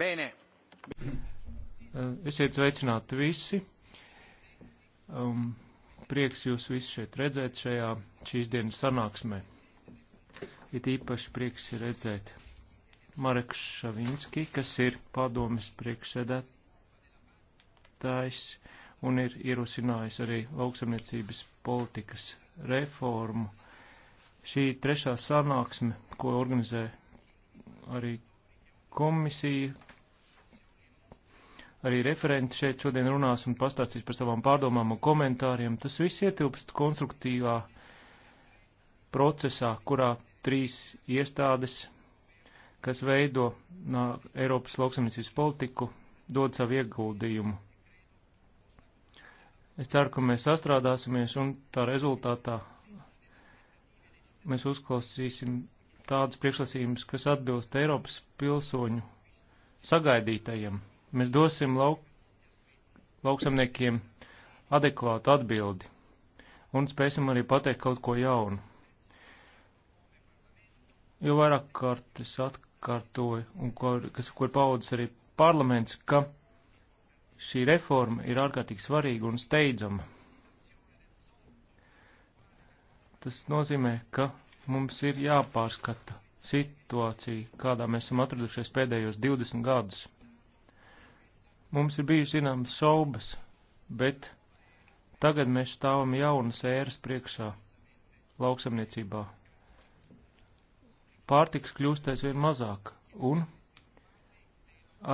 Bene. Eh, esiet sveicināti visi. Um, prieks jūs visus šeit redzēt šajā šīs dienas sanāksmē. It īpaši prieks ir redzēt Mareku Šavinski, kas ir padomis priekšsēdētājs un ir ierosinājis arī lauksamniecības politikas reformu. Šī trešā sanāksme, ko organizē arī komisija, arī referenti šeit šodien runās un pastāstīs par savām pārdomām un komentāriem. Tas viss ietilpst konstruktīvā procesā, kurā trīs iestādes, kas veido nā, Eiropas lauksamniecības politiku, dod savu ieguldījumu. Es ceru, ka mēs sastrādāsimies un tā rezultātā mēs uzklausīsim tādus priekšlasījumus, kas atbilst Eiropas pilsoņu sagaidītajiem mēs dosim lauk, lauksamniekiem adekvātu atbildi un spēsim arī pateikt kaut ko jaunu. Jo vairāk kārt es atkārtoju, un ko, kas, ko ir paudzis arī parlaments, ka šī reforma ir ārkārtīgi svarīga un steidzama. Tas nozīmē, ka mums ir jāpārskata situācija, kādā mēs esam atradušies pēdējos 20 gadus. Mums ir bijusi zināmas šaubas, bet tagad mēs stāvam jaunas ēras priekšā lauksamniecībā. Pārtiks kļūst aizvien mazāk, un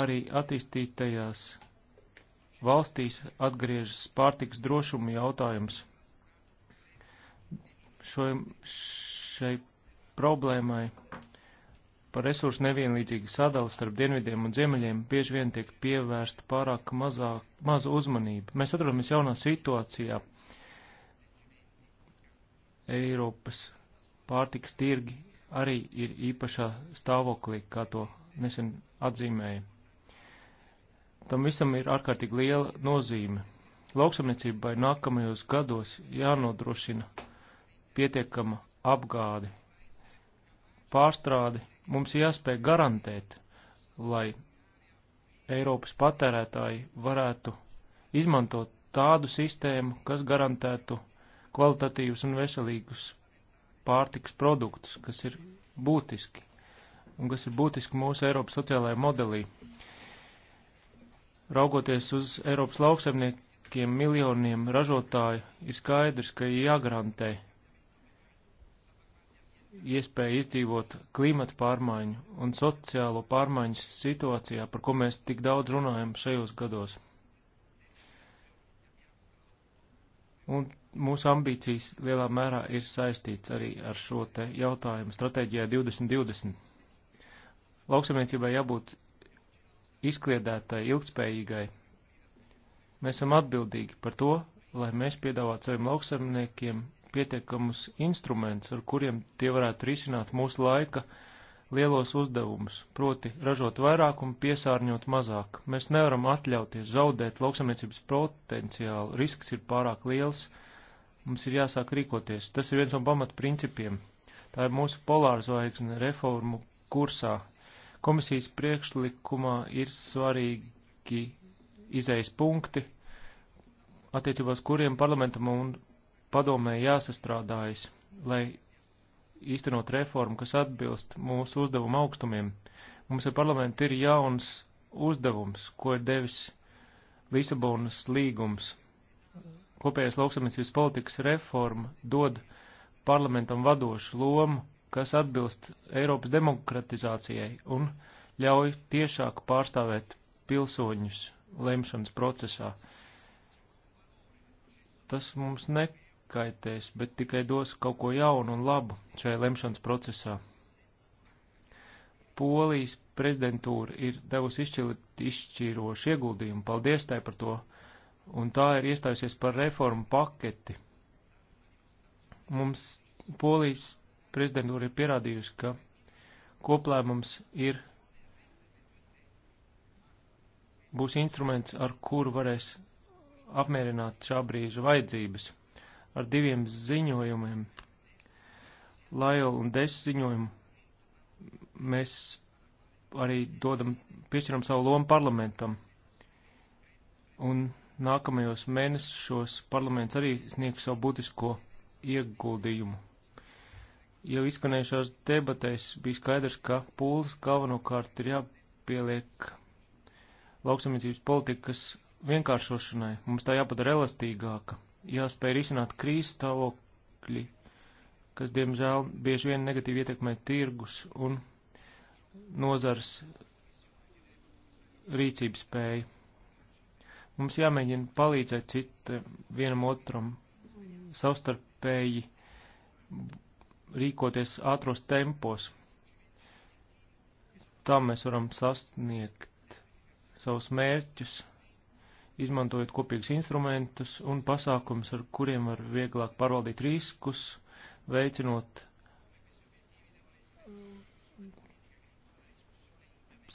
arī attīstītajās valstīs atgriežas pārtiks drošuma jautājums. Šo, šai problēmai par resursu nevienlīdzīgu sadali starp dienvidiem un ziemeļiem bieži vien tiek pievērsta pārāk mazā, maza uzmanība. Mēs atrodamies jaunā situācijā. Eiropas pārtiks tirgi arī ir īpašā stāvoklī, kā to nesen atzīmēja. Tam visam ir ārkārtīgi liela nozīme. Lauksamniecībai nākamajos gados jānodrošina pietiekama apgāde, pārstrāde Mums ir jāspēj garantēt, lai Eiropas patērētāji varētu izmantot tādu sistēmu, kas garantētu kvalitatīvus un veselīgus pārtikas produktus, kas ir būtiski un kas ir būtiski mūsu Eiropas sociālajā modelī. Raugoties uz Eiropas lauksaimniekiem miljoniem ražotāju, ir skaidrs, ka jāgarantē iespēja izdzīvot klimata pārmaiņu un sociālo pārmaiņu situācijā, par ko mēs tik daudz runājam šajos gados. Un mūsu ambīcijas lielā mērā ir saistīts arī ar šo te jautājumu stratēģijā 2020. Lauksamniecībai jābūt izkliedētai, ilgspējīgai. Mēs esam atbildīgi par to, lai mēs piedāvātu saviem lauksamniekiem pietiekamus instrumentus, ar kuriem tie varētu risināt mūsu laika lielos uzdevumus, proti ražot vairāk un piesārņot mazāk. Mēs nevaram atļauties zaudēt lauksamniecības potenciālu, risks ir pārāk liels, mums ir jāsāk rīkoties. Tas ir viens no pamatprincipiem. Tā ir mūsu polārzvaigzne reformu kursā. Komisijas priekšlikumā ir svarīgi izējas punkti, attiecībās kuriem parlamentam un padomē jāsastrādājas, lai īstenot reformu, kas atbilst mūsu uzdevumu augstumiem. Mums ar parlamentu ir jauns uzdevums, ko ir devis Lisabonas līgums. Kopējais lauksamniecības politikas reforma dod parlamentam vadošu lomu, kas atbilst Eiropas demokratizācijai un ļauj tiešāk pārstāvēt pilsoņus lemšanas procesā. Tas mums ne, kaitēs, bet tikai dos kaut ko jaunu un labu šajā lemšanas procesā. Polijas prezidentūra ir devusi izšķirošu ieguldījumu, paldies tai par to, un tā ir iestājusies par reformu paketi. Mums Polijas prezidentūra ir pierādījusi, ka koplēmums ir būs instruments, ar kuru varēs apmierināt šā brīža vajadzības ar diviem ziņojumiem. Lajola un Dešs ziņojumu mēs arī dodam, piešķiram savu lomu parlamentam. Un nākamajos mēnešos parlaments arī sniegs savu būtisko ieguldījumu. Jau izskanējušās debatēs bija skaidrs, ka pūles galvenokārt ir jāpieliek lauksamniecības politikas vienkāršošanai. Mums tā jāpadara elastīgāka jāspēj risināt krīzes stāvokļi, kas, diemžēl, bieži vien negatīvi ietekmē tirgus un nozars rīcības spēju. Mums jāmēģina palīdzēt cita eh, vienam otram savstarpēji rīkoties ātros tempos. Tā mēs varam sasniegt savus mērķus izmantojot kopīgus instrumentus un pasākums, ar kuriem var vieglāk pārvaldīt riskus, veicinot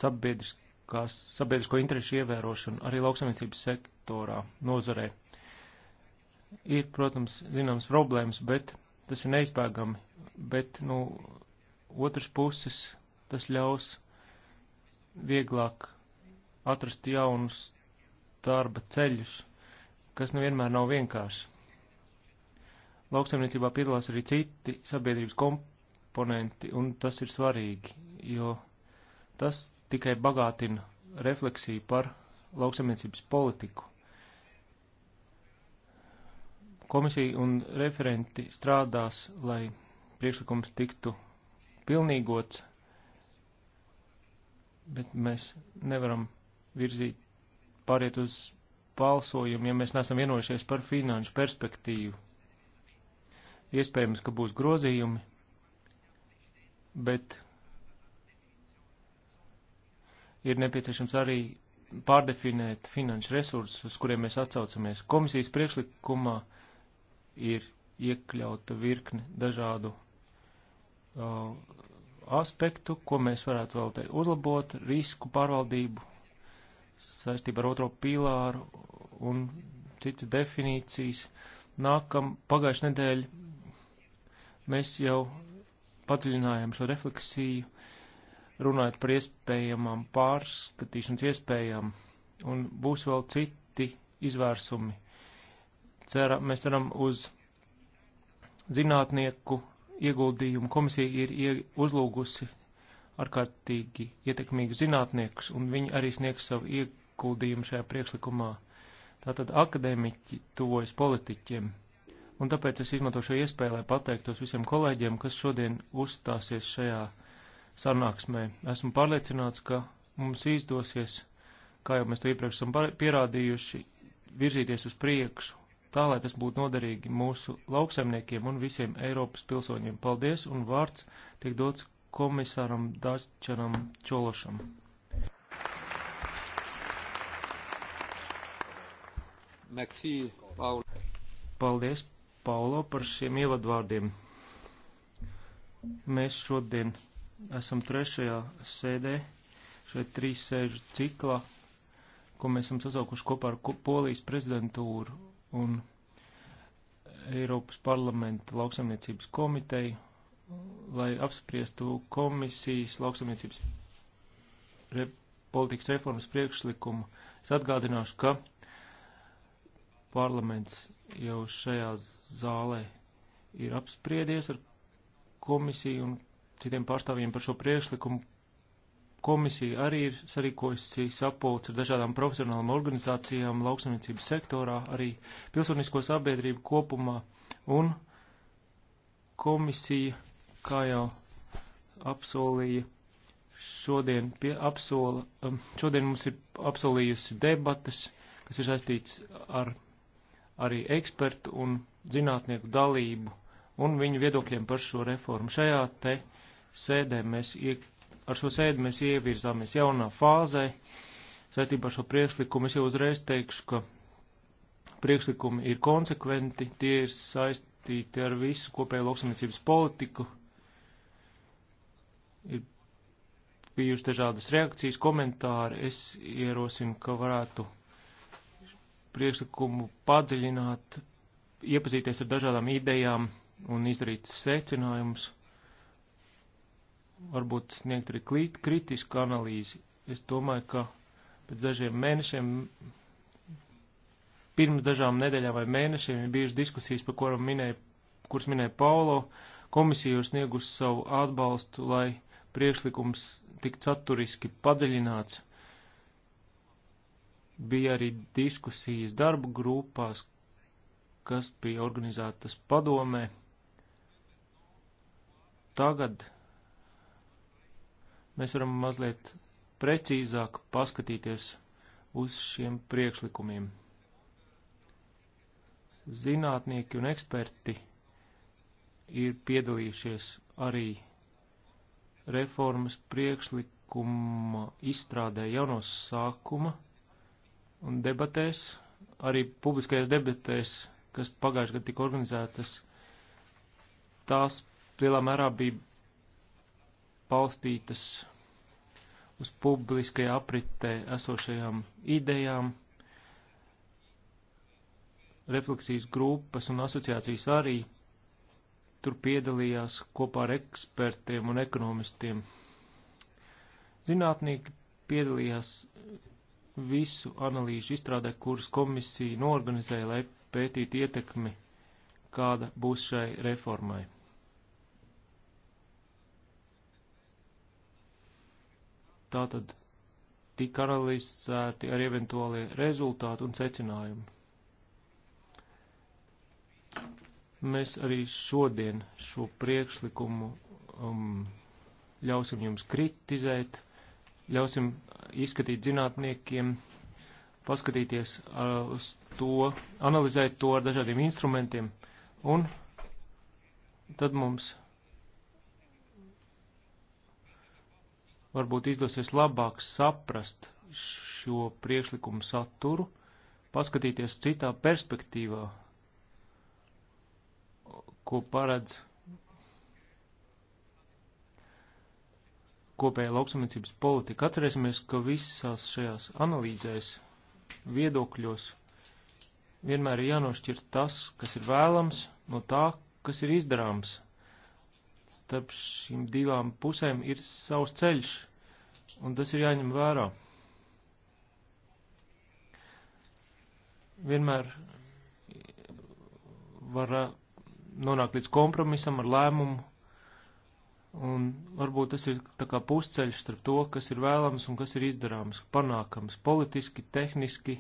sabiedrisko interešu ievērošanu arī lauksamniecības sektorā, nozarē. Ir, protams, zināmas problēmas, bet tas ir neizbēgami. Bet, nu, otras puses tas ļaus vieglāk atrast jaunus darba ceļus, kas nevienmēr nav vienkārši. Lauksaimniecībā piedalās arī citi sabiedrības komponenti, un tas ir svarīgi, jo tas tikai bagātina refleksiju par lauksaimniecības politiku. Komisija un referenti strādās, lai priekšlikums tiktu pilnīgots, bet mēs nevaram virzīt pāriet uz balsojumu, ja mēs nesam vienojušies par finanšu perspektīvu. Iespējams, ka būs grozījumi, bet ir nepieciešams arī pārdefinēt finanšu resursus, uz kuriem mēs atsaucamies. Komisijas priekšlikumā ir iekļauta virkne dažādu uh, aspektu, ko mēs varētu vēl te uzlabot, risku pārvaldību, saistībā ar otro pīlāru un citas definīcijas. Nākam pagājušajā nedēļā mēs jau padziļinājām šo refleksiju, runājot par iespējamām pārskatīšanas iespējām, un būs vēl citi izvērsumi. Cera, mēs ceram uz zinātnieku ieguldījumu. Komisija ir uzlūgusi ārkārtīgi ietekmīgus zinātniekus, un viņi arī sniegs savu ieguldījumu šajā priekšlikumā. Tātad akadēmiķi tuvojas politiķiem, un tāpēc es izmantošu iespēju, lai pateiktos visiem kolēģiem, kas šodien uzstāsies šajā sanāksmē. Esmu pārliecināts, ka mums izdosies, kā jau mēs to iepriekš esam pierādījuši, virzīties uz priekšu, tā lai tas būtu noderīgi mūsu lauksaimniekiem un visiem Eiropas pilsoņiem. Paldies, un vārds tiek dots komisaram Dačanam Čološam. Merci, Paul. Paldies, Paulo, par šiem ievadvārdiem. Mēs šodien esam trešajā sēdē, šeit trīs sēžu ciklā, ko mēs esam sazaukuši kopā ar Polijas prezidentūru un Eiropas parlamenta lauksaimniecības komiteju lai apspriestu komisijas lauksamniecības re politikas reformas priekšlikumu. Es atgādināšu, ka parlaments jau šajā zālē ir apspriedies ar komisiju un citiem pārstāvjiem par šo priekšlikumu. Komisija arī ir sarīkojusi sapulci ar dažādām profesionālām organizācijām lauksamniecības sektorā, arī pilsonisko sabiedrību kopumā, un komisija kā jau apsolīja, šodien, pie, apsola, um, šodien mums ir apsolījusi debatas, kas ir saistīts ar arī ekspertu un zinātnieku dalību un viņu viedokļiem par šo reformu. Šajā te sēdē mēs, ie, ar šo sēdi mēs ievirzāmies jaunā fāzē. Saistībā ar šo priekšlikumu es jau uzreiz teikšu, ka priekšlikumi ir konsekventi, tie ir saistīti ar visu kopēju lauksamniecības politiku, Ir bijuši dažādas reakcijas, komentāri. Es ierosinu, ka varētu priekšlikumu padziļināt, iepazīties ar dažādām idejām un izdarīt secinājumus, varbūt sniegt arī kritisku analīzi. Es domāju, ka pēc dažiem mēnešiem, pirms dažām nedēļām vai mēnešiem ir bijušas diskusijas, par kurām minēja, kuras minēja Paulo, komisija ir sniegusi savu atbalstu, lai priekšlikums tik saturiski padziļināts. Bija arī diskusijas darba grupās, kas bija organizētas padomē. Tagad mēs varam mazliet precīzāk paskatīties uz šiem priekšlikumiem. Zinātnieki un eksperti ir piedalījušies arī reformas priekšlikuma izstrādē jau no sākuma un debatēs, arī publiskajās debatēs, kas pagājušajā gadā tika organizētas, tās lielā mērā bija balstītas uz publiskajā apritē esošajām idejām. Refleksijas grupas un asociācijas arī Tur piedalījās kopā ar ekspertiem un ekonomistiem. Zinātnieki piedalījās visu analīžu izstrādē, kuras komisija norganizēja, lai pētītu ietekmi, kāda būs šai reformai. Tātad tika analizēti arī eventuālie rezultāti un secinājumi. Mēs arī šodien šo priekšlikumu um, ļausim jums kritizēt, ļausim izskatīt zinātniekiem, paskatīties uh, uz to, analizēt to ar dažādiem instrumentiem, un tad mums varbūt izdosies labāk saprast šo priekšlikumu saturu, paskatīties citā perspektīvā ko paredz kopēja lauksamniecības politika. Atcerēsimies, ka visās šajās analīzēs, viedokļos vienmēr ir jānošķir tas, kas ir vēlams, no tā, kas ir izdarāms. Starp šīm divām pusēm ir savs ceļš, un tas ir jāņem vērā. Vienmēr var nonākt līdz kompromisam ar lēmumu, un varbūt tas ir tā kā pusceļš starp to, kas ir vēlams un kas ir izdarāms, panākams politiski, tehniski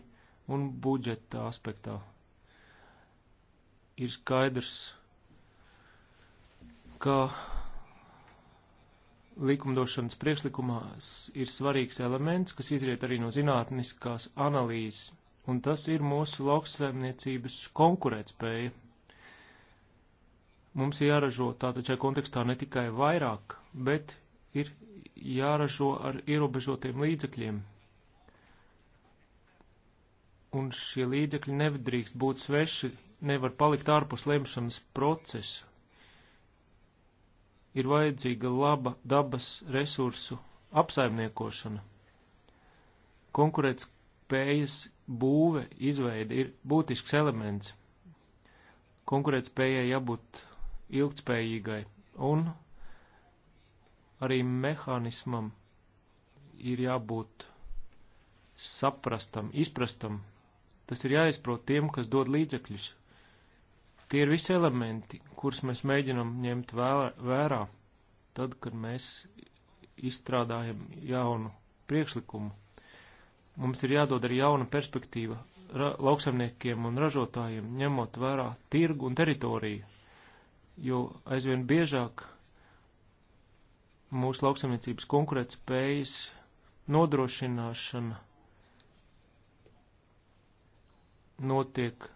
un budžeta aspektā. Ir skaidrs, ka likumdošanas priekšlikumā ir svarīgs elements, kas izriet arī no zinātniskās analīzes, un tas ir mūsu lauksaimniecības konkurētspēja Mums ir jāražo tātad šajā kontekstā ne tikai vairāk, bet ir jāražo ar ierobežotiem līdzekļiem. Un šie līdzekļi nedrīkst būt sveši, nevar palikt ārpus lemšanas procesa. Ir vajadzīga laba dabas resursu apsaimniekošana. Konkurētspējas būve, izveide ir būtisks elements. Konkurētspējai jābūt ilgtspējīgai un arī mehānismam ir jābūt saprastam, izprastam. Tas ir jāizprot tiem, kas dod līdzekļus. Tie ir visi elementi, kurus mēs mēģinam ņemt vērā, tad, kad mēs izstrādājam jaunu priekšlikumu. Mums ir jādod arī jauna perspektīva lauksaimniekiem un ražotājiem, ņemot vērā tirgu un teritoriju jo aizvien biežāk mūsu lauksamniecības konkurētspējas nodrošināšana notiek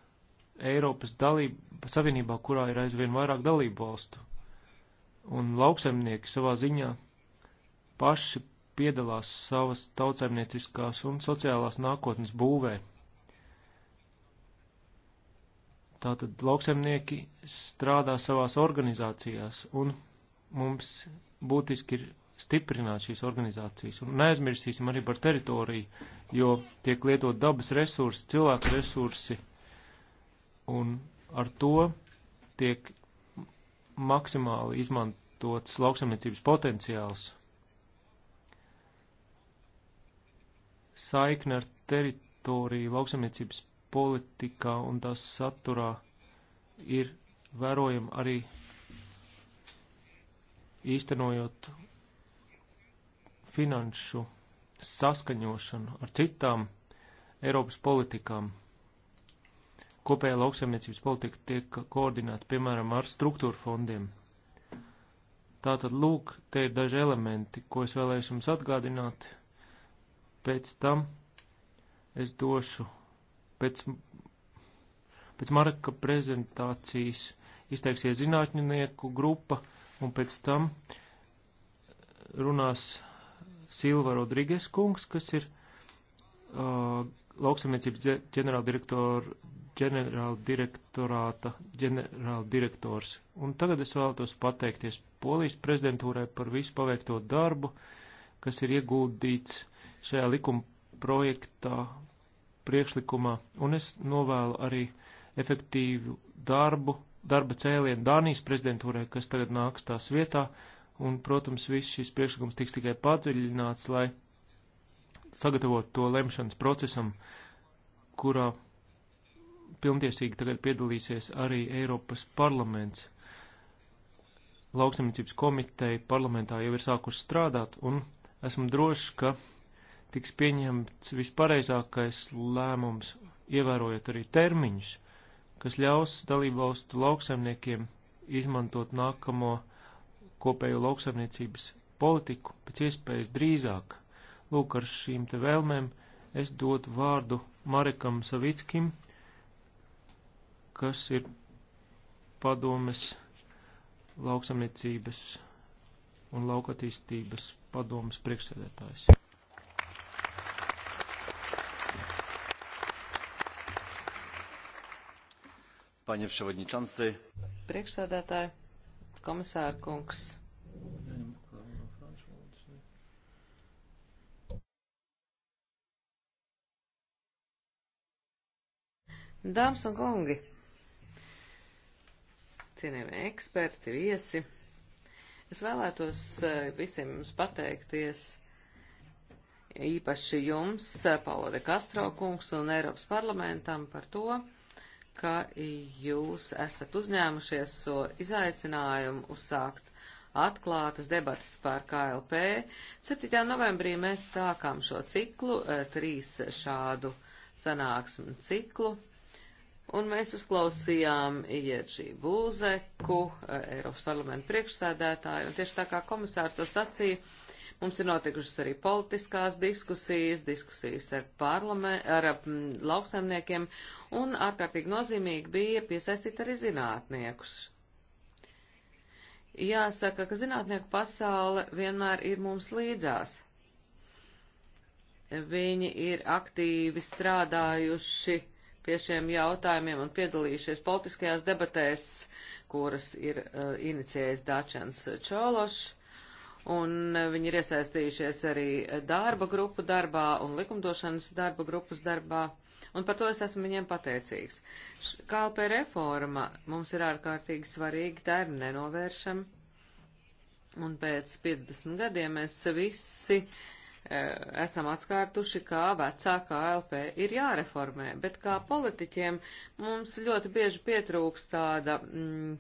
Eiropas dalība savienībā, kurā ir aizvien vairāk dalību valstu. Un lauksaimnieki savā ziņā paši piedalās savas tautsaimnieciskās un sociālās nākotnes būvē. Tātad lauksemnieki strādā savās organizācijās, un mums būtiski ir stiprināt šīs organizācijas. Un neaizmirsīsim arī par teritoriju, jo tiek lietot dabas resursi, cilvēku resursi, un ar to tiek maksimāli izmantots lauksamniecības potenciāls. Saikne ar teritoriju lauksamniecības politikā un tās saturā ir vērojama arī īstenojot finanšu saskaņošanu ar citām Eiropas politikām. Kopējā lauksaimniecības politika tiek koordinēta, piemēram, ar struktūra fondiem. Tātad, lūk, te ir daži elementi, ko es vēlēšu jums atgādināt. Pēc tam es došu Pēc, pēc Marka prezentācijas izteiksies zinātņinieku grupa, un pēc tam runās Silva Rodrīgas kungs, kas ir uh, lauksamniecības ģenerāldirektora ģenerāldirektorāta ģenerāldirektors. Un tagad es vēlētos pateikties Polijas prezidentūrai par visu paveikto darbu, kas ir ieguldīts šajā likuma projektā priekšlikumā, un es novēlu arī efektīvu darbu, darba cēlienu Dānijas prezidentūrē, kas tagad nāks tās vietā, un, protams, viss šis priekšlikums tiks tikai padziļināts, lai sagatavotu to lemšanas procesam, kurā pilntiesīgi tagad piedalīsies arī Eiropas parlaments. Lauksaimniecības komiteja parlamentā jau ir sākuši strādāt, un esmu drošs, ka tiks pieņemts vispareizākais lēmums, ievērojot arī termiņus, kas ļaus dalībvalstu lauksaimniekiem izmantot nākamo kopējo lauksaimniecības politiku pēc iespējas drīzāk. Lūk, ar šīm te vēlmēm es dotu vārdu Marekam Savickim, kas ir padomes lauksaimniecības un laukatīstības padomas priekšsēdētājs. Paņem Šavadņičansi. Priekšsādātāji, komisāra kungs. Dāmas un kungi, cienījamie eksperti, viesi, es vēlētos eh, visiem jums pateikties, īpaši jums, eh, Paulo de Castro kungs un Eiropas parlamentam par to, ka jūs esat uzņēmušies šo so izaicinājumu uzsākt atklātas debatas par KLP. 7. novembrī mēs sākām šo ciklu, eh, trīs šādu sanāksmu ciklu, un mēs uzklausījām Iedžī Būzeku, eh, Eiropas parlamenta priekšsēdētāju, un tieši tā kā komisārs to sacīja, Mums ir notikušas arī politiskās diskusijas, diskusijas ar, ar m, lauksaimniekiem, un ārkārtīgi nozīmīgi bija piesaistīt arī zinātniekus. Jāsaka, ka zinātnieku pasaule vienmēr ir mums līdzās. Viņi ir aktīvi strādājuši pie šiem jautājumiem un piedalījušies politiskajās debatēs, kuras ir uh, inicijējis Dačans Čološs un e, viņi ir iesaistījušies arī darba grupu darbā un likumdošanas darba grupas darbā, un par to es esmu viņiem pateicīgs. KLP reforma mums ir ārkārtīgi svarīga, tā ir nenovēršama, un pēc 50 gadiem mēs visi e, esam atskārtuši, kā vecā KLP ir jāreformē, bet kā politiķiem mums ļoti bieži pietrūks tāda mm,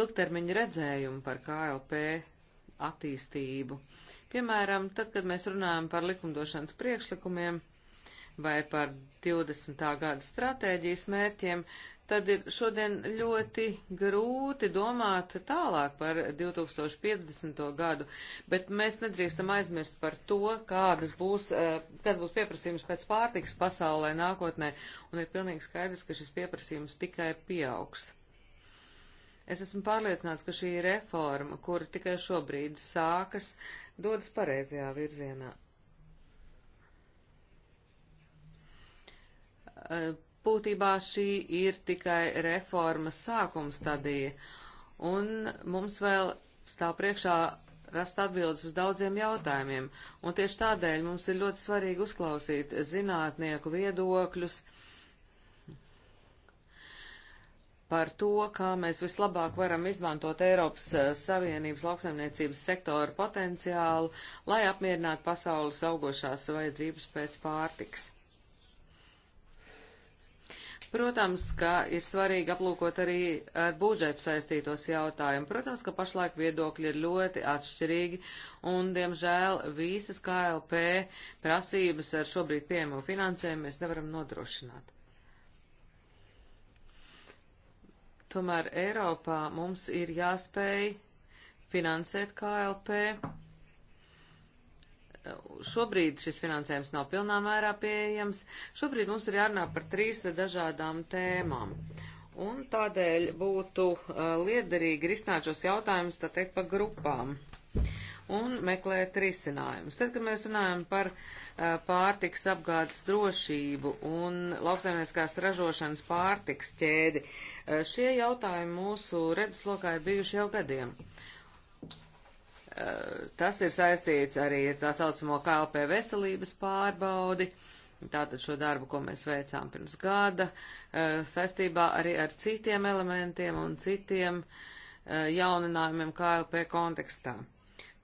ilgtermiņa redzējuma par KLP attīstību. Piemēram, tad, kad mēs runājam par likumdošanas priekšlikumiem vai par 20. gada stratēģijas mērķiem, tad ir šodien ļoti grūti domāt tālāk par 2050. gadu, bet mēs nedrīkstam aizmirst par to, kādas būs, eh, kas būs pieprasījums pēc pārtikas pasaulē nākotnē, un ir pilnīgi skaidrs, ka šis pieprasījums tikai pieaugs. Es esmu pārliecināts, ka šī reforma, kura tikai šobrīd sākas, dodas pareizajā virzienā. Eh, būtībā šī ir tikai reformas sākuma stadija, un mums vēl stāv priekšā rast atbildes uz daudziem jautājumiem, un tieši tādēļ mums ir ļoti svarīgi uzklausīt zinātnieku viedokļus, uh, par to, kā mēs vislabāk varam izmantot Eiropas eh, Savienības lauksaimniecības sektoru potenciālu, lai apmierinātu pasaules augošās vajadzības pēc pārtiks. Protams, ka ir svarīgi aplūkot arī ar eh, budžetu saistītos jautājumu. Protams, ka pašlaik viedokļi ir ļoti atšķirīgi un, diemžēl, visas KLP prasības ar šobrīd pieejamo finansējumu mēs nevaram nodrošināt. Tomēr Eiropā mums ir jāspēj finansēt KLP. Šobrīd šis finansējums nav pilnā mērā pieejams. Šobrīd mums ir jārunā par trīs dažādām tēmām. Un tādēļ būtu uh, liederīgi risināt šos jautājumus, tā teikt, pa grupām un meklēt risinājumus. Tad, kad mēs runājam par pārtiks apgādes drošību un lauksaimnieciskās ražošanas pārtiks ķēdi, šie jautājumi mūsu redzeslokā ir bijuši jau gadiem. Tas ir saistīts arī ar tā saucamo KLP veselības pārbaudi. Tātad šo darbu, ko mēs veicām pirms gada, saistībā arī ar citiem elementiem un citiem jauninājumiem KLP kontekstā.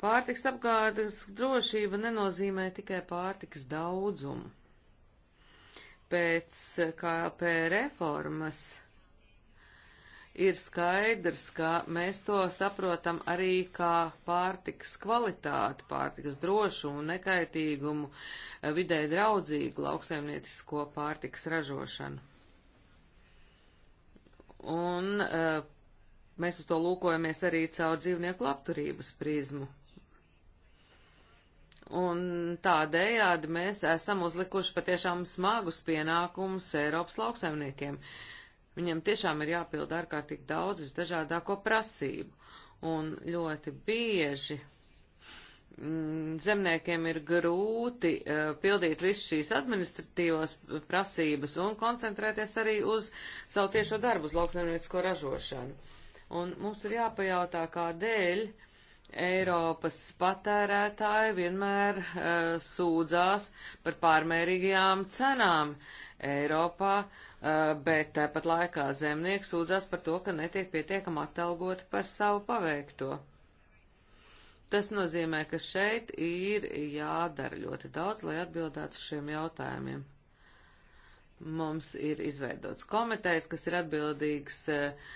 Pārtiks apgādes drošība nenozīmē tikai pārtiks daudzumu. Pēc KLP reformas ir skaidrs, ka mēs to saprotam arī kā pārtiks kvalitāti, pārtiks drošumu, nekaitīgumu, eh, vidē draudzīgu lauksaimniecisko pārtiks ražošanu. Un eh, mēs uz to lūkojamies arī caur dzīvnieku labturības prizmu. Un tādējādi mēs esam uzlikuši patiešām smagus pienākumus Eiropas lauksaimniekiem. Viņam tiešām ir jāpilda ārkārtīgi daudz visdažādāko prasību. Un ļoti bieži mm, zemniekiem ir grūti uh, pildīt visu šīs administratīvos prasības un koncentrēties arī uz savu tiešo darbu, uz lauksaimniecisko ražošanu. Un mums ir jāpajautā, kādēļ uh, Eiropas patērētāji vienmēr uh, sūdzās par pārmērīgajām cenām Eiropā, uh, bet tāpat laikā zemnieks sūdzās par to, ka netiek pietiekam atalgoti par savu paveikto. Tas nozīmē, ka šeit ir jādara ļoti daudz, lai atbildētu šiem jautājumiem. Mums ir izveidots komitejas, kas ir atbildīgs uh,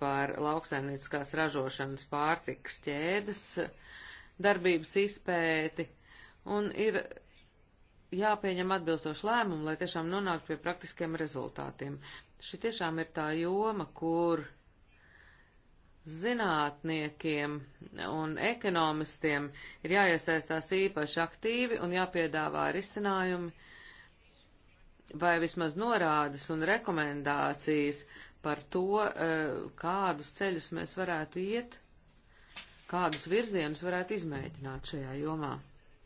par lauksaimnieciskās ražošanas pārtikas ķēdes darbības izpēti, un ir jāpieņem atbilstoši lēmumi, lai tiešām nonāktu pie praktiskiem rezultātiem. Šī tiešām ir tā joma, kur zinātniekiem un ekonomistiem ir jāiesaistās īpaši aktīvi un jāpiedāvā risinājumi vai vismaz norādes un rekomendācijas, uh, par to, e, kādus ceļus mēs varētu iet, kādus virzienus varētu izmēģināt šajā jomā.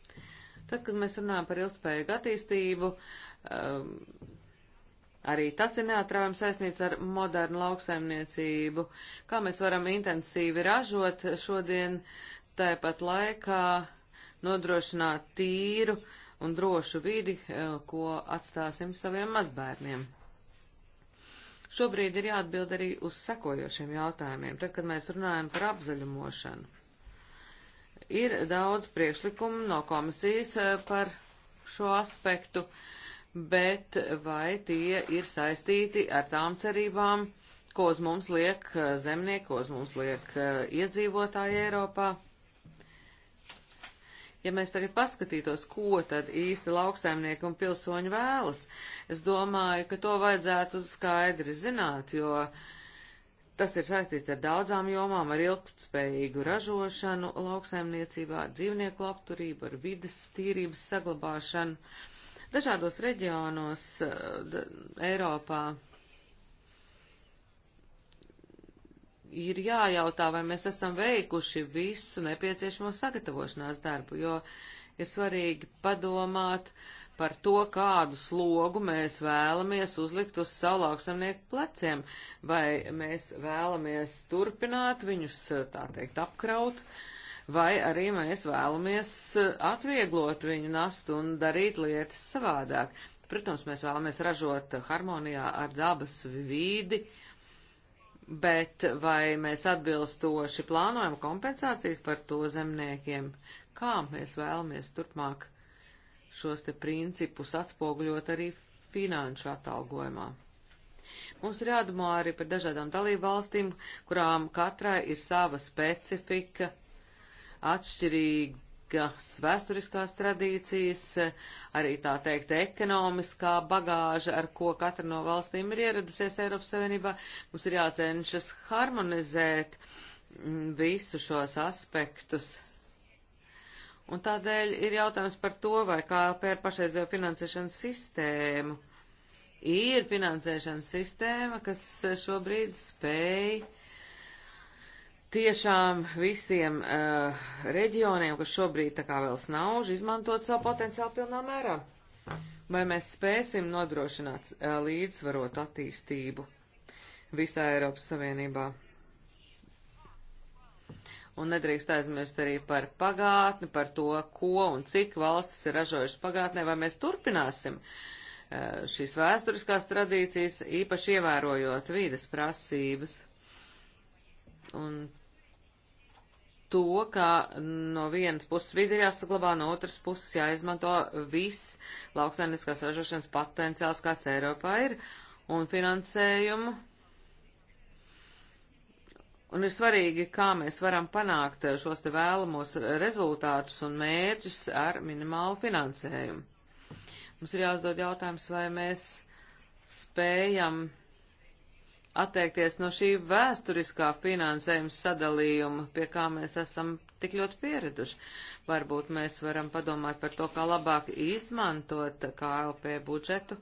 Tad, kad mēs runājam par ilgspējīgu attīstību, e, arī tas ir neatrāvami saistīts ar modernu lauksaimniecību, kā mēs varam intensīvi ražot šodien, tāpat laikā nodrošināt tīru un drošu vidi, e, ko atstāsim saviem mazbērniem. Šobrīd ir jāatbild arī uz sekojošiem jautājumiem, tad, kad mēs runājam par apzaļumošanu. Ir daudz priekšlikumu no komisijas eh, par šo aspektu, bet vai tie ir saistīti ar tām cerībām, ko uz mums liek eh, zemnieki, ko uz mums liek eh, iedzīvotāji Eiropā? Ja mēs tagad paskatītos, ko tad īsti lauksaimnieki un pilsoņi vēlas, es domāju, ka to vajadzētu skaidri zināt, jo tas ir saistīts ar daudzām jomām, ar ilgtspējīgu ražošanu lauksaimniecībā, dzīvnieku labturību, ar vidas tīrības saglabāšanu. Dažādos reģionos eh, da, Eiropā ir jājautā, vai mēs esam veikuši visu nepieciešamo sagatavošanās darbu, jo ir svarīgi padomāt par to, kādu slogu mēs vēlamies uzlikt uz savu lauksamnieku pleciem, vai mēs vēlamies turpināt viņus, tā teikt, apkraut, vai arī mēs vēlamies atvieglot viņu nastu un darīt lietas savādāk. Protams, mēs vēlamies ražot harmonijā ar dabas vīdi, uh, bet vai mēs atbilstoši plānojam kompensācijas par to zemniekiem? Kā mēs vēlamies turpmāk šos te principus atspoguļot arī finanšu atalgojumā? Mums ir jādomā arī par dažādām dalību valstīm, kurām katrai ir sava specifika, atšķirīgi kas vēsturiskās tradīcijas, arī tā teikt ekonomiskā bagāža, ar ko katra no valstīm ir ieradusies Eiropas Savienībā, mums ir jācenšas harmonizēt mm, visu šos aspektus. Un tādēļ ir jautājums par to, vai KLP ar pašreizējo finansēšanas sistēmu ir finansēšanas sistēma, kas šobrīd spēj uh, tiešām visiem uh, reģioniem, kas šobrīd tā kā vēl snauž, izmantot savu potenciālu pilnā mērā? Vai mēs spēsim nodrošināt uh, eh, līdzvarotu attīstību visā Eiropas Savienībā? Un nedrīkst aizmirst arī par pagātni, par to, ko un cik valstis ir ražojušas pagātnē, vai mēs turpināsim uh, šīs vēsturiskās tradīcijas, īpaši ievērojot vīdes prasības. Un to, ka no vienas puses vidi ir jāsaglabā, no otras puses jāizmanto viss lauksaimniskās ražošanas potenciāls, kāds Eiropā ir, un finansējumu. Un ir svarīgi, kā mēs varam panākt šos te vēlamos rezultātus un mērķus ar minimālu finansējumu. Mums ir jāuzdod jautājums, vai mēs spējam atteikties no šī vēsturiskā finansējuma sadalījuma, pie kā mēs esam tik ļoti pieraduši. Varbūt mēs varam padomāt par to, kā labāk izmantot KLP budžetu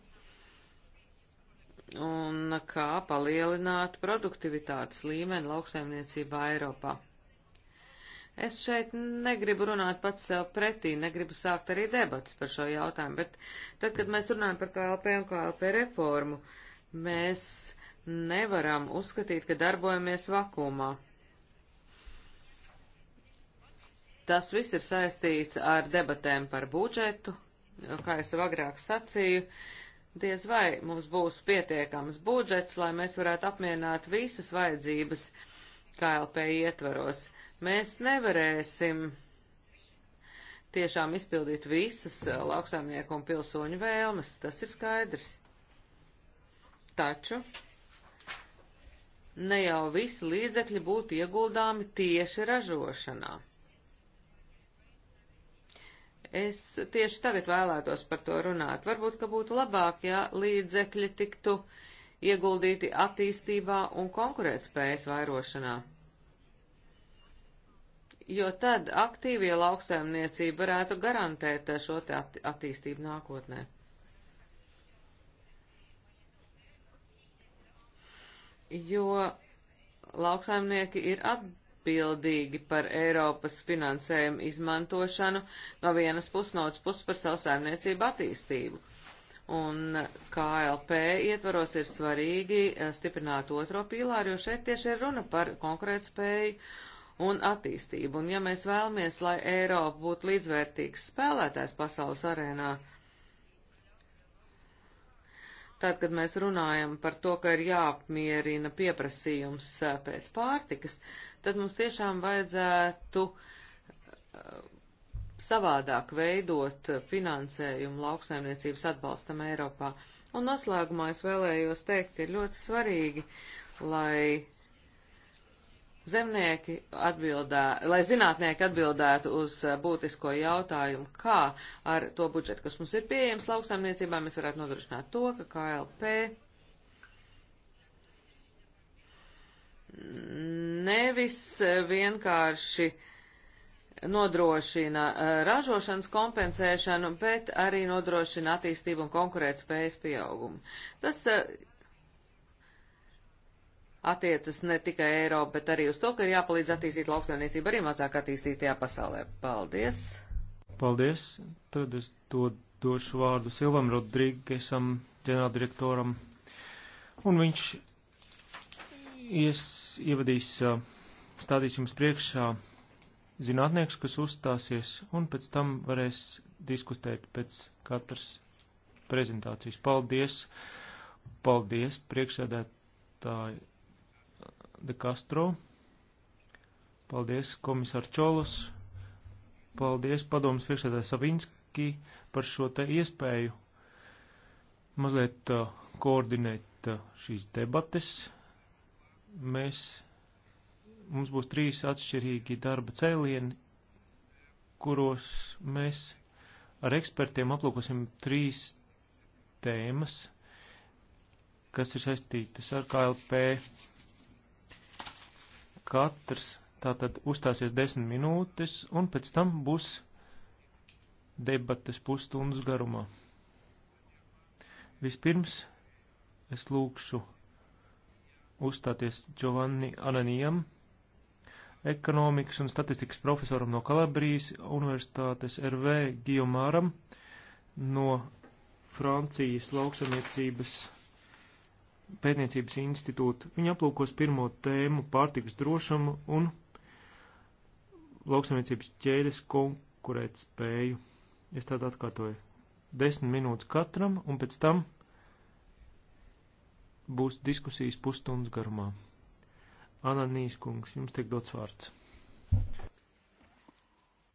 un kā palielināt produktivitātes līmeni lauksaimniecībā Eiropā. Es šeit negribu runāt pats sev pretī, negribu sākt arī debatas par šo jautājumu, bet tad, kad mēs runājam par KLP un KLP reformu, mēs nevaram uzskatīt, ka darbojamies vakumā. Tas viss ir saistīts ar debatēm par budžetu, jo, kā es jau agrāk sacīju, diez vai mums būs pietiekams budžets, lai mēs varētu apmierināt visas vajadzības KLP ietvaros. Mēs nevarēsim tiešām izpildīt visas lauksaimnieku un pilsoņu vēlmes, tas ir skaidrs. Taču ne jau visi līdzekļi būtu ieguldāmi tieši ražošanā. Es tieši tagad vēlētos par to runāt. Varbūt, ka būtu labāk, ja līdzekļi tiktu ieguldīti attīstībā un konkurētspējas vairošanā. Jo tad aktīvie lauksaimniecība varētu garantēt šo te att attīstību nākotnē. jo lauksaimnieki ir atbildīgi par Eiropas finansējumu izmantošanu no vienas puses, no otras puses par savu saimniecību attīstību. Un KLP ietvaros ir svarīgi eh, stiprināt otro pīlāru, jo šeit tieši ir runa par konkurētspēju un attīstību. Un ja mēs vēlamies, lai Eiropa būtu līdzvērtīgs spēlētājs pasaules arēnā, Tad, kad mēs runājam par to, ka ir jāapmierina pieprasījums eh, pēc pārtikas, tad mums tiešām vajadzētu eh, savādāk veidot finansējumu lauksaimniecības atbalstam Eiropā. Un noslēgumā es vēlējos teikt, ir ļoti svarīgi, lai Zemnieki atbildā, lai zinātnieki atbildētu uz eh, būtisko jautājumu, kā ar to budžetu, kas mums ir pieejams lauksaimniecībā, mēs varētu nodrošināt to, ka KLP nevis vienkārši nodrošina eh, ražošanas kompensēšanu, bet arī nodrošina attīstību un konkurētspējas pieaugumu. Tas eh, attiecas ne tikai Eiropu, bet arī uz to, ka ir jāpalīdz attīstīt lauksaimniecību arī mazāk attīstītajā pasaulē. Paldies! Paldies! Tad es to došu vārdu Silvam Rodrīgesam, ģenerāldirektoram, un viņš ies, ievadīs, stādīs jums priekšā zinātnieks, kas uzstāsies, un pēc tam varēs diskutēt pēc katras prezentācijas. Paldies! Paldies, priekšsēdētāji! de Castro. Paldies, komisār Čolus. Paldies, padomas priekšsēdētājs Savinski par šo te iespēju mazliet uh, koordinēt uh, šīs debates. Mēs, mums būs trīs atšķirīgi darba cēlieni, kuros mēs ar ekspertiem aplūkosim trīs tēmas, kas ir saistītas ar KLP Katrs tātad uzstāsies desmit minūtes, un pēc tam būs debates pusstundas garumā. Vispirms es lūkšu uzstāties Giovanni Ananijam, ekonomikas un statistikas profesoram no Kalabrijas Universitātes RV Gijomāram, no Francijas lauksamniecības pētniecības institūtu. Viņi aplūkos pirmo tēmu pārtikas drošumu un lauksamniecības ķēdes konkurēt spēju. Es tādu atkārtoju. Desmit minūtes katram, un pēc tam būs diskusijas pusstundas garumā. Ananīs kungs, jums tiek dots vārds.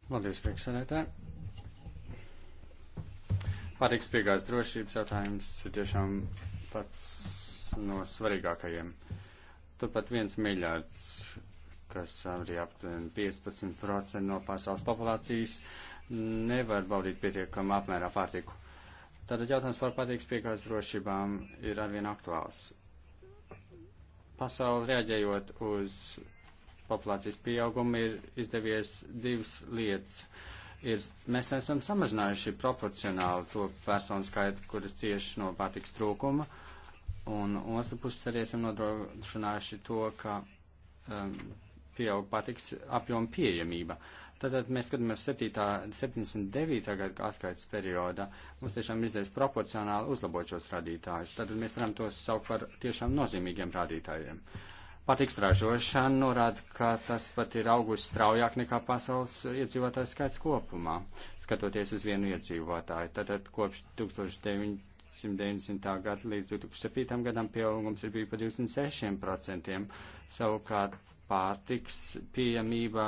Paldies, priekšsēdētāji! Pārtiks piegādes drošības jautājums ir tiešām pats no svarīgākajiem. Turpat viens miljārds, kas arī aptuveni 15% no pasaules populācijas, nevar baudīt pietiekamā apmērā pārtiku. Tātad jautājums par pārtiks piekās drošībām ir arvien aktuāls. Pasauli reaģējot uz populācijas pieaugumu ir izdevies divas lietas. Ir, mēs esam samazinājuši proporcionāli to personu skaitu, kuras cieši no pārtiks trūkuma. Uh, Un otru puses arī esam nodrošinājuši to, ka um, pieaug patiks apjoma pieejamība. Tātad mēs skatāmies 79. gada atskaites periodā, mums tiešām izdevies proporcionāli uzlabot šos rādītājus. Tātad mēs varam tos saukt par tiešām nozīmīgiem rādītājiem. Patiks ražošana norāda, ka tas pat ir augusi straujāk nekā pasaules iedzīvotāju skaits kopumā, skatoties uz vienu iedzīvotāju. Tātad kopš 1900. 190. gada līdz 2007. gadam pieaugums ir bijis pa 26%, savukārt pārtiks pieejamībā,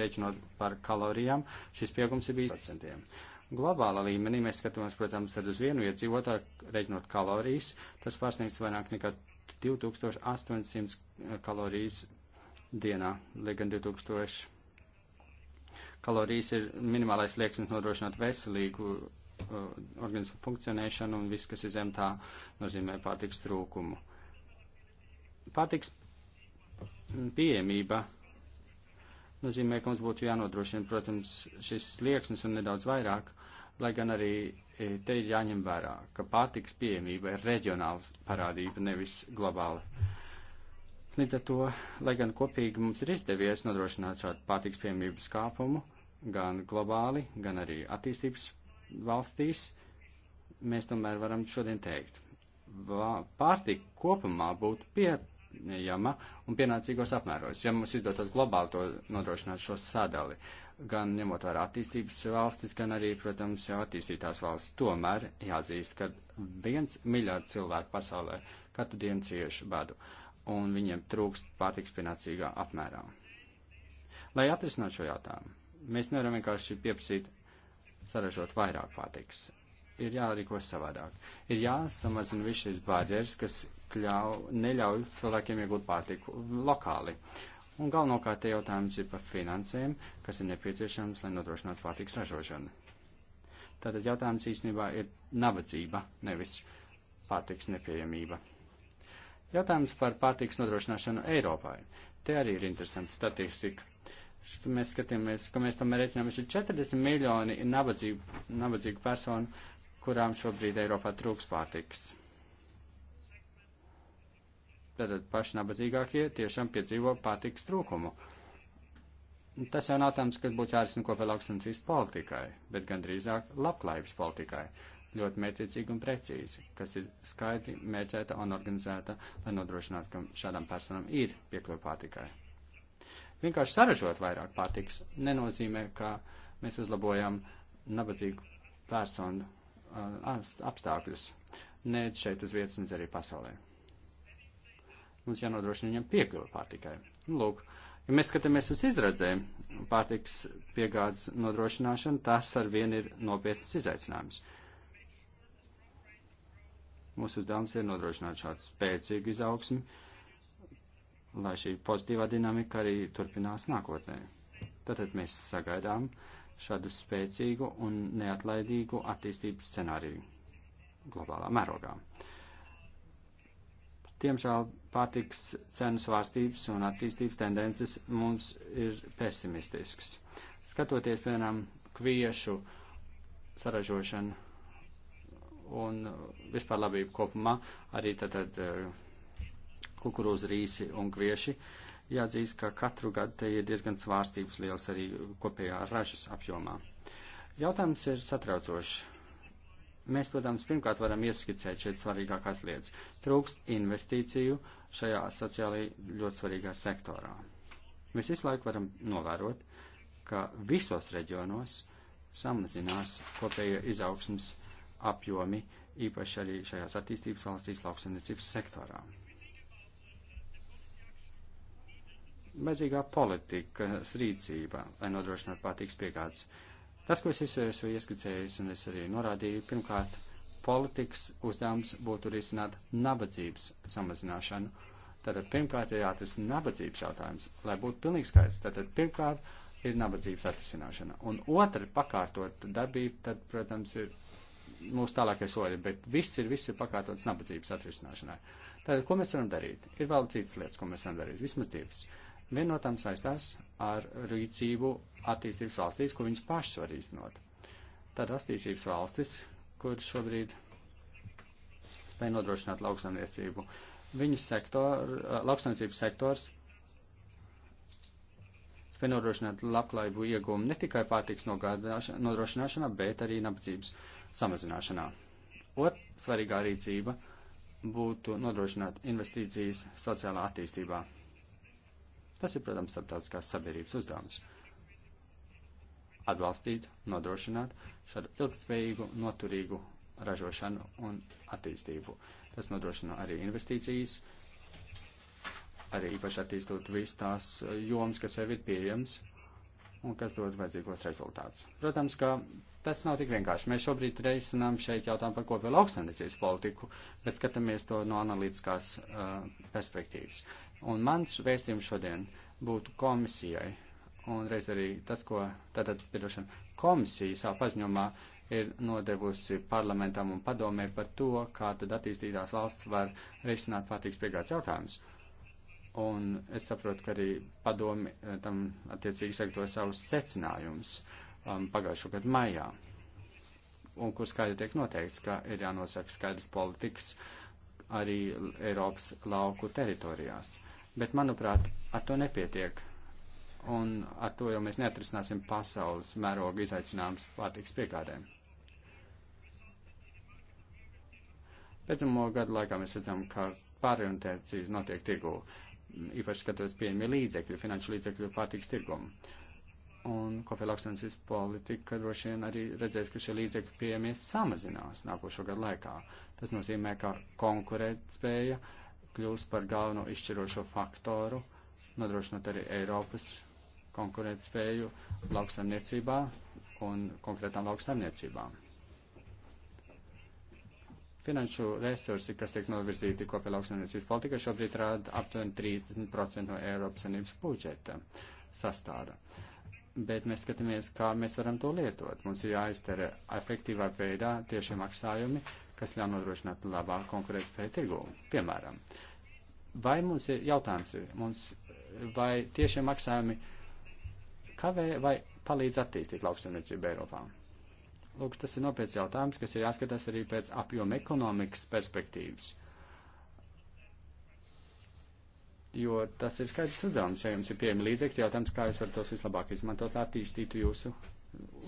reiķinot par kalorijām, šis pieaugums ir bijis 1%. Globāla līmenī mēs skatāmies, protams, tad uz vienu iedzīvotāju, reiķinot kalorijas, tas pārsniegs vairāk nekā 2800 kalorijas dienā, lai gan 2000 kalorijas ir minimālais liekas nodrošināt veselīgu Uh, organismu funkcionēšanu un viss, kas ir zem tā, nozīmē pārtiks trūkumu. Pārtiks pieejamība nozīmē, ka mums būtu jānodrošina, protams, šis slieksnis un nedaudz vairāk, lai gan arī e, te ir jāņem vērā, ka pārtiks pieejamība ir reģionāls parādība, nevis globāla. Līdz ar to, lai gan kopīgi mums ir izdevies nodrošināt šādu pārtiks pieejamības kāpumu, gan globāli, gan arī attīstības valstīs, mēs tomēr varam šodien teikt, pārtika kopumā būtu pieejama un pienācīgos apmēros, ja mums izdotos globāli to nodrošināt šo sadali, gan ņemot vērā attīstības valstis, gan arī, protams, jau attīstītās valstis. Tomēr jāatzīst, ka viens miljārds cilvēku pasaulē katru dienu cieši badu, un viņiem trūkst pārtiks pienācīgā apmērā. Lai atrisinātu šo jautājumu, mēs nevaram vienkārši pieprasīt saražot vairāk pārtiks. Ir jārīkos savādāk. Ir jāsamazina viss šīs barjeras, kas kļau, neļauj cilvēkiem iegūt pārtiku lokāli. Un galvenokārt te jautājums ir par finansēm, kas ir nepieciešams, lai nodrošinātu pārtiks ražošanu. Tātad jautājums īstenībā ir nabadzība, nevis pārtiks nepieejamība. Jautājums par pārtiks nodrošināšanu Eiropai. Te arī ir interesanta statistika Št, mēs skatāmies, ka mēs tomēr reiķināmies, ir 40 miljoni nabadzīgu, nabadzīgu personu, kurām šobrīd Eiropā trūks pārtiks. Tātad paši nabadzīgākie tiešām piedzīvo pārtiks trūkumu. Tas jau nav tams, kas būtu jārisina kopēja lauksaimniecības politikai, bet gan drīzāk labklājības politikai, ļoti mērķiecīgi un precīzi, kas ir skaidri mērķēta un organizēta, lai nodrošinātu, ka šādām personām ir piekļuva pārtikai. Vienkārši saražot vairāk pārtiks nenozīmē, ka mēs uzlabojam nabadzīgu personu uh, apstākļus. Ne šeit uz vietas, ne arī pasaulē. Mums jānodrošina viņam piekļuva pārtikai. Nu, lūk, ja mēs skatāmies uz izredzēm, pārtiks piegādes nodrošināšana, tas ar vienu ir nopietnas izaicinājums. Mūsu uzdevums ir nodrošināt šādu spēcīgu izaugsmu, uh, lai šī pozitīvā dinamika arī turpinās nākotnē. Tātad mēs sagaidām šādu spēcīgu un neatlaidīgu attīstības scenāriju globālā mērogā. Tiemžēl pārtiks cenu svārstības un attīstības tendences mums ir pesimistisks. Skatoties, piemēram, kviešu saražošanu un vispār labību kopumā, arī tad, tad eh, kukurūza rīsi un kvieši. Jāatzīst, ka katru gadu te ir diezgan svārstības liels arī kopējā ražas apjomā. Jautājums ir satraucošs. Mēs, protams, pirmkārt varam ieskicēt šeit svarīgākās lietas. Trūkst investīciju šajā sociāli ļoti svarīgā sektorā. Mēs visu laiku varam novērot, ka visos reģionos samazinās kopējo izaugsmas apjomi, īpaši arī šajās attīstības valstīs lauksaimniecības sektorā. vajadzīgā politikas rīcība, lai nodrošinātu pārtiks piegādes. Tas, ko es visu esmu ieskicējis un es arī norādīju, pirmkārt, politikas uzdevums būtu risināt nabadzības samazināšanu. Tātad pirmkārt ir jāatrisina nabadzības jautājums, lai būtu pilnīgi skaidrs. Tātad pirmkārt ir nabadzības atrisināšana. Un otra pakārtot darbību, tad, protams, ir mūsu tālākie soļi, bet viss ir, viss ir pakārtots nabadzības atrisināšanai. Tātad, ko mēs varam darīt? Ir vēl citas lietas, ko mēs varam darīt, vismaz divas. Uh, Viena no tām saistās ar rīcību attīstības valstīs, ko viņas pašas var iznot. Tad attīstības valstis, kur šobrīd spēj nodrošināt lauksamniecību, viņas sektor, lauksamniecības sektors spēj nodrošināt labklājību iegūmu ne tikai pārtiks nodrošināšanā, bet arī nabadzības samazināšanā. Ot, svarīgā rīcība būtu nodrošināt investīcijas sociālā attīstībā. Tas ir, protams, starptautiskās sabiedrības uzdevums - atbalstīt, nodrošināt šādu ilgspējīgu, noturīgu ražošanu un attīstību. Tas nodrošina arī investīcijas, arī īpaši attīstot visas tās jomas, kas jau ir pieejams un kas dod vajadzīgos rezultātus. Protams, ka tas nav tik vienkārši. Mēs šobrīd reizinām šeit jautājumu par kopēju lauksaimniecības politiku, bet skatāmies to no analītiskās uh, perspektīvas. Un mans vēstījums šodien būtu komisijai, un reiz arī tas, ko tātad, piedošana, komisija savā paziņumā ir nodevusi parlamentam un padomē par to, kā tad attīstītās valsts var risināt pārtīks piegādes jautājumus. Un es saprotu, ka arī padomi eh, tam attiecīgi sagatavoja savus secinājumus um, pagājušo gadu maijā, un kur skaidri tiek noteikts, ka ir jānosaka skaidrs politikas arī Eiropas lauku teritorijās. Bet, manuprāt, ar to nepietiek. Un ar to jau mēs neatrisināsim pasaules mēroga izaicinājumus pārtiks piegādēm. Pēdējo gadu laikā mēs redzam, ka pārorientācijas notiek tirgū, īpaši skatoties pieejami līdzekļu, finanšu līdzekļu pārtiks tirgumu. Un kopēja lauksaimniecības politika droši vien arī redzēs, ka šie līdzekļu pieejamies samazinās nākošo gadu laikā. Tas nozīmē, ka konkurētspēja spēja kļūst par galveno izšķirošo faktoru, nodrošinot arī Eiropas konkurētspēju lauksaimniecībā un konkrētām lauksaimniecībām. Finanšu resursi, kas tiek novirzīti kopējā lauksaimniecības politikā, šobrīd rāda aptuveni 30% no Eiropas Savienības budžeta sastāda. Bet mēs skatāmies, kā mēs varam to lietot. Mums ir jāiztara efektīvā veidā tieši maksājumi, kas ļauj nodrošināt labāku konkurētspēju tirgū. Piemēram, vai mums ir jautājums, ir, mums, vai tiešie maksājumi kavē vai palīdz attīstīt lauksaimniecību Eiropā? Lūk, tas ir nopietns jautājums, kas ir jāskatās arī pēc apjoma ekonomikas perspektīvas. Jo tas ir skaidrs uzdevums, ja jums ir pieejami līdzekļi, jautājums, kā jūs varat tos vislabāk izmantot, lai attīstītu jūsu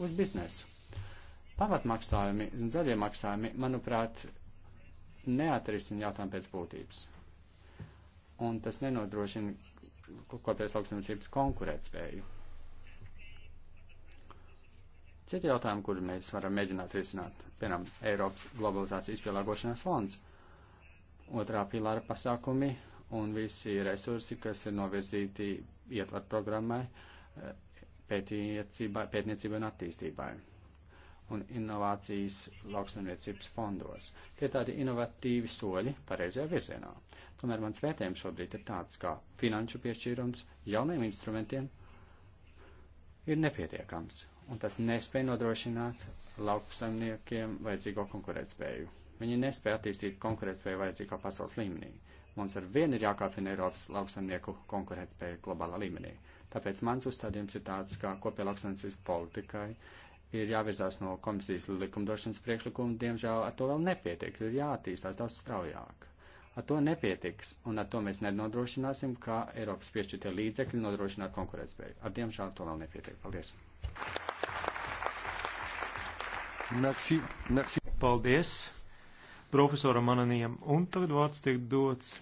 uz biznesu. Pamatmaksājumi un zaļie maksājumi, manuprāt, neatrisina jautājumu pēc būtības. Un tas nenodrošina kopējas lauksaimniecības konkurētspēju. Citi jautājumi, kur mēs varam mēģināt risināt, piemēram, Eiropas globalizācijas pielāgošanās fonds, otrā pilāra pasākumi un visi resursi, kas ir novirzīti ietvaru programmai, eh, pētniecībai un attīstībai un inovācijas lauksaimniecības fondos. Tie ir tādi inovatīvi soļi pareizajā virzienā. Tomēr mans vērtējums šobrīd ir tāds, kā finanšu piešķīrums jauniem instrumentiem ir nepietiekams, un tas nespēja nodrošināt lauksaimniekiem vajadzīgo konkurētspēju. Viņi nespēja attīstīt konkurētspēju vajadzīgā pasaules līmenī. Mums ar vienu ir jākāpina Eiropas lauksaimnieku konkurētspēja globālā līmenī. Tāpēc mans uzstādījums ir tāds, ka kopējā lauksaimniecības politikai ir jāvirzās no komisijas likumdošanas priekšlikuma, diemžēl ar to vēl nepietiek, ir jāattīstās daudz straujāk. Ar to nepietiks, un ar to mēs nenodrošināsim, kā Eiropas piešķirtie līdzekļi nodrošināt konkurētspēju. Ar diemžēl to vēl nepietiek. Paldies! Merci, merci. Paldies profesoram Ananijam, un tagad vārds tiek dots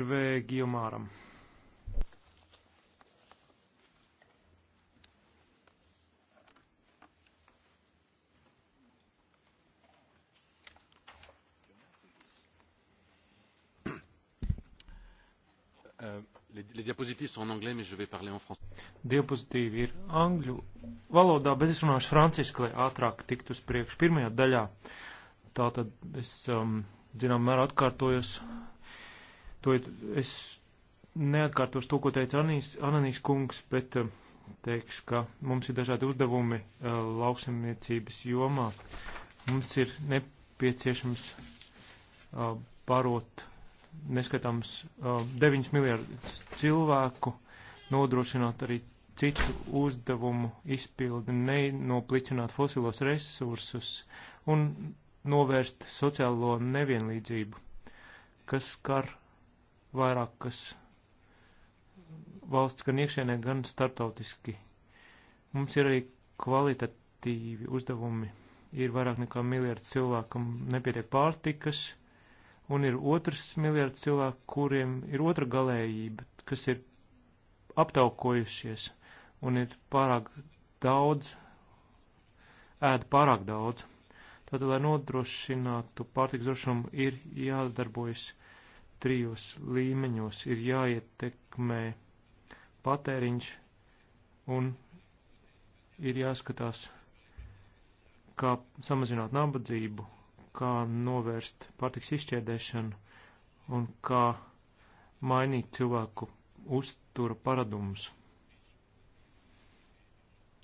RV Giomāram. Les, les diapositīvas ir anglais, bet es vais parler en français. Diapozitīvi ir angļu valodā, bet es runāšu franciski, lai ātrāk tiktu uz priekšu pirmajā daļā. Tātad es, um, zinām, mērā atkārtojos. To es neatkārtošu to, ko teica Anīs, Ananīs kungs, bet um, teikšu, ka mums ir dažādi uzdevumi uh, lauksimniecības jomā. Mums ir nepieciešams uh, barot neskatāms 9 miljardus cilvēku, nodrošināt arī citu uzdevumu izpildi, nenoplicināt fosilos resursus un novērst sociālo nevienlīdzību, kas skar vairākas valsts gan iekšēnē, gan startautiski. Mums ir arī kvalitatīvi uzdevumi. Ir vairāk nekā miljards cilvēkam nepietiek pārtikas, un ir otrs miljards cilvēku, kuriem ir otra galējība, kas ir aptaukojušies un ir pārāk daudz, ēd pārāk daudz. Tātad, lai nodrošinātu pārtiks drošumu, ir jādarbojas trijos līmeņos, ir jāietekmē patēriņš un ir jāskatās, kā samazināt nabadzību kā novērst pārtiks izšķiedēšanu un kā mainīt cilvēku uztura paradumus.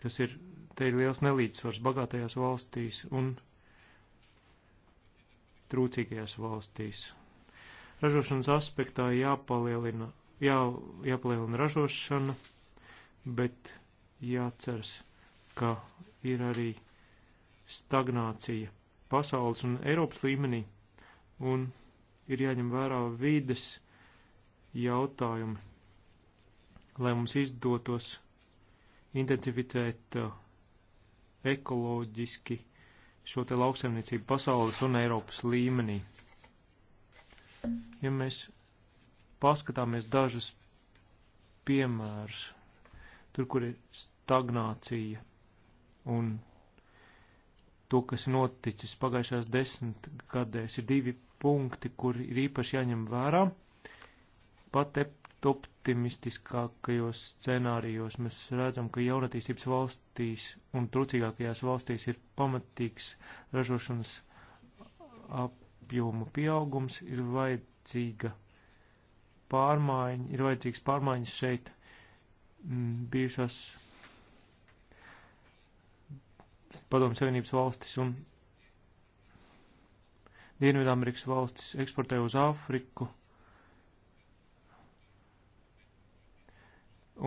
Tas ir, te ir liels nelīdzsvars bagātajās valstīs un trūcīgajās valstīs. Ražošanas aspektā jāpalielina, jā, jāpalielina ražošana, bet jāceras, ka ir arī stagnācija pasaules un Eiropas līmenī, un ir jāņem vērā vides jautājumi, lai mums izdotos identificēt uh, ekoloģiski šo te lauksaimniecību pasaules un Eiropas līmenī. Ja mēs paskatāmies dažus piemērus, tur, kur ir stagnācija un to, kas noticis pagājušās desmit gadēs. Ir divi punkti, kur ir īpaši jāņem vērā. Pat optimistiskākajos scenārijos mēs redzam, ka jaunatīstības valstīs un trūcīgākajās valstīs ir pamatīgs ražošanas apjomu pieaugums, ir vajadzīga pārmaiņa, ir vajadzīgs pārmaiņas šeit bijušās Padomu Savienības valstis un Dienvidamerikas valstis eksportē uz Āfriku.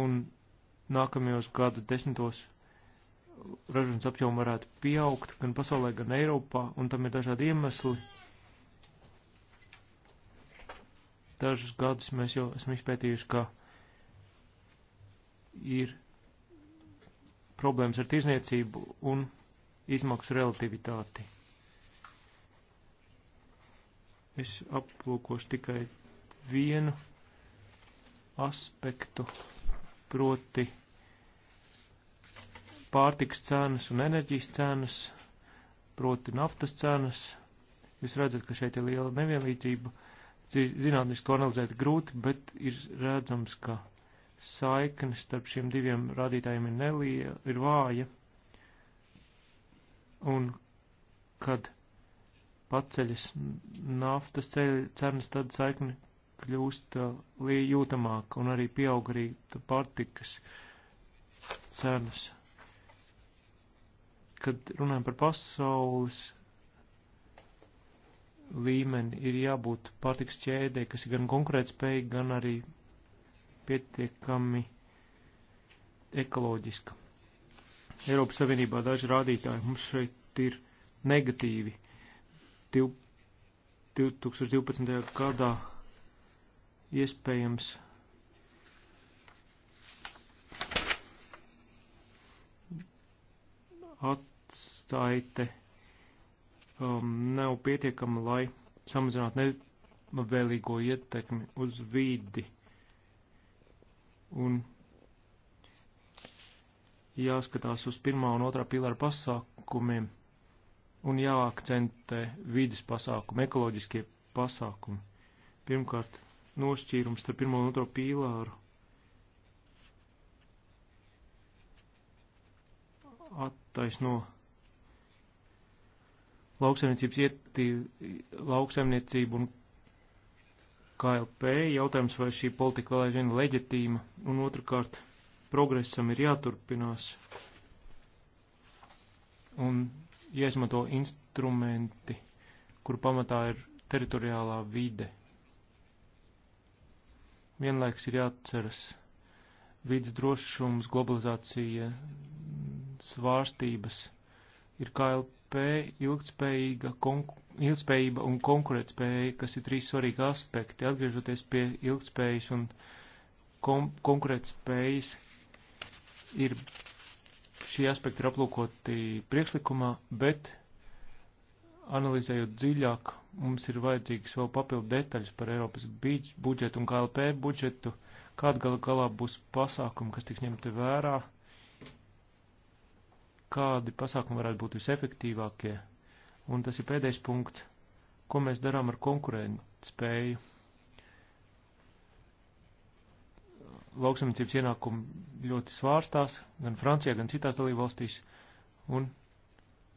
Un nākamajos gadu desmitos ražas apjoma varētu pieaugt gan pasaulē, gan Eiropā, un tam ir dažādi iemesli. Dažus gadus mēs jau esam izpētījuši, ka ir problēmas ar tirzniecību un izmaksu relativitāti. Es aplūkošu tikai vienu aspektu, proti pārtiks cenas un enerģijas cenas, proti naftas cenas. Jūs redzat, ka šeit ir liela nevienlīdzība. Zinātniski analizēt grūti, bet ir redzams, ka saikne starp šiem diviem rādītājiem ir neliela, ir vāja, un kad paceļas naftas cenas, tad saikne kļūst uh, jūtamāka un arī pieaug arī pārtikas cenas. Kad runājam par pasaules līmeni, ir jābūt pārtikas ķēdē, kas ir gan konkurētspējīga, gan arī pietiekami ekoloģiska. Eiropas Savienībā daži rādītāji mums šeit ir negatīvi. 2012. gadā iespējams atsaite um, nav pietiekama, lai samazinātu nevēlīgo ietekmi uz vīdi. Un jāskatās uz pirmā un otrā pilāra pasākumiem un jāakcentē vidas pasākumi, ekoloģiskie pasākumi. Pirmkārt, nošķīrums starp pirmo un otro pīlāru attaisno lauksaimniecības ietī, lauksaimniecību un KLP. Jautājums, vai šī politika vēl aizvien leģitīma, un otrkārt, progresam ir jāturpinās. Un jāizmanto instrumenti, kur pamatā ir teritoriālā vide. Vienlaiks ir jāatceras vidas drošums, globalizācija, svārstības, ir KLP spēja, ilgspējīga, ilgspējība un konkurētspēja, kas ir trīs svarīgi aspekti. Atgriežoties pie ilgspējas un kon konkurētspējas, ir šie aspekti ir aplūkoti priekšlikumā, bet analizējot dziļāk, mums ir vajadzīgs vēl papildu detaļas par Eiropas budžetu un KLP budžetu, kāda gala galā būs pasākumi, kas tiks ņemti vērā kādi pasākumi varētu būt visefektīvākie. Un tas ir pēdējais punkts, ko mēs darām ar konkurētspēju. Lauksamniecības ienākumi ļoti svārstās gan Francijā, gan citās dalībvalstīs, un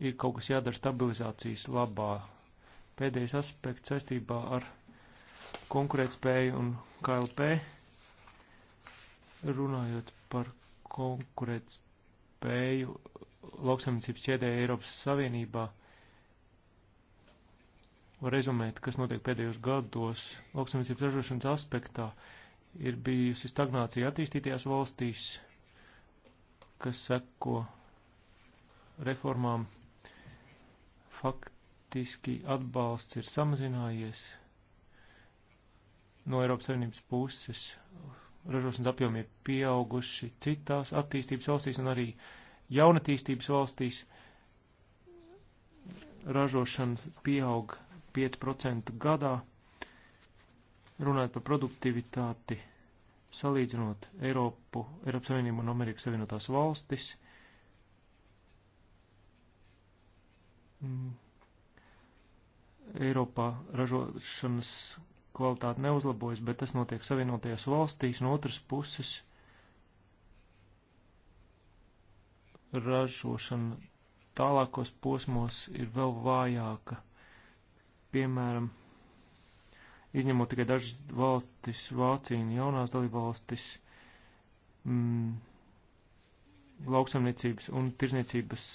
ir kaut kas jādara stabilizācijas labā. Pēdējais aspekts saistībā ar konkurētspēju un KLP, runājot par konkurētspēju lauksaimniecības ķēdē Eiropas Savienībā. Var rezumēt, kas notiek pēdējos gados lauksaimniecības ražošanas aspektā. Ir bijusi stagnācija attīstītajās valstīs, kas seko reformām. Faktiski atbalsts ir samazinājies no Eiropas Savienības puses. Ražošanas apjomi ir pieauguši citās attīstības valstīs un arī uh, jaunatīstības valstīs ražošana pieaug 5% gadā. Runājot par produktivitāti, salīdzinot Eiropu, Eiropas Savienību un Amerikas Savienotās valstis, mm, Eiropā ražošanas kvalitāte neuzlabojas, bet tas notiek Savienotajās valstīs, no otras puses ražošana tālākos posmos ir vēl vājāka. Piemēram, izņemot tikai dažas valstis, Vācija un jaunās dalībvalstis, mm, lauksamniecības un tirzniecības,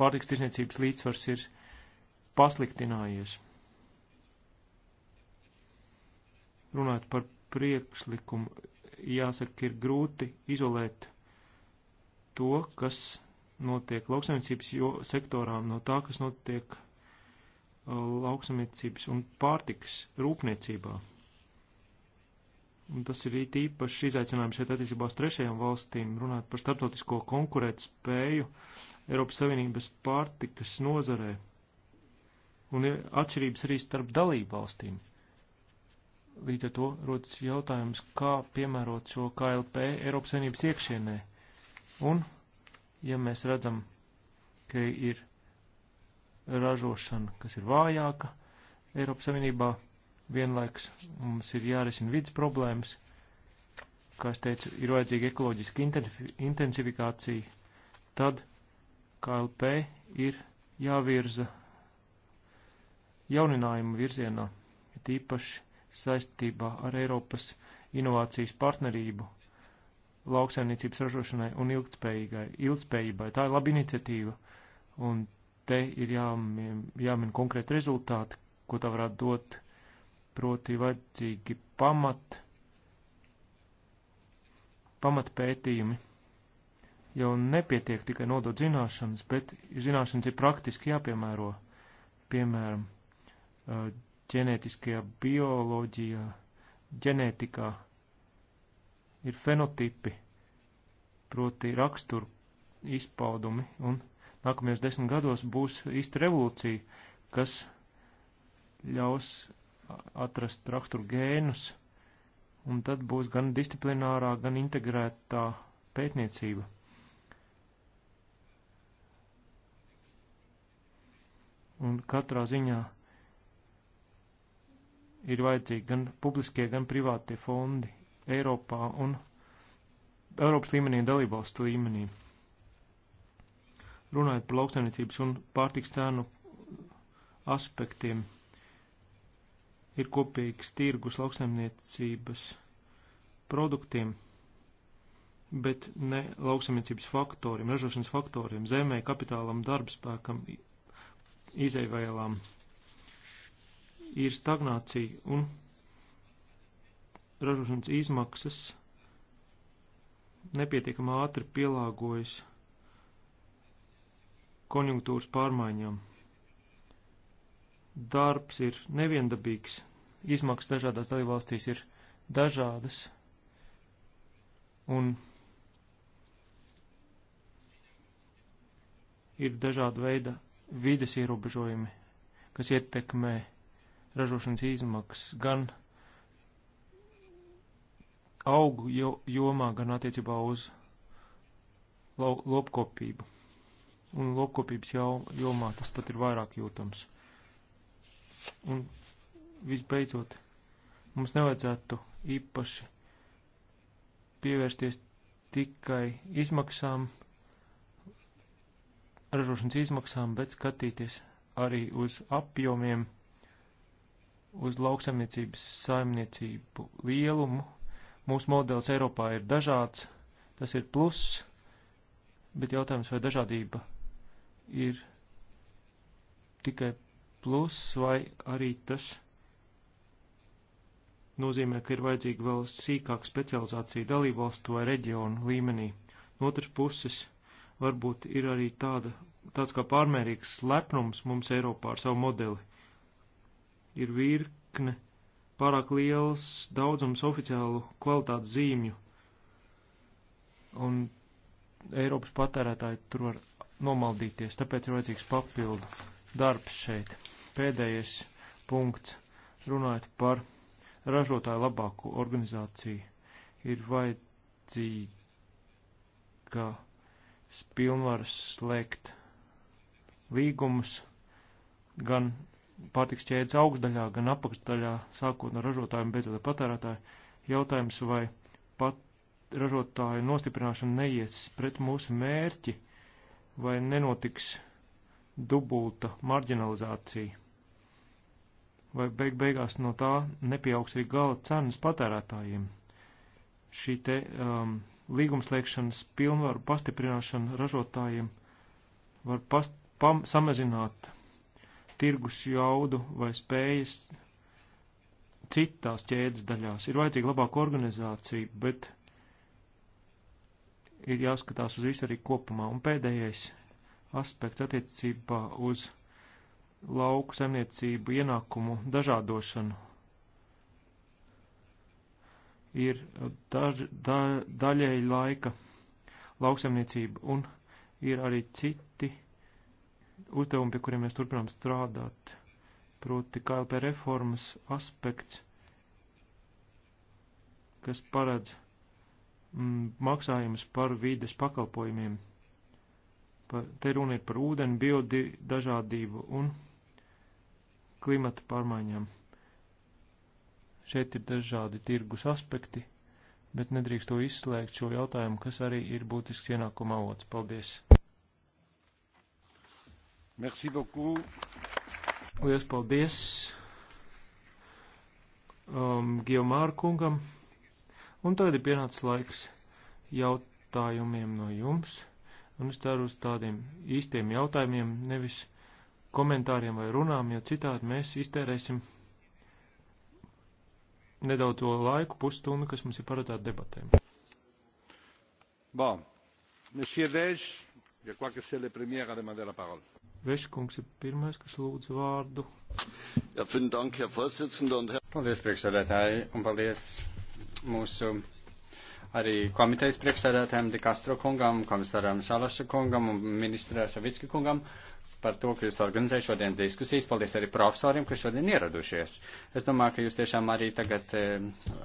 pārtiks tirzniecības līdzsvars ir pasliktinājies. Runājot par priekšlikumu, jāsaka, ir grūti izolēt to, kas notiek lauksaimniecības sektorā, no tā, kas notiek uh, lauksaimniecības un pārtikas rūpniecībā. Un tas ir īpaši izaicinājums šeit attiecībā uz trešajām valstīm, runāt par starptautisko konkurētspēju Eiropas Savienības pārtikas nozarē. Un ir atšķirības arī starp dalību valstīm. Līdz ar to rodas jautājums, kā piemērot šo KLP Eiropas Savienības iekšienē. Un, ja mēs redzam, ka ir ražošana, kas ir vājāka Eiropas Savienībā, vienlaiks mums ir jārisina vidas problēmas, kā es teicu, ir vajadzīga ekoloģiska intensifikācija, tad KLP ir jāvirza jauninājumu virzienā, tīpaši saistībā ar Eiropas inovācijas partnerību lauksaimniecības ražošanai un ilgspējībai. Tā ir laba iniciatīva, un te ir jāmin, jāmin konkrēti rezultāti, ko tā varētu dot, proti vajadzīgi pamat, pamat pētījumi. Jau nepietiek tikai nodot zināšanas, bet zināšanas ir praktiski jāpiemēro, piemēram, ģenētiskajā bioloģijā, ģenētikā ir fenotipi, proti raksturu izpaudumi, un nākamajos desmit gados būs īsta revolūcija, kas ļaus atrast raksturu gēnus, un tad būs gan disciplinārā, gan integrētā pētniecība. Un katrā ziņā ir vajadzīgi gan publiskie, gan privātie fondi, Eiropā un Eiropas līmenī un dalībvalstu līmenī. Runājot par lauksaimniecības un pārtiks cēnu aspektiem, ir kopīgs tirgus lauksaimniecības produktiem, bet ne lauksaimniecības faktoriem, ražošanas faktoriem, zemē, kapitālam, darbspēkam, izēvēlām. Ir stagnācija un ražošanas izmaksas nepietiekam ātri pielāgojas konjunktūras pārmaiņām. Darbs ir neviendabīgs, izmaksas dažādās dalībvalstīs ir dažādas, un ir dažāda veida vides ierobežojumi, kas ietekmē ražošanas izmaksas gan augu jomā, gan attiecībā uz lopkopību. Un lopkopības jomā tas tad ir vairāk jūtams. Un visbeidzot, mums nevajadzētu īpaši pievērsties tikai izmaksām, ražošanas izmaksām, bet skatīties arī uz apjomiem, uz lauksaimniecības saimniecību lielumu Mūsu modelis Eiropā ir dažāds, tas ir pluss, bet jautājums, vai dažādība ir tikai pluss, vai arī tas nozīmē, ka ir vajadzīga vēl sīkāka specializācija dalībvalstu vai reģionu līmenī. No otras puses, varbūt ir arī tāda, tāds kā pārmērīgs lepnums mums Eiropā ar savu modeli. Ir virkne pārāk liels daudzums oficiālu kvalitātes zīmju, un Eiropas patērētāji tur var nomaldīties, tāpēc ir vajadzīgs papildu darbs šeit. Pēdējais punkts, runājot par ražotāju labāko organizāciju, ir vajadzīga pilnvaras slēgt līgumus gan pārtiks ķēdes augstdaļā, gan apakšdaļā, sākot no ražotājiem, beidzot ar patērētāju, jautājums, vai pat ražotāju nostiprināšana neies pret mūsu mērķi, vai nenotiks dubulta marginalizācija, vai beig beigās no tā nepieaugs arī gala cenas patērētājiem. Šī te um, līgumslēgšanas pilnvaru pastiprināšana ražotājiem var past, pam, samazināt tirgus jaudu vai spējas citās ķēdes daļās. Ir vajadzīga labāka organizācija, bet ir jāskatās uz visu arī kopumā. Un pēdējais aspekts attiecībā uz lauku saimniecību ienākumu dažādošanu ir daž, da, daļēji laika lauksaimniecība un ir arī citi uzdevumi, pie kuriem mēs turpinām strādāt, proti KLP reformas aspekts, kas paredz mm, maksājumus par vīdes pakalpojumiem. Pa, te runa ir par ūdeni, biodažādību un klimata pārmaiņām. Šeit ir dažādi tirgus aspekti, bet nedrīkst to izslēgt šo jautājumu, kas arī ir būtisks ienākuma avots. Paldies! Merci beaucoup. Lielas paldies um, Gilmāru kungam. Un tagad ir pienācis laiks jautājumiem no jums. Un es ceru uz tādiem īstiem jautājumiem, nevis komentāriem vai runām, jo citādi mēs iztērēsim nedaudz to laiku, pusstundu, kas mums ir paredzēta debatēm. Bon. Monsieur Dej, je crois que c'est le premier à demander la parole. Veškungs ir pirmais, kas lūdz vārdu. Ja, dank, ja un... Paldies, priekšsēdētāji, un paldies mūsu arī komitejas priekšsēdētājiem Dikastro kungam, komisaram Šalaša kungam un ministrā Šavicka kungam par to, ka jūs organizējat šodien diskusijas. Paldies arī profesoriem, kas šodien ieradušies. Es domāju, ka jūs tiešām arī tagad eh,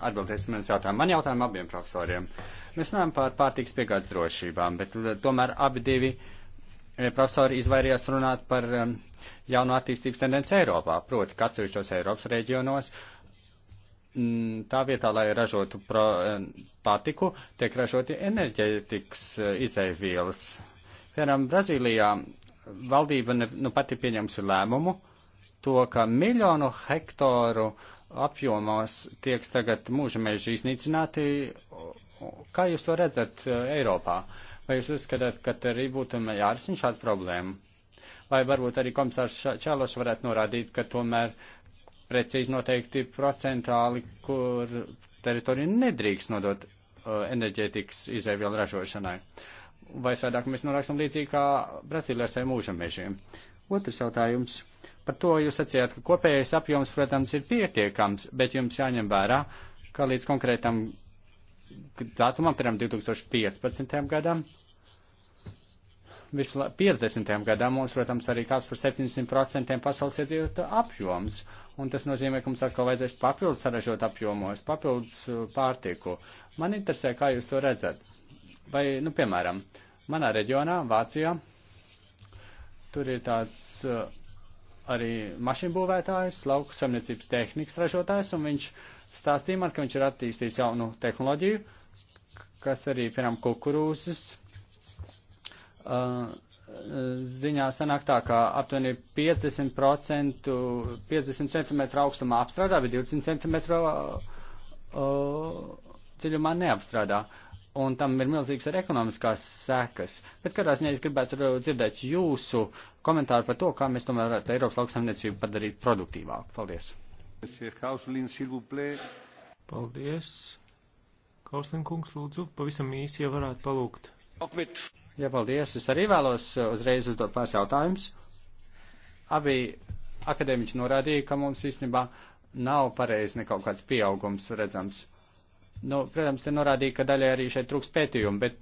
atbildēsiet manas jautājumu. Man jautājumu abiem profesoriem. Mēs runājam par pārtīks piegādes drošībām, bet eh, tomēr abi divi profesori izvairījās runāt par um, jaunu attīstības tendenci Eiropā, proti, ka atsevišķos Eiropas reģionos m, mm, tā vietā, lai ražotu pro, um, patiku, tiek ražoti enerģētikas uh, izaivielas. Piemēram, Brazīlijā valdība ne, nu, pati pieņemsi lēmumu to, ka miljonu hektāru apjomos tiek tagad mūža meži iznīcināti. Kā jūs to redzat uh, Eiropā? Uh, Vai jūs uzskatāt, ka arī būtu jārisina šāda problēma? Vai varbūt arī komisārs Čēlošs varētu norādīt, ka tomēr precīzi noteikti procentāli, kur teritoriju nedrīkst nodot uh, enerģētikas izēvielu ražošanai? Vai sādāk mēs norāksim līdzīgi kā Brazīlijas ar mūža mežiem? Otrs jautājums. Par to jūs sacījāt, ka kopējais apjoms, protams, ir pietiekams, bet jums jāņem vērā, ka līdz konkrētam datumam, piemēram, 2015. gadam, visu 50. gadā mums, protams, arī kāds par 700% pasaules iedzīvotāju apjoms. Un tas nozīmē, ka mums atkal vajadzēs papildus saražot apjomos, papildus uh, pārtiku. Man interesē, kā jūs to redzat. Vai, nu, piemēram, manā reģionā, Vācijā, tur ir tāds uh, arī mašīnbūvētājs, lauku saimniecības tehnikas ražotājs, un viņš stāstīja man, ka viņš ir attīstījis jaunu tehnoloģiju, kas arī, piemēram, kukurūzas uh, ziņā sanāk tā, ka aptuveni 50%, 50 cm augstumā apstrādā, bet 20 cm uh, dziļumā neapstrādā. Un tam ir milzīgas arī ekonomiskās sekas. Bet kādā ziņā es gribētu dzirdēt jūsu komentāru par to, kā mēs tomēr varētu Eiropas lauksaimniecību padarīt produktīvāku. Paldies! Paldies! Kauslin kungs, lūdzu, pavisam īsi, ja varētu palūgt. Jā, paldies. Es arī vēlos eh, uzreiz uzdot pāris jautājumus. Abi akadēmiķi norādīja, ka mums īstenībā nav pareizi ne kaut kāds pieaugums redzams. Nu, protams, te norādīja, ka daļai arī šeit trūks pētījumu, bet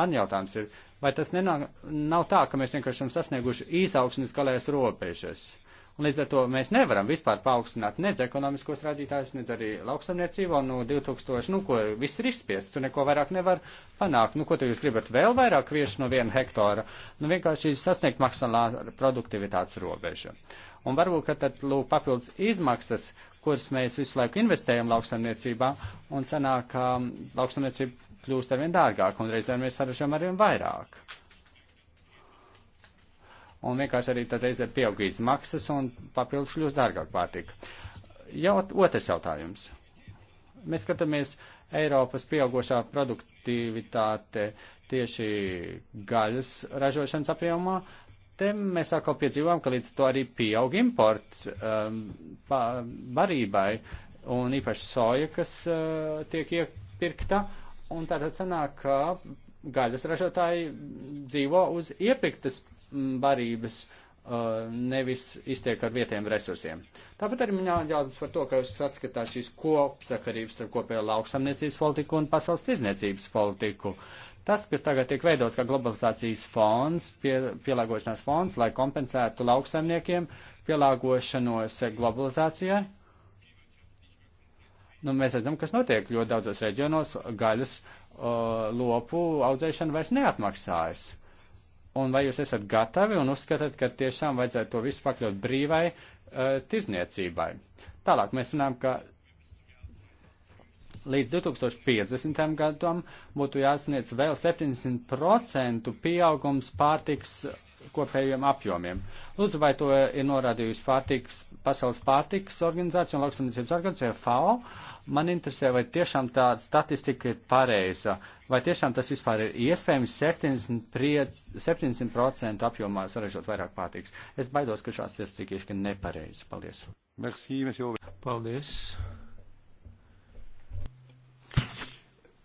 man jautājums ir, vai tas nenāk, nav tā, ka mēs vienkārši esam sasnieguši īsaugsnes galējas robežas? Uh, Un līdz ar to mēs nevaram vispār paaugstināt nedz ekonomiskos rādītājus, nedz arī lauksamniecību, un no nu, 2000, nu, ko viss ir izspiests, tu neko vairāk nevar panākt. Nu, ko tu jūs gribat vēl vairāk kviešu no viena hektāra? Nu, vienkārši sasniegt maksimālā produktivitātes robeža. Un varbūt, ka tad, lūk, papildus izmaksas, kuras mēs visu laiku investējam lauksamniecībā, un sanāk, ka lauksamniecība kļūst arvien dārgāk, un reizēm mēs saražam arvien vairāk un vienkārši arī tad reizē pieaug izmaksas un papildus kļūst dārgāk pārtika. Jau otrs jautājums. Mēs skatāmies Eiropas pieaugošā produktivitāte tieši gaļas ražošanas apjomā. Te mēs atkal piedzīvām, ka līdz to arī pieaug imports um, varībai un īpaši soja, kas uh, tiek iepirkta. Un tātad sanāk, ka gaļas ražotāji dzīvo uz iepirktas barības uh, nevis iztiek ar vietējiem resursiem. Tāpat arī man jāatgādās par to, ka saskatās šīs kopsakarības starp kopējo lauksamniecības politiku un pasaules tirzniecības politiku. Tas, kas tagad tiek veidots kā globalizācijas fonds, pie, pielāgošanās fonds, lai kompensētu lauksaimniekiem pielāgošanos globalizācijai, nu, mēs redzam, kas notiek ļoti daudzos reģionos, gaļas o, uh, lopu audzēšana vairs neatmaksājas Un vai jūs esat gatavi un uzskatāt, ka tiešām vajadzētu to visu pakļaut brīvai uh, tirzniecībai? Tālāk mēs runājam, ka līdz 2050. gadam būtu jāsniedz vēl 70% pieaugums pārtiks kopējiem apjomiem. Lūdzu, vai to ir norādījusi pārtiks, Pasaules pārtiks organizācija un lauksamniecības organizācija FAO? Uh, Man interesē, vai tiešām tāda statistika ir pareiza, vai tiešām tas vispār ir iespējams 70%, 70 apjomā saražot vairāk pārtiks. Es baidos, ka šāds statistika ir nepareiza. Paldies. Merci, monsieur. Paldies.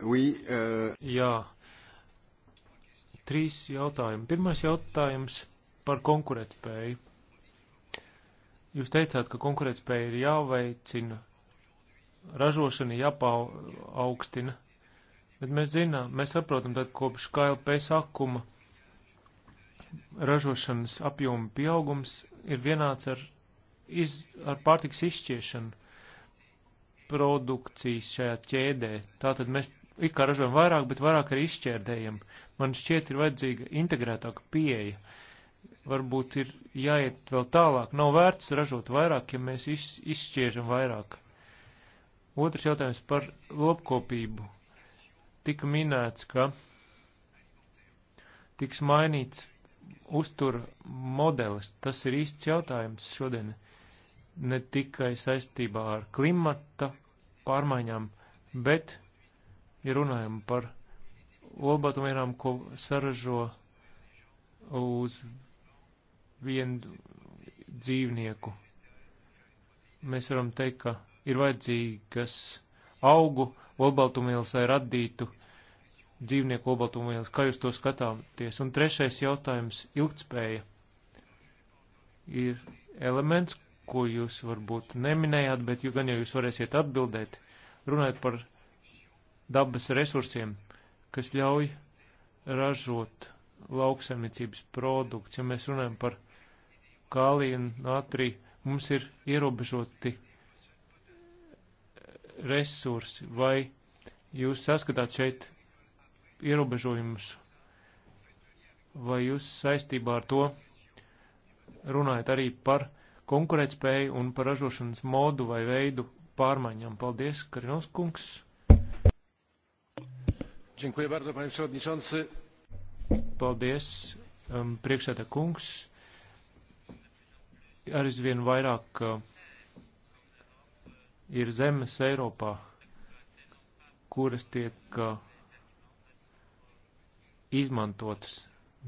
Oui, uh... Jā. Trīs jautājumi. Pirmais jautājums par konkurētspēju. Jūs teicāt, ka konkurētspēja ir jāveicina ražošana jāpaukstina. Bet mēs zinām, mēs saprotam, tad kopš KLP sākuma ražošanas apjoma pieaugums ir vienāds ar, iz, ar pārtiks izšķiešanu produkcijas šajā ķēdē. Tātad mēs it kā ražojam vairāk, bet vairāk arī izšķērdējam. Man šķiet ir vajadzīga integrētāka pieeja. Varbūt ir jāiet vēl tālāk. Nav vērts ražot vairāk, ja mēs iz, izšķiežam vairāk. Otrs jautājums par lopkopību. Tika minēts, ka tiks mainīts uztura modelis. Tas ir īsts jautājums šodien ne tikai saistībā ar klimata pārmaiņām, bet ir ja runājam par olbatumvienām, ko saražo uz vienu dzīvnieku. Mēs varam teikt, ka ir vajadzīgas augu olbaltumvielas, lai radītu dzīvnieku olbaltumvielas. Kā jūs to skatāties? Un trešais jautājums - ilgtspēja. Ir elements, ko jūs varbūt neminējāt, bet gan jau jūs varēsiet atbildēt, runājot par dabas resursiem, kas ļauj ražot lauksaimniecības produkts. Ja mēs runājam par kāliju un nātriju, mums ir ierobežoti resursi, vai jūs saskatāt šeit ierobežojumus, vai jūs saistībā ar to runājat arī par konkurētspēju un par ražošanas modu vai veidu pārmaiņām. Paldies, Karinos kungs. Dziękuję bardzo, panie przewodniczący. Paldies, um, priekšsēdē kungs. Arvien vairāk uh, ir zemes Eiropā, kuras tiek uh, izmantotas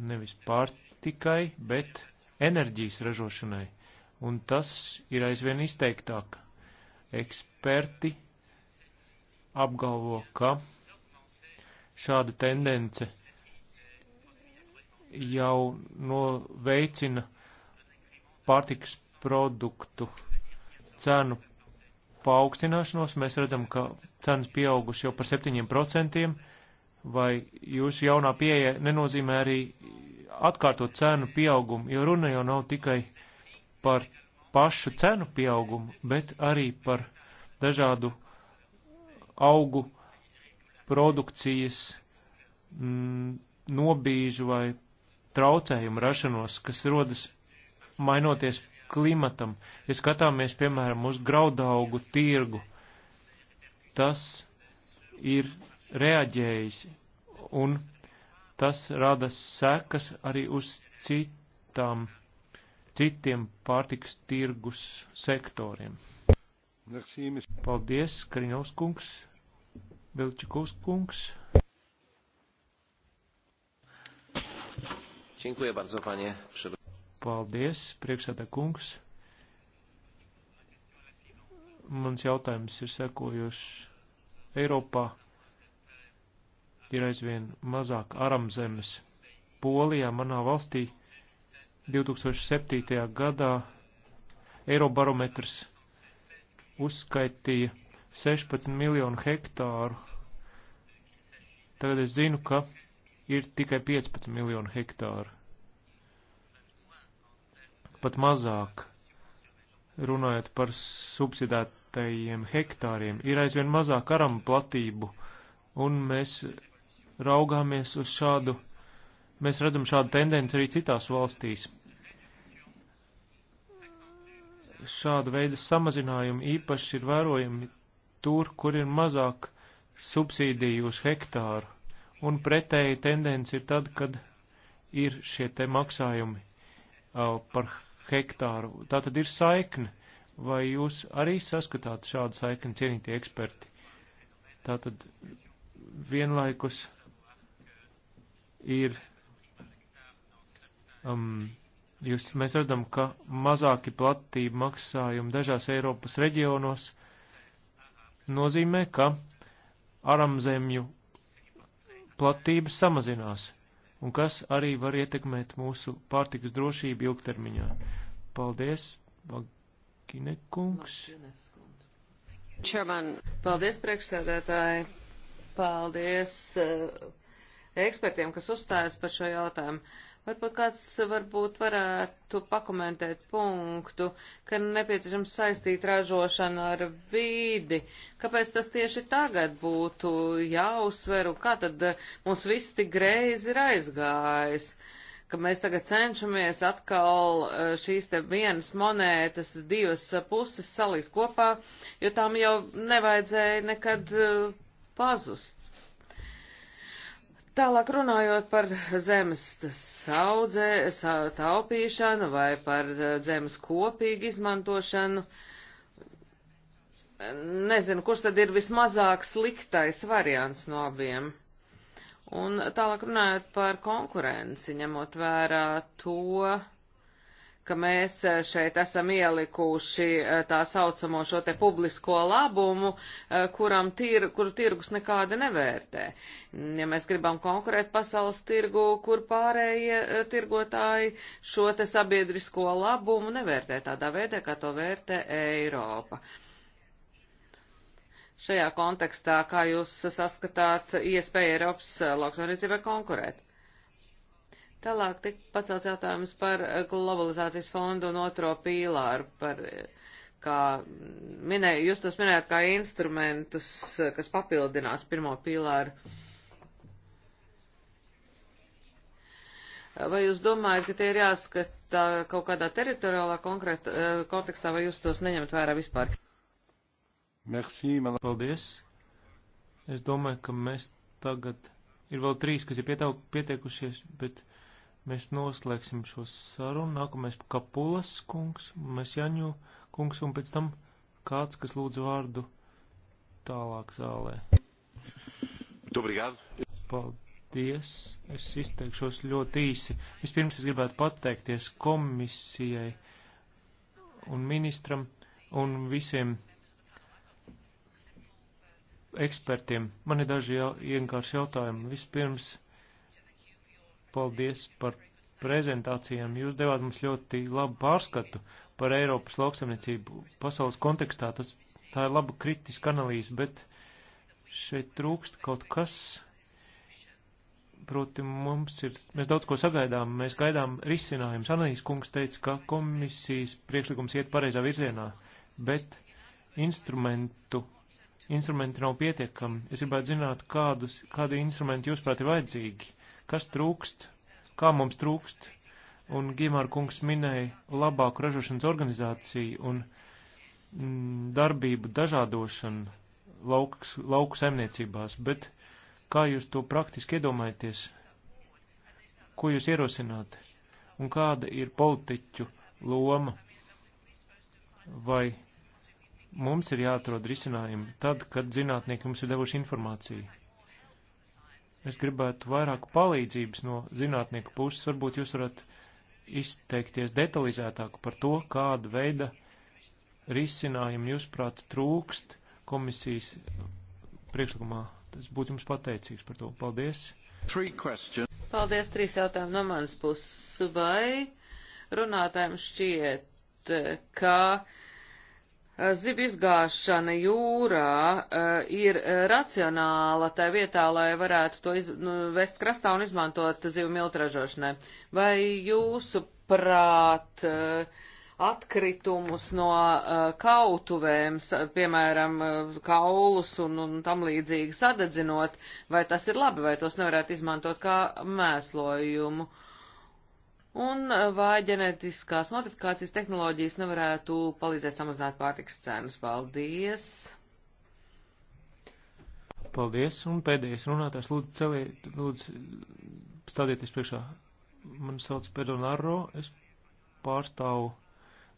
nevis pārtikai, bet enerģijas ražošanai, un tas ir aizvien izteiktāk. Eksperti apgalvo, ka šāda tendence jau noveicina pārtikas produktu cenu paaugstināšanos. Mēs redzam, ka cenas pieauguši jau par 7%, vai jūsu jaunā pieeja nenozīmē arī atkārtot cenu pieaugumu, jo runa jau nav tikai par pašu cenu pieaugumu, bet arī par dažādu augu produkcijas m, mm, nobīžu vai traucējumu rašanos, kas rodas mainoties klimatam. Ja skatāmies, piemēram, uz graudaugu tirgu, tas ir reaģējis un tas rada sekas arī uz citām, citiem pārtiks tirgus sektoriem. Paldies, Kriņovskungs, Vilčikovskungs. Dziękuję bardzo, panie przewodniczący. Paldies, priekšsēdā kungs. Mans jautājums ir sekojošs. Eiropā ir aizvien mazāk aramzemes. Polijā, manā valstī, 2007. gadā Eirobarometrs uzskaitīja 16 miljonu hektāru. Tagad es zinu, ka ir tikai 15 miljonu hektāru pat mazāk. Runājot par subsidētajiem hektāriem, ir aizvien mazāk arama platību, un mēs raugāmies uz šādu, mēs redzam šādu tendenci arī citās valstīs. Šāda veida samazinājumi īpaši ir vērojami tur, kur ir mazāk subsīdiju uz hektāru, un pretēji tendence ir tad, kad ir šie te maksājumi uh, par hektāru. Tā tad ir saikne. Vai jūs arī saskatāt šādu saikni, cienītie eksperti? Tā tad vienlaikus ir. Um, jūs, mēs redzam, ka mazāki platība maksājumi dažās Eiropas reģionos nozīmē, ka aramzemju platība samazinās un kas arī var ietekmēt mūsu pārtikas drošību ilgtermiņā. Paldies, Vaginekungs. Čerman, paldies priekšsēdētāji, paldies uh, ekspertiem, kas uzstājas par šo jautājumu. Varbūt kāds varbūt varētu pakomentēt punktu, ka nepieciešams saistīt ražošanu ar vīdi. Kāpēc tas tieši tagad būtu jāuzsver un kā tad mums viss tik greizi ir aizgājis? ka mēs tagad cenšamies atkal eh, šīs te vienas monētas divas puses salikt kopā, jo tām jau nevajadzēja nekad eh, pazust. Tālāk runājot par zemes saudzē, taupīšanu vai par eh, zemes kopīgu izmantošanu, nezinu, kurš tad ir vismazāk sliktais variants no abiem. Un tālāk runājot par konkurenci, ņemot vērā to, ka mēs e, šeit esam ielikuši e, tā saucamo šo te publisko labumu, e, kuram tir, kuru tirgus nekādi nevērtē. Ja mēs gribam konkurēt pasaules tirgu, kur pārējie tirgotāji šo te sabiedrisko labumu nevērtē tādā veidā, kā to vērtē Eiropa. Šajā kontekstā, kā jūs saskatāt iespēju Eiropas lauksaimniecībai konkurēt? Tālāk tik pacelts jautājums par eh, globalizācijas fondu un otro pīlāru, par, eh, kā minēju, jūs tos minējāt kā instrumentus, eh, kas papildinās pirmo pīlāru. Vai jūs domājat, ka tie ir jāskata kaut kādā teritoriālā konkrēta kontekstā, vai jūs tos neņemat vērā vispār? Merci, man... Paldies. Es domāju, ka mēs tagad ir vēl trīs, kas ir pietau, pieteikušies, bet Mēs noslēgsim šo sarunu. Nākamais Kapulas kungs, Mesjaņu kungs un pēc tam kāds, kas lūdz vārdu tālāk zālē. Obrigado. Paldies. Es izteikšos ļoti īsi. Vispirms es gribētu pateikties komisijai un ministram un visiem ekspertiem. Man ir daži jau, vienkārši jautājumi. Vispirms paldies par prezentācijām. Jūs devāt mums ļoti labu pārskatu par Eiropas lauksaimniecību pasaules kontekstā. Tas, tā ir laba kritiska analīze, bet šeit trūkst kaut kas. Proti mums ir, mēs daudz ko sagaidām, mēs gaidām risinājumus. Analīzes kungs teica, ka komisijas priekšlikums iet pareizā virzienā, bet instrumentu, instrumenti nav pietiekami. Es gribētu zināt, kādus, kādu instrumentu jūs prāt ir vajadzīgi kas trūkst, kā mums trūkst, un Gimāra kungs minēja labāku ražošanas organizāciju un mm, darbību dažādošanu lauks, lauku saimniecībās, bet kā jūs to praktiski iedomājaties, ko jūs ierosināt, un kāda ir politiķu loma, vai mums ir jāatrod risinājumi tad, kad zinātnieki mums ir devuši informāciju. Es gribētu vairāk palīdzības no zinātnieku puses. Varbūt jūs varat izteikties detalizētāk par to, kāda veida risinājumu jūs prāt trūkst komisijas priekšlikumā. Tas būtu jums pateicīgs par to. Paldies. Paldies, trīs jautājumi no manas puses. Vai runātājiem šķiet, ka Eh, zivju izgāšana jūrā eh, ir eh, racionāla tā vietā, lai varētu to iz, nu, vest krastā un izmantot zivju miltražošanai. Vai jūsu prāt atkritumus no kautuvēm, piemēram, kaulus un, un tam līdzīgi sadedzinot, vai tas ir labi, vai tos nevarētu izmantot kā mēslojumu? Uh, un eh, vai ģenetiskās modifikācijas tehnoloģijas nevarētu palīdzēt samazināt pārtikas cenas. Paldies! Paldies, un pēdējais runātājs lūdzu celiet, lūdzu stādieties priekšā. Man sauc Pedonaro, es pārstāvu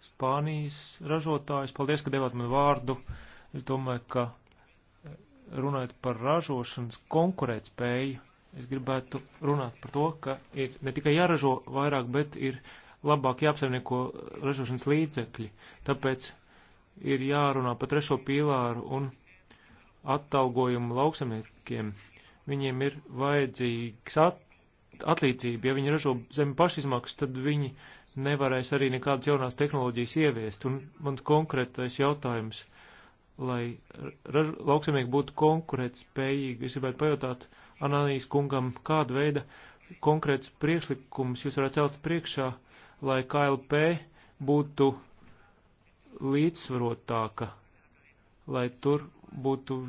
Spānijas ražotājus. Paldies, ka devāt man vārdu. Es domāju, ka eh, runājot par ražošanas konkurētspēju, Es gribētu runāt par to, ka ir ne tikai jāražo vairāk, bet ir labāk jāapsaimnieko ražošanas līdzekļi. Tāpēc ir jārunā par trešo pīlāru un attalgojumu lauksamniekiem. Viņiem ir vajadzīgs at atlīdzība. Ja viņi ražo zemi pašizmaksas, tad viņi nevarēs arī nekādas jaunās tehnoloģijas ieviest. Un mans konkrētais jautājums ir lai ražu, lauksamnieki būtu konkurētspējīgi. Es gribētu pajautāt Ananijas kungam, kāda veida konkrēts priekšlikums jūs varētu celt priekšā, lai KLP būtu līdzsvarotāka, lai tur būtu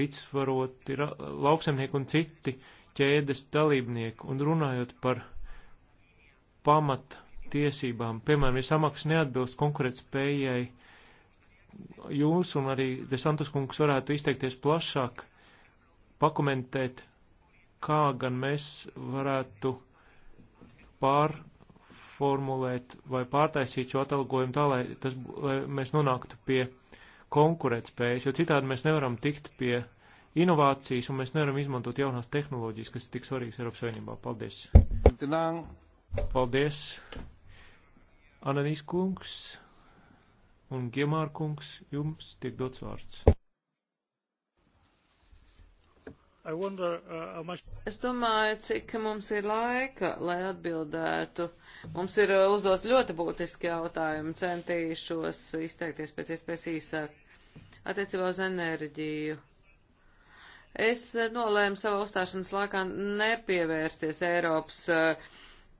līdzsvaroti lauksamnieki un citi ķēdes dalībnieki. Un runājot par pamat tiesībām, piemēram, ja samaksas neatbilst konkurētspējai, spējai, jūs un arī Desantas kungs varētu izteikties plašāk, pakomentēt, kā gan mēs varētu pārformulēt vai pārtaisīt šo atalgojumu tā, lai, tas, lai mēs nonāktu pie konkurētspējas, jo citādi mēs nevaram tikt pie inovācijas un mēs nevaram izmantot jaunās tehnoloģijas, kas ir tik svarīgas Eiropas Savienībā. Paldies! Paldies! Ananīs kungs! Un Giemārkungs, jums tiek dots vārds. Wonder, uh, much... Es domāju, cik mums ir laika, lai atbildētu. Mums ir uh, uzdot ļoti būtiski jautājumi, centīšos izteikties pēc iespējas īsāk. Attiecībā uz enerģiju. Es uh, nolēmu savā uzstāšanas laikā nepievērsties Eiropas uh,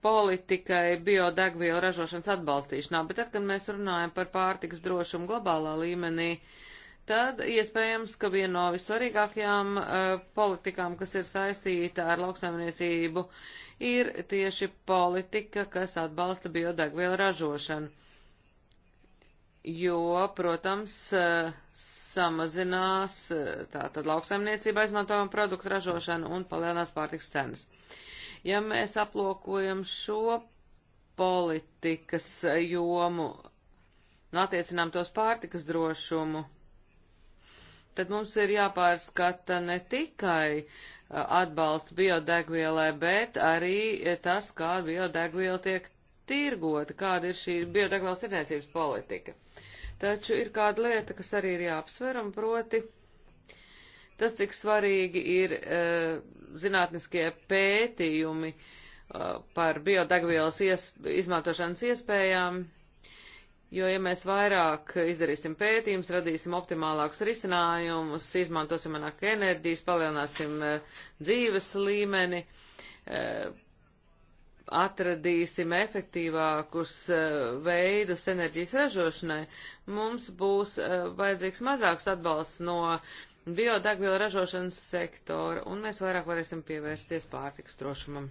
politikai biodegvielu ražošanas atbalstīšanā, bet tad, kad mēs runājam par pārtiks drošumu globālā līmenī, tad iespējams, ka viena no vissvarīgākajām uh, politikām, kas ir saistīta ar lauksaimniecību, ir tieši politika, kas atbalsta biodegvielu ražošanu. Jo, protams, uh, samazinās uh, tātad lauksaimniecība izmantojama produktu ražošana un palielinās pārtiks cenas. Uh, Ja mēs aplokojam šo politikas jomu un nu, attiecinām tos pārtikas drošumu, tad mums ir jāpārskata ne tikai atbalsts biodegvielai, bet arī tas, kā biodegviela tiek tirgota, kāda ir šī biodegvielas tirniecības politika. Taču ir kāda lieta, kas arī ir jāapsver, un proti tas, cik svarīgi ir eh, zinātniskie pētījumi eh, par biodegvielas ies, izmantošanas iespējām, jo, ja mēs vairāk izdarīsim pētījumus, radīsim optimālākus risinājumus, izmantosim manāk enerģijas, palielināsim eh, dzīves līmeni, atradīsim efektīvākus veidus enerģijas ražošanai, mums būs vajadzīgs mazāks atbalsts no uh, biodegvielu ražošanas sektora, un mēs vairāk varēsim pievērsties pārtiks drošumam.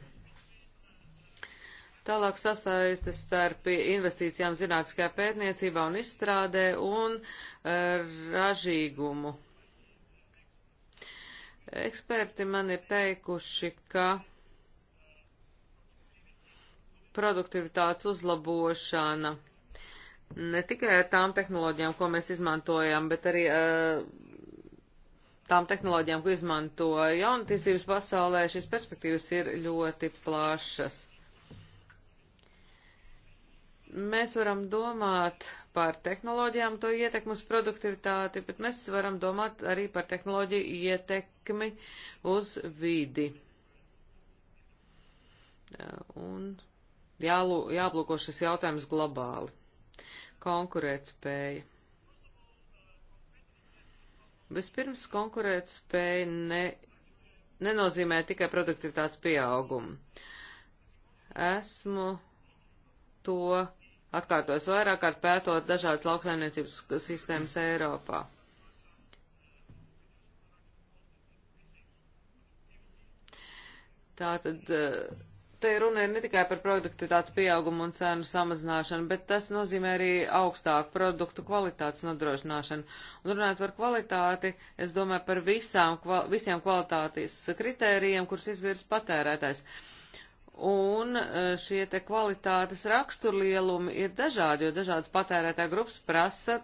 Tālāk sasaiste starp investīcijām zinātniskajā pētniecībā un izstrādē un eh, ražīgumu. Eksperti man ir teikuši, ka produktivitātes uzlabošana ne tikai ar tām tehnoloģijām, ko mēs izmantojam, bet arī uh, tām tehnoloģijām, ko izmanto jaunatīstības pasaulē, šīs perspektīvas ir ļoti plašas. Mēs varam domāt par tehnoloģijām, to ietekmu uz produktivitāti, bet mēs varam domāt arī par tehnoloģiju ietekmi uz vidi. Un jālū, jāplūko šis jautājums globāli. Konkurētspēja. Vispirms konkurēt spēja ne, nenozīmē tikai produktivitātes pieaugumu. Esmu to atkārtos vairāk kārt pētot dažādas lauksaimniecības sistēmas Eiropā. Tātad uh, te runa ir ne tikai par produktivitātes pieaugumu un cenu samazināšanu, bet tas nozīmē arī augstāku produktu kvalitātes nodrošināšanu. Un runājot par kvalitāti, es domāju par visām, kval, visiem kvalitātes kritērijiem, kurus izvirs patērētājs. Un e, šie te kvalitātes raksturlielumi ir dažādi, jo dažādas patērētāja grupas prasa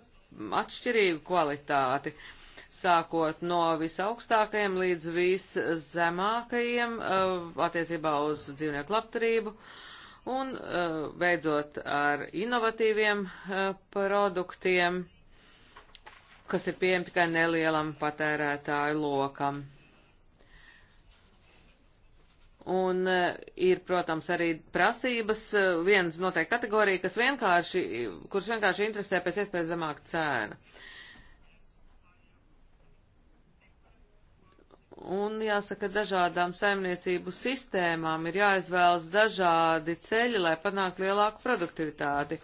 atšķirīgu kvalitāti. Uh, sākot no visaugstākajiem līdz viszemākajiem uh, attiecībā uz dzīvnieku labturību un uh, beidzot ar inovatīviem uh, produktiem, kas ir pieejami tikai nelielam patērētāju lokam. Un ir, protams, arī prasības, viens noteikti kategorija, kas vienkārši, kuras vienkārši interesē pēc iespējas zemāk cēna. Uh, Un jāsaka, dažādām saimniecību sistēmām ir jāizvēlas dažādi ceļi, lai panāktu lielāku produktivitāti.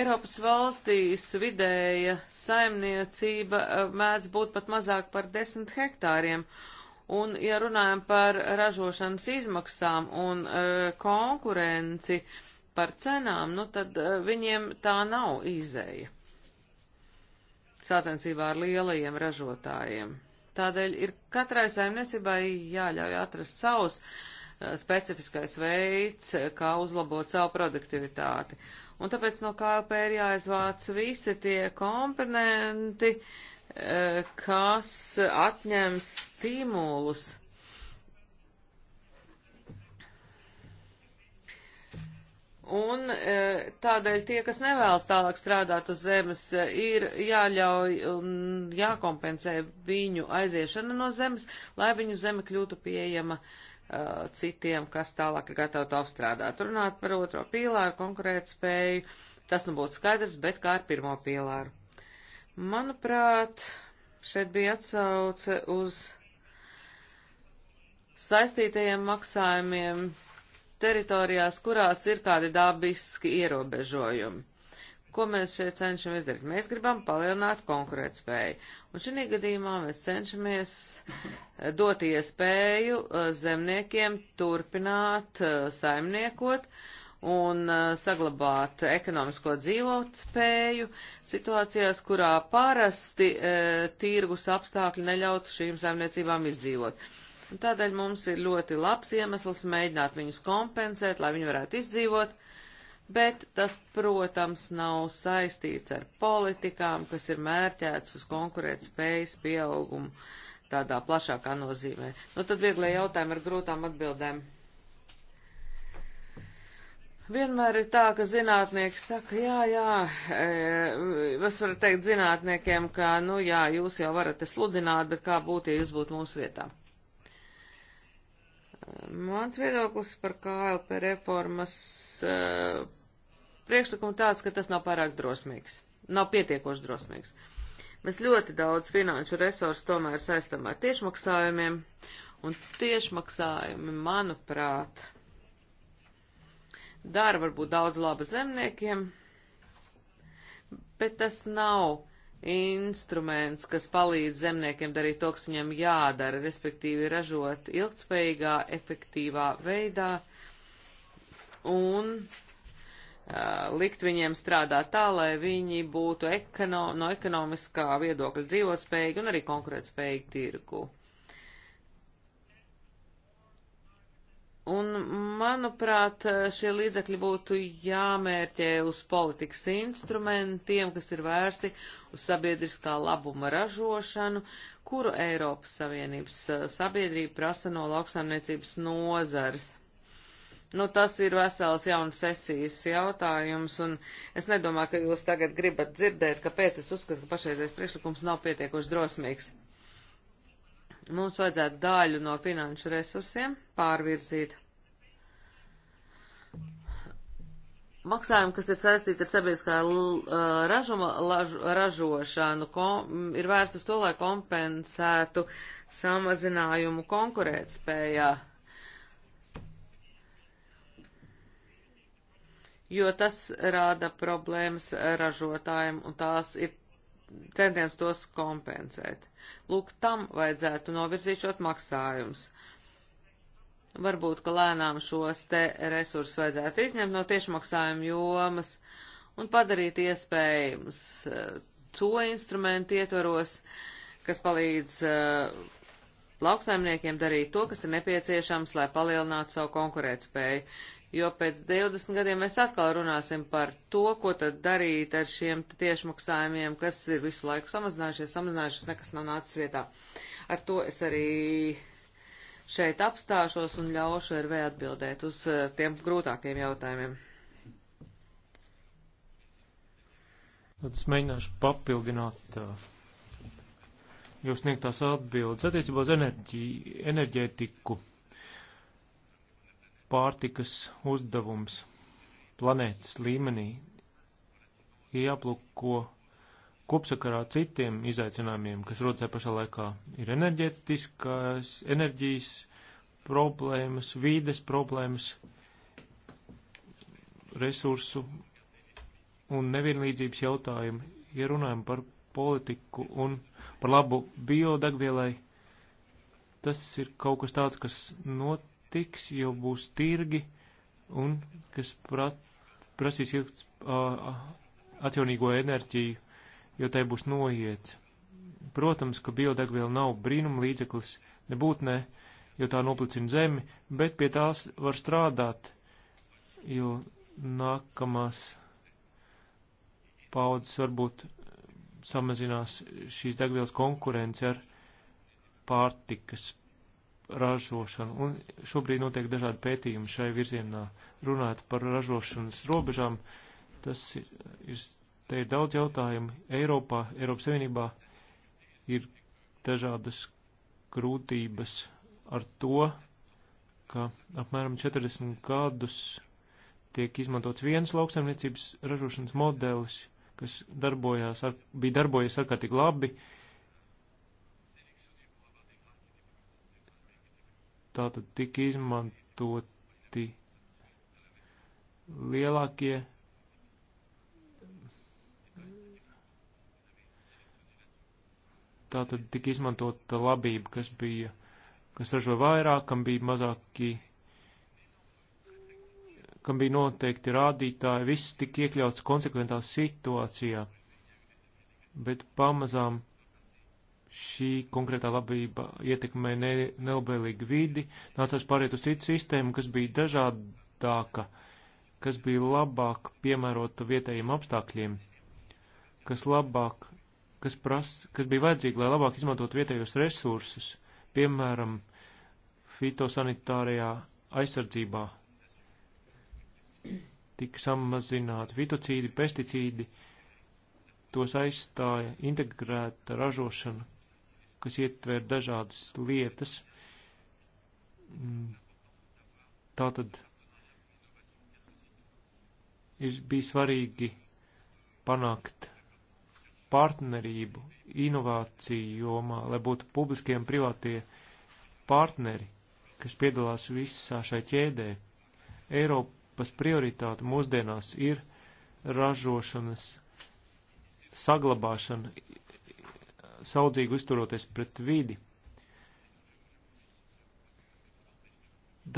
Eiropas valstīs vidēja saimniecība eh, mēdz būt pat mazāk par 10 hektāriem. Un, ja runājam par ražošanas izmaksām un e, konkurenci par cenām, nu tad e, viņiem tā nav izēja. Sātensībā ar lielajiem ražotājiem. Tādēļ ir katrai saimniecībai jāļauj atrast savus eh, specifiskais veids, kā uzlabot savu produktivitāti. Un tāpēc no KLP ir jāizvāc visi tie komponenti, eh, kas atņem stimulus uh, Un e, tādēļ tie, kas nevēlas tālāk strādāt uz zemes, e, ir jāļauj un jākompensē viņu aiziešana no zemes, lai viņu zeme kļūtu pieejama uh, citiem, kas tālāk ir gatavi to apstrādāt. Runāt par otro pīlāru, konkurēt spēju, tas nu būtu skaidrs, bet kā ar pirmo pīlāru. Manuprāt, šeit bija atsauce uz saistītajiem maksājumiem teritorijās, kurās ir kādi dabiski ierobežojumi. Ko mēs šeit cenšamies darīt? Mēs gribam palielināt konkurētspēju. Un šī gadījumā mēs cenšamies eh, dot iespēju eh, zemniekiem turpināt eh, saimniekot un saglabāt ekonomisko dzīvotspēju situācijās, kurā parasti e, tirgus apstākļi neļautu šīm saimniecībām izdzīvot. Un tādēļ mums ir ļoti labs iemesls mēģināt viņus kompensēt, lai viņi varētu izdzīvot, bet tas, protams, nav saistīts ar politikām, kas ir mērķēts uz konkurētspējas pieaugumu tādā plašākā nozīmē. Nu, tad vieglie jautājumi ar grūtām atbildēm. Vienmēr ir tā, ka zinātnieki saka, jā, jā, e, es varu teikt zinātniekiem, ka, nu jā, jūs jau varat te sludināt, bet kā būtu, ja jūs būtu mūsu vietā. Mans viedoklis par KLP reformas uh, priekšlikumu tāds, ka tas nav pārāk drosmīgs, nav pietiekoši drosmīgs. Mēs ļoti daudz finanšu resursu tomēr saistam ar tiešmaksājumiem, un tiešmaksājumi, manuprāt, dara varbūt daudz laba zemniekiem, bet tas nav instruments, kas palīdz zemniekiem darīt to, kas viņam jādara, respektīvi ražot ilgtspējīgā, efektīvā veidā un uh, likt viņiem strādāt tā, lai viņi būtu ekono, no ekonomiskā viedokļa dzīvotspējīgi un arī konkurētspējīgi tirgu. Un, manuprāt, šie līdzekļi būtu jāmērķē uz politikas instrumentiem, kas ir vērsti uz sabiedriskā labuma ražošanu, kuru Eiropas Savienības eh, sabiedrība prasa no lauksaimniecības nozares. Nu, tas ir vesels jauns sesijas jautājums, un es nedomāju, ka jūs tagad gribat dzirdēt, kāpēc es uzskatu, ka pašreizais priekšlikums nav pietiekoši drosmīgs mums vajadzētu daļu no finanšu resursiem pārvirzīt. Maksājumi, kas ir saistīti ar sabiedriskā ražuma laž, ražošanu, kom, ir vērst uz to, lai kompensētu samazinājumu konkurētspējā. Jo tas rāda problēmas ražotājiem un tās ir centiens tos kompensēt. Lūk, tam vajadzētu novirzīšot maksājums. Varbūt, ka lēnām šos te resursus vajadzētu izņemt no tiešmaksājuma jomas un padarīt iespējams eh, to instrumentu ietvaros, kas palīdz uh, lauksaimniekiem darīt to, kas ir nepieciešams, lai palielinātu savu konkurētspēju jo pēc 20 gadiem mēs atkal runāsim par to, ko tad darīt ar šiem tiešmaksājumiem, kas ir visu laiku samazinājušies, samazinājušies, nekas nav nācis vietā. Ar to es arī šeit apstāšos un ļaušu ar vēl atbildēt uz eh, tiem grūtākiem jautājumiem. Tad es mēģināšu papildināt eh, jūs sniegtās atbildes attiecībā uz enerģiju, enerģētiku pārtikas uzdevums planētas līmenī ir jāplūko kopsakarā citiem izaicinājumiem, kas rodas tajā pašā laikā. Ir enerģetiskas, enerģijas problēmas, vīdes problēmas, resursu un nevienlīdzības jautājumi. Ja runājam par politiku un par labu biodegvielai, tas ir kaut kas tāds, kas notiek tiks, jo būs tirgi un kas prat, prasīs ilgst uh, atjaunīgo enerģiju, jo tai būs noiets. Protams, ka biodegviela nav brīnuma līdzeklis, nebūtnē, ne, jo tā noplicina zemi, bet pie tās var strādāt, jo nākamās paudzes varbūt samazinās šīs degvielas konkurence ar pārtikas ražošanu. Un šobrīd notiek dažādi pētījumi šai virzienā. Runājot par ražošanas robežām, tas ir, te ir daudz jautājumu. Eiropā, Eiropas Savienībā ir dažādas grūtības ar to, ka apmēram 40 gadus tiek izmantots viens lauksaimniecības ražošanas modelis, kas darbojās ar, bija darbojies ārkārtīgi labi, uh, Tātad tika izmantoti lielākie tātad tika izmantota labība, kas bija, kas ražoja vairāk, kam bija mazāki, kam bija noteikti rādītāji, viss tika iekļauts konsekventā situācijā, bet pamazām šī konkrētā labība ietekmē ne, nelabvēlīgi vidi, nācās pāriet uz citu sistēmu, kas bija dažādāka, kas bija labāk piemērota vietējiem apstākļiem, kas labāk, kas pras, kas bija vajadzīgi, lai labāk izmantot vietējos resursus, piemēram, fitosanitārajā aizsardzībā. Tik samazināti fitocīdi, pesticīdi, tos aizstāja integrēta ražošana, kas ietver dažādas lietas. Mm. Tātad ir bijis svarīgi panākt partnerību, inovāciju jomā, lai būtu publiskie un privātie partneri, kas piedalās visā šai ķēdē. Eiropas prioritāte mūsdienās ir ražošanas saglabāšana, saudzīgi uzturoties pret vidi.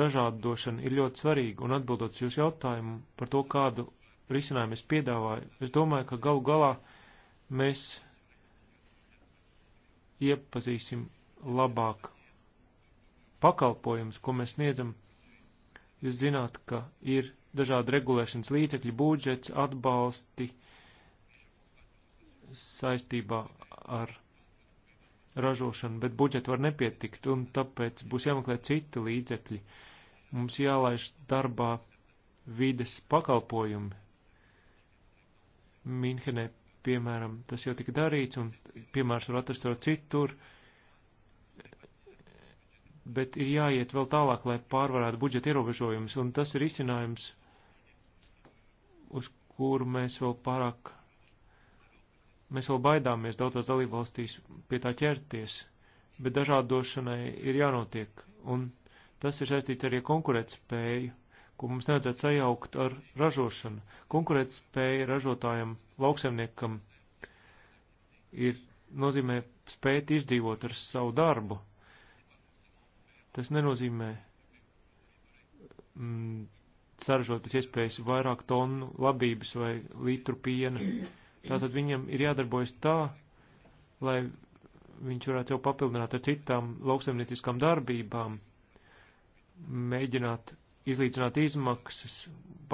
Dažādošana ir ļoti svarīga, un atbildot uz jūsu jautājumu par to, kādu risinājumu es piedāvāju, es domāju, ka galu galā mēs iepazīsim labāk pakalpojumus, ko mēs sniedzam. Jūs zināt, ka ir dažādi regulēšanas līdzekļi, budžets, atbalsti saistībā ar ražošanu, bet budžeti var nepietikt, un tāpēc būs jāmeklē citi līdzekļi. Mums jālaiž darbā vides pakalpojumi. Minhenē, piemēram, tas jau tika darīts, un piemērs var atrast vēl citur, bet ir jāiet vēl tālāk, lai pārvarētu budžeta ierobežojumus, un tas ir izcinājums, uz kuru mēs vēl pārāk Mēs vēl baidāmies daudzās dalībvalstīs pie tā ķerties, bet dažādošanai ir jānotiek, un tas ir saistīts arī konkurētspēju, ko mums nevajadzētu sajaukt ar ražošanu. Konkurētspēja ražotājam, lauksemniekam ir nozīmē spēt izdzīvot ar savu darbu. Tas nenozīmē mm, saražot pēc iespējas vairāk tonu labības vai litru piena. Tātad viņiem ir jādarbojas tā, lai viņš varētu jau papildināt ar citām lauksaimnieciskām darbībām, mēģināt izlīdzināt izmaksas,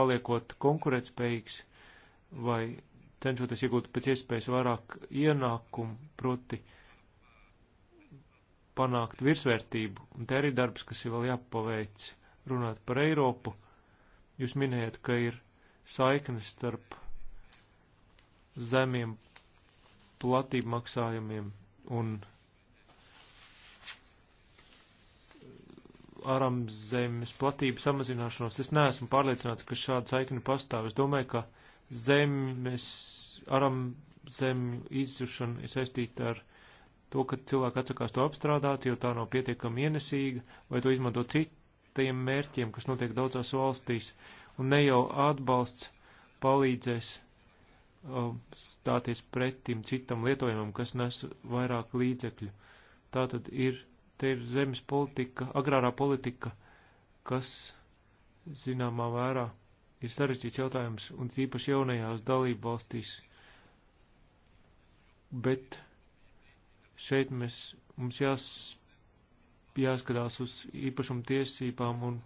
paliekot konkurētspējīgs vai cenšoties iegūt pēc iespējas vairāk ienākumu, proti panākt virsvērtību. Un te arī darbs, kas ir vēl jāpaveic, runāt par Eiropu. Jūs minējat, ka ir saiknes starp zemiem platību maksājumiem un aramzemes platību samazināšanos. Es neesmu pārliecināts, ka šāda saikne pastāv. Es domāju, ka zemes, aramzemju izzušana ir saistīta ar to, ka cilvēki atsakās to apstrādāt, jo tā nav pietiekami ienesīga, vai to izmanto citiem mērķiem, kas notiek daudzās valstīs, un ne jau atbalsts palīdzēs Um, stāties pretim citam lietojumam, kas nes vairāk līdzekļu. Tā tad ir, te ir zemes politika, agrārā politika, kas zināmā vērā ir sarežģīts jautājums, un īpaši jaunajās dalību valstīs. Bet šeit mēs, mums jās, jāskatās uz īpašumu tiesībām un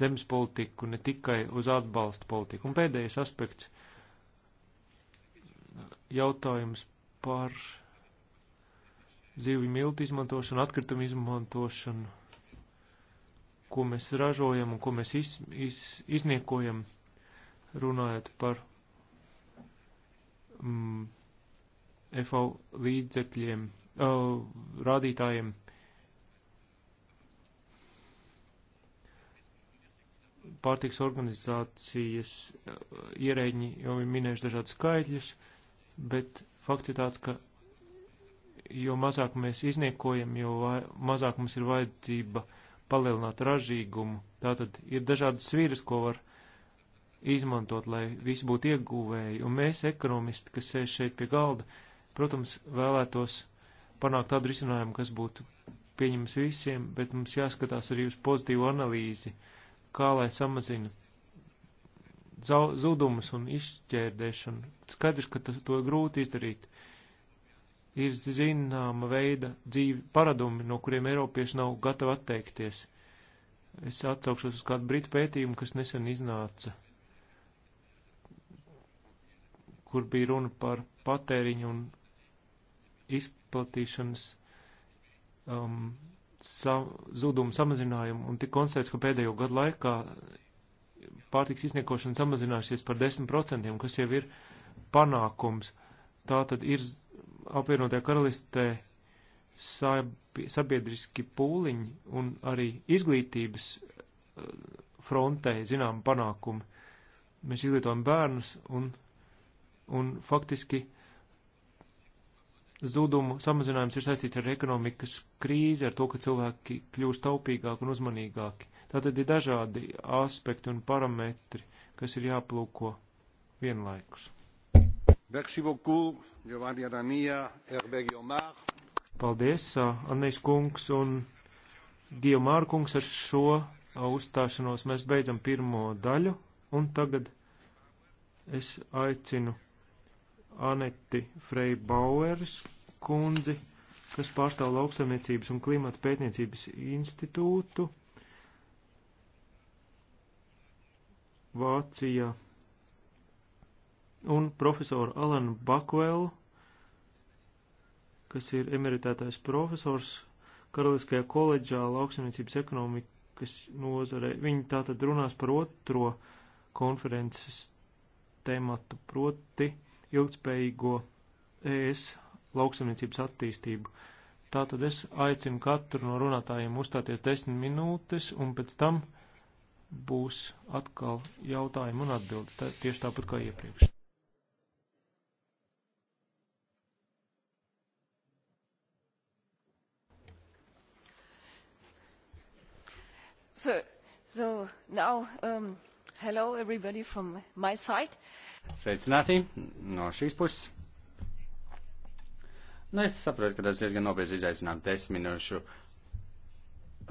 zemes politiku, ne tikai uz atbalsta politiku. Un pēdējais aspekts jautājums par zivju miltu izmantošanu, atkritumu izmantošanu, ko mēs ražojam un ko mēs iz, iz, izniekojam, runājot par mm, FO līdzekļiem, uh, rādītājiem. Pārtiks organizācijas ierēģi jau ir minējuši dažādus skaitļus. Uh, bet fakts ir tāds, ka jo mazāk mēs izniekojam, jo vai, mazāk mums ir vajadzība palielināt ražīgumu. Tātad ir dažādas sviras, ko var izmantot, lai visi būtu ieguvēji. Un mēs, ekonomisti, kas sēž šeit pie galda, protams, vēlētos panākt tādu risinājumu, kas būtu pieņems visiem, bet mums jāskatās arī uz pozitīvu analīzi, kā lai samazina zudumus un izšķērdēšanu. Skaidrs, ka to ir grūti izdarīt. Ir zināma veida dzīvi paradumi, no kuriem Eiropieši nav gatavi atteikties. Es atsaukšos uz kādu britu pētījumu, kas nesen iznāca, kur bija runa par patēriņu un izplatīšanas um, sa zudumu samazinājumu, un tik konstatēts, ka pēdējo gadu laikā pārtiks izniekošana samazinājusies par 10%, kas jau ir panākums. Tā tad ir apvienotajā karalistē sabiedriski pūliņi un arī izglītības eh, frontē zinām panākumi. Mēs izglītojam bērnus un, un faktiski zudumu samazinājums ir saistīts ar ekonomikas krīzi, ar to, ka cilvēki kļūst taupīgāki un uzmanīgāki. Tātad ir dažādi aspekti un parametri, kas ir jāplūko vienlaikus. Paldies, Annijas kungs un Giomāra kungs ar šo uzstāšanos mēs beidzam pirmo daļu, un tagad es aicinu Aneti Freibaueris kundzi, kas pārstāv lauksaimniecības un klimata pētniecības institūtu. Vācijā un profesoru Alanu Bakvēlu, kas ir emeritētais profesors Karaliskajā koledžā lauksaimniecības ekonomikas nozarē. Viņi tātad runās par otro konferences tematu, proti ilgspējīgo ES lauksaimniecības attīstību. Tātad es aicinu katru no runātājiem uzstāties desmit minūtes un pēc tam būs atkal jautājumi un atbildes, tā, tieši tāpat kā iepriekš. So, so now, um, hello everybody from my side. Sveicināti no šīs puses. Nu, es saprotu, ka tas diezgan nopietns izaicinājums desmit minūšu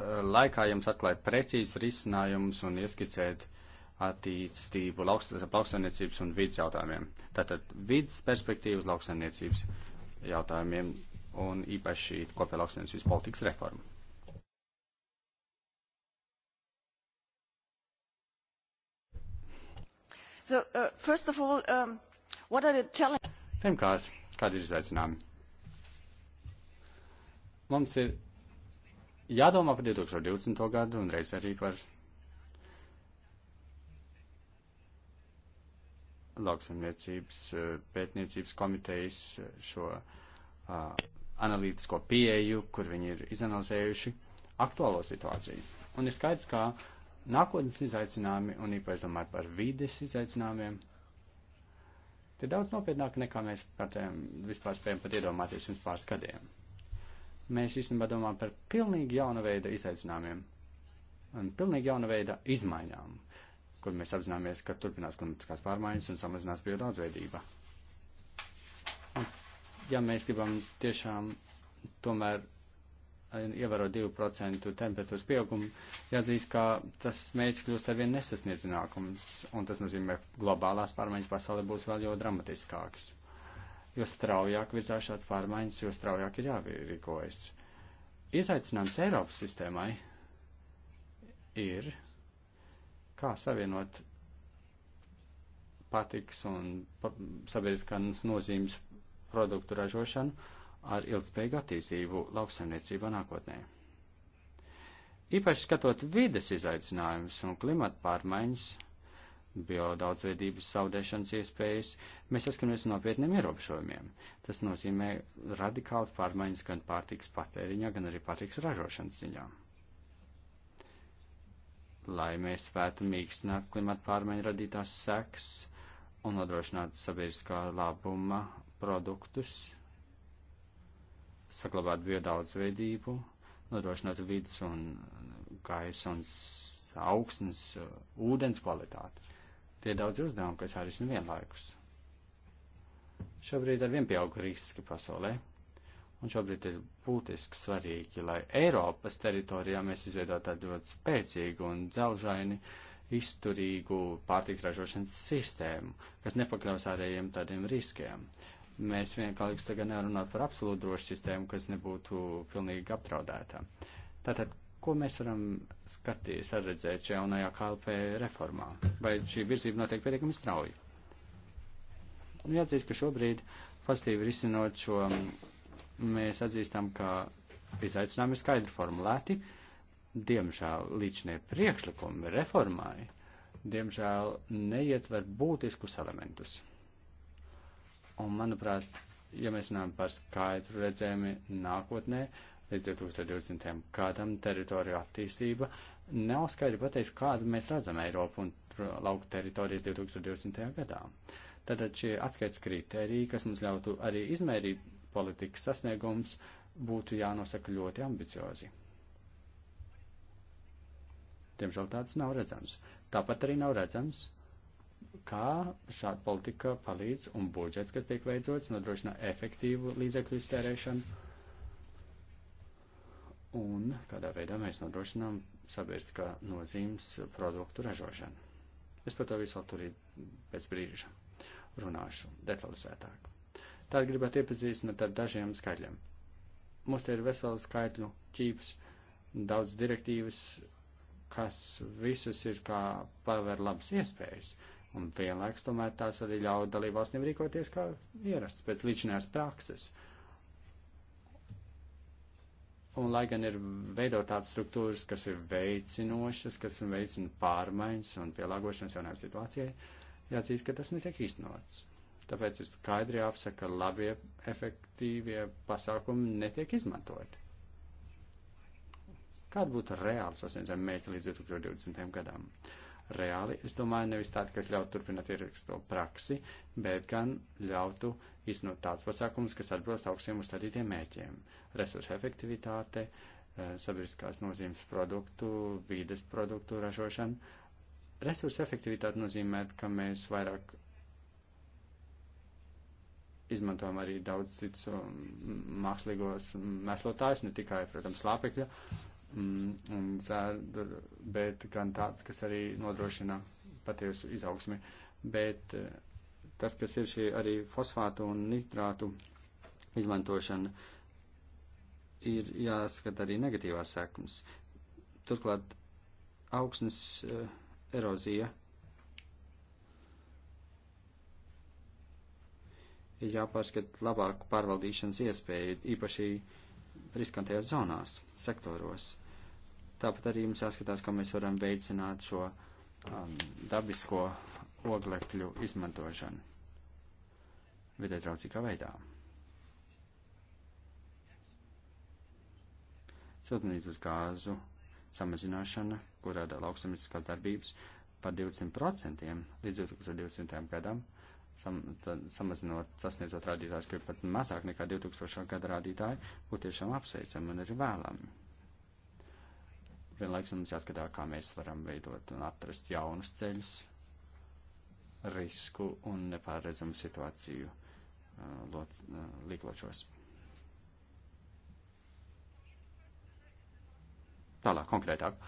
laikā jums atklāja precīzus risinājumus un ieskicēt attīstību lauks, lauksaimniecības un vidas jautājumiem. Tātad vidas perspektīvas lauksaimniecības jautājumiem un īpaši kopējā lauksaimniecības politikas reforma. So, uh, first of all, um, what are the challenges? Pirmkārt, kādi ir izaicinājumi? Mums ir jādomā par 2020. gadu un reiz arī par lauksaimniecības pētniecības komitejas šo uh, analītisko pieeju, kur viņi ir izanalizējuši aktuālo situāciju. Un ir skaidrs, ka nākotnes izaicinājumi, un īpaši domāju par vides izaicinājumiem, ir daudz nopietnāk nekā mēs par tiem vispār spējam pat iedomāties pirms pāris gadiem mēs īstenībā domājam par pilnīgi jaunu veidu izaicinājumiem un pilnīgi jaunu veidu izmaiņām, kur mēs apzināmies, ka turpinās klimatiskās pārmaiņas un samazinās biodaudzveidība. Un, ja mēs gribam tiešām tomēr eh, ievērot 2% temperatūras pieaugumu, jāatzīst, ka tas mērķis kļūst arvien nesasniedzinākums, un tas nozīmē, ka globālās pārmaiņas pasaulē būs vēl jau dramatiskākas jo straujāk virzās šāds pārmaiņas, jo straujāk ir jārīkojas. Izaicinājums Eiropas sistēmai ir, kā savienot patiks un sabiedriskās nozīmes produktu ražošanu ar ilgspējīgu attīstību lauksaimniecībā nākotnē. Īpaši skatot vides izaicinājumus un klimata pārmaiņas, biodaudzveidības zaudēšanas iespējas, mēs saskaramies ar nopietniem ierobežojumiem. Tas nozīmē radikāls pārmaiņas gan pārtiks patēriņā, gan arī pārtiks ražošanas ziņā. Lai mēs spētu mīkstināt klimata pārmaiņu radītās seks un nodrošināt sabiedriskā labuma produktus, saglabāt biodaudzveidību, nodrošināt vidas un gaisa un augsnes, uh, ūdens kvalitāti Tie ir daudz uzdevumi, kas arī ir vienlaikus. Šobrīd ar vien pieauga riski pasaulē, un šobrīd ir būtiski svarīgi, lai Eiropas teritorijā mēs izveidotu tādu ļoti spēcīgu un dzelžaini izturīgu pārtiks ražošanas sistēmu, kas nepakļaus ārējiem tādiem riskiem. Mēs vienkārši tagad nerunāt par absolūtu drošu sistēmu, kas nebūtu pilnīgi apdraudēta. Tātad Ko mēs varam skatīt, redzēt šajā jaunajā KLP reformā? Vai šī virzība notiek pietiekami strauji? Un jāatzīst, ka šobrīd pastīvi risinot šo, mēs atzīstam, ka izaicinājumi ir skaidri formulēti. Diemžēl līdzšie priekšlikumi reformai, diemžēl neietver būtiskus elementus. Un, manuprāt, ja mēs runājam par skaidru redzējumu nākotnē, līdz 2020. gadam teritoriju attīstība. Nav skaidri pateiks, kādu mēs redzam Eiropu un lauku teritorijas 2020. gadā. Tātad šie atskaits kriteriji, kas mums ļautu arī izmērīt politikas sasniegums, būtu jānosaka ļoti ambiciozi. Diemžēl tāds nav redzams. Tāpat arī nav redzams, kā šāda politika palīdz un budžets, kas tiek veidots, nodrošina efektīvu līdzekļu iztērēšanu un kādā veidā mēs nodrošinām sabiedriskā nozīmes produktu ražošanu. Es par to visu tur pēc brīža runāšu detalizētāk. Tātad gribētu iepazīstināt ar dažiem skaļiem. Mums te ir vesels skaitļu ķīps, daudz direktīvas, kas visas ir kā paver labas iespējas, un vienlaiks tomēr tās arī ļauj dalībvalstīm rīkoties kā ierasts pēc līdzinās prakses. Uh, Un lai gan ir veidot tādas struktūras, kas ir veicinošas, kas veicina pārmaiņas un pielāgošanos jaunajai situācijai, jāatzīst, ka tas netiek īstenots. Tāpēc ir skaidri jāapsaka, ka labie, efektīvie pasākumi netiek izmantoti. Kāda būtu reāla sasniedzama mērķa līdz 2020. gadam? Reāli, es domāju, nevis tāda, kas ļautu turpināt ieraksto praksi, bet gan ļautu īstenot tāds pasākums, kas atbilst augstiem uzstādītiem mēķiem - resursu efektivitāte, eh, sabiedriskās nozīmes produktu, vīdes produktu ražošana. Resursu efektivitāte nozīmē, ka mēs vairāk izmantojam arī daudz citus mākslīgos mēslotājus, ne tikai, protams, slāpekļa, un zēdu, bet gan tāds, kas arī nodrošina patiesu izaugsmi. Bet uh, tas, kas ir šī arī fosfātu un nitrātu izmantošana, ir jāskat arī negatīvās sekmes. Turklāt augsnes uh, erozija ir jāpārskat labāk pārvaldīšanas iespēju, īpaši riskantajās zonās, sektoros. Tāpat arī mums jāskatās, kā mēs varam veicināt šo um, dabisko oglekļu izmantošanu vidē draudzīgā veidā. Siltumnīcas gāzu samazināšana, ko rada lauksamnieciskās darbības par 200% līdz 2020. gadam, sam, tad, samazinot, sasniedzot rādītājus, kur pat mazāk nekā 2000. gada rādītāji, būtu tiešām apsveicami un ir vēlami. Vienlaiks mums jāskatā, kā mēs varam veidot un atrast jaunus ceļus, risku un nepārredzamu situāciju uh, lot, uh, līkločos. Tālāk, konkrētāk.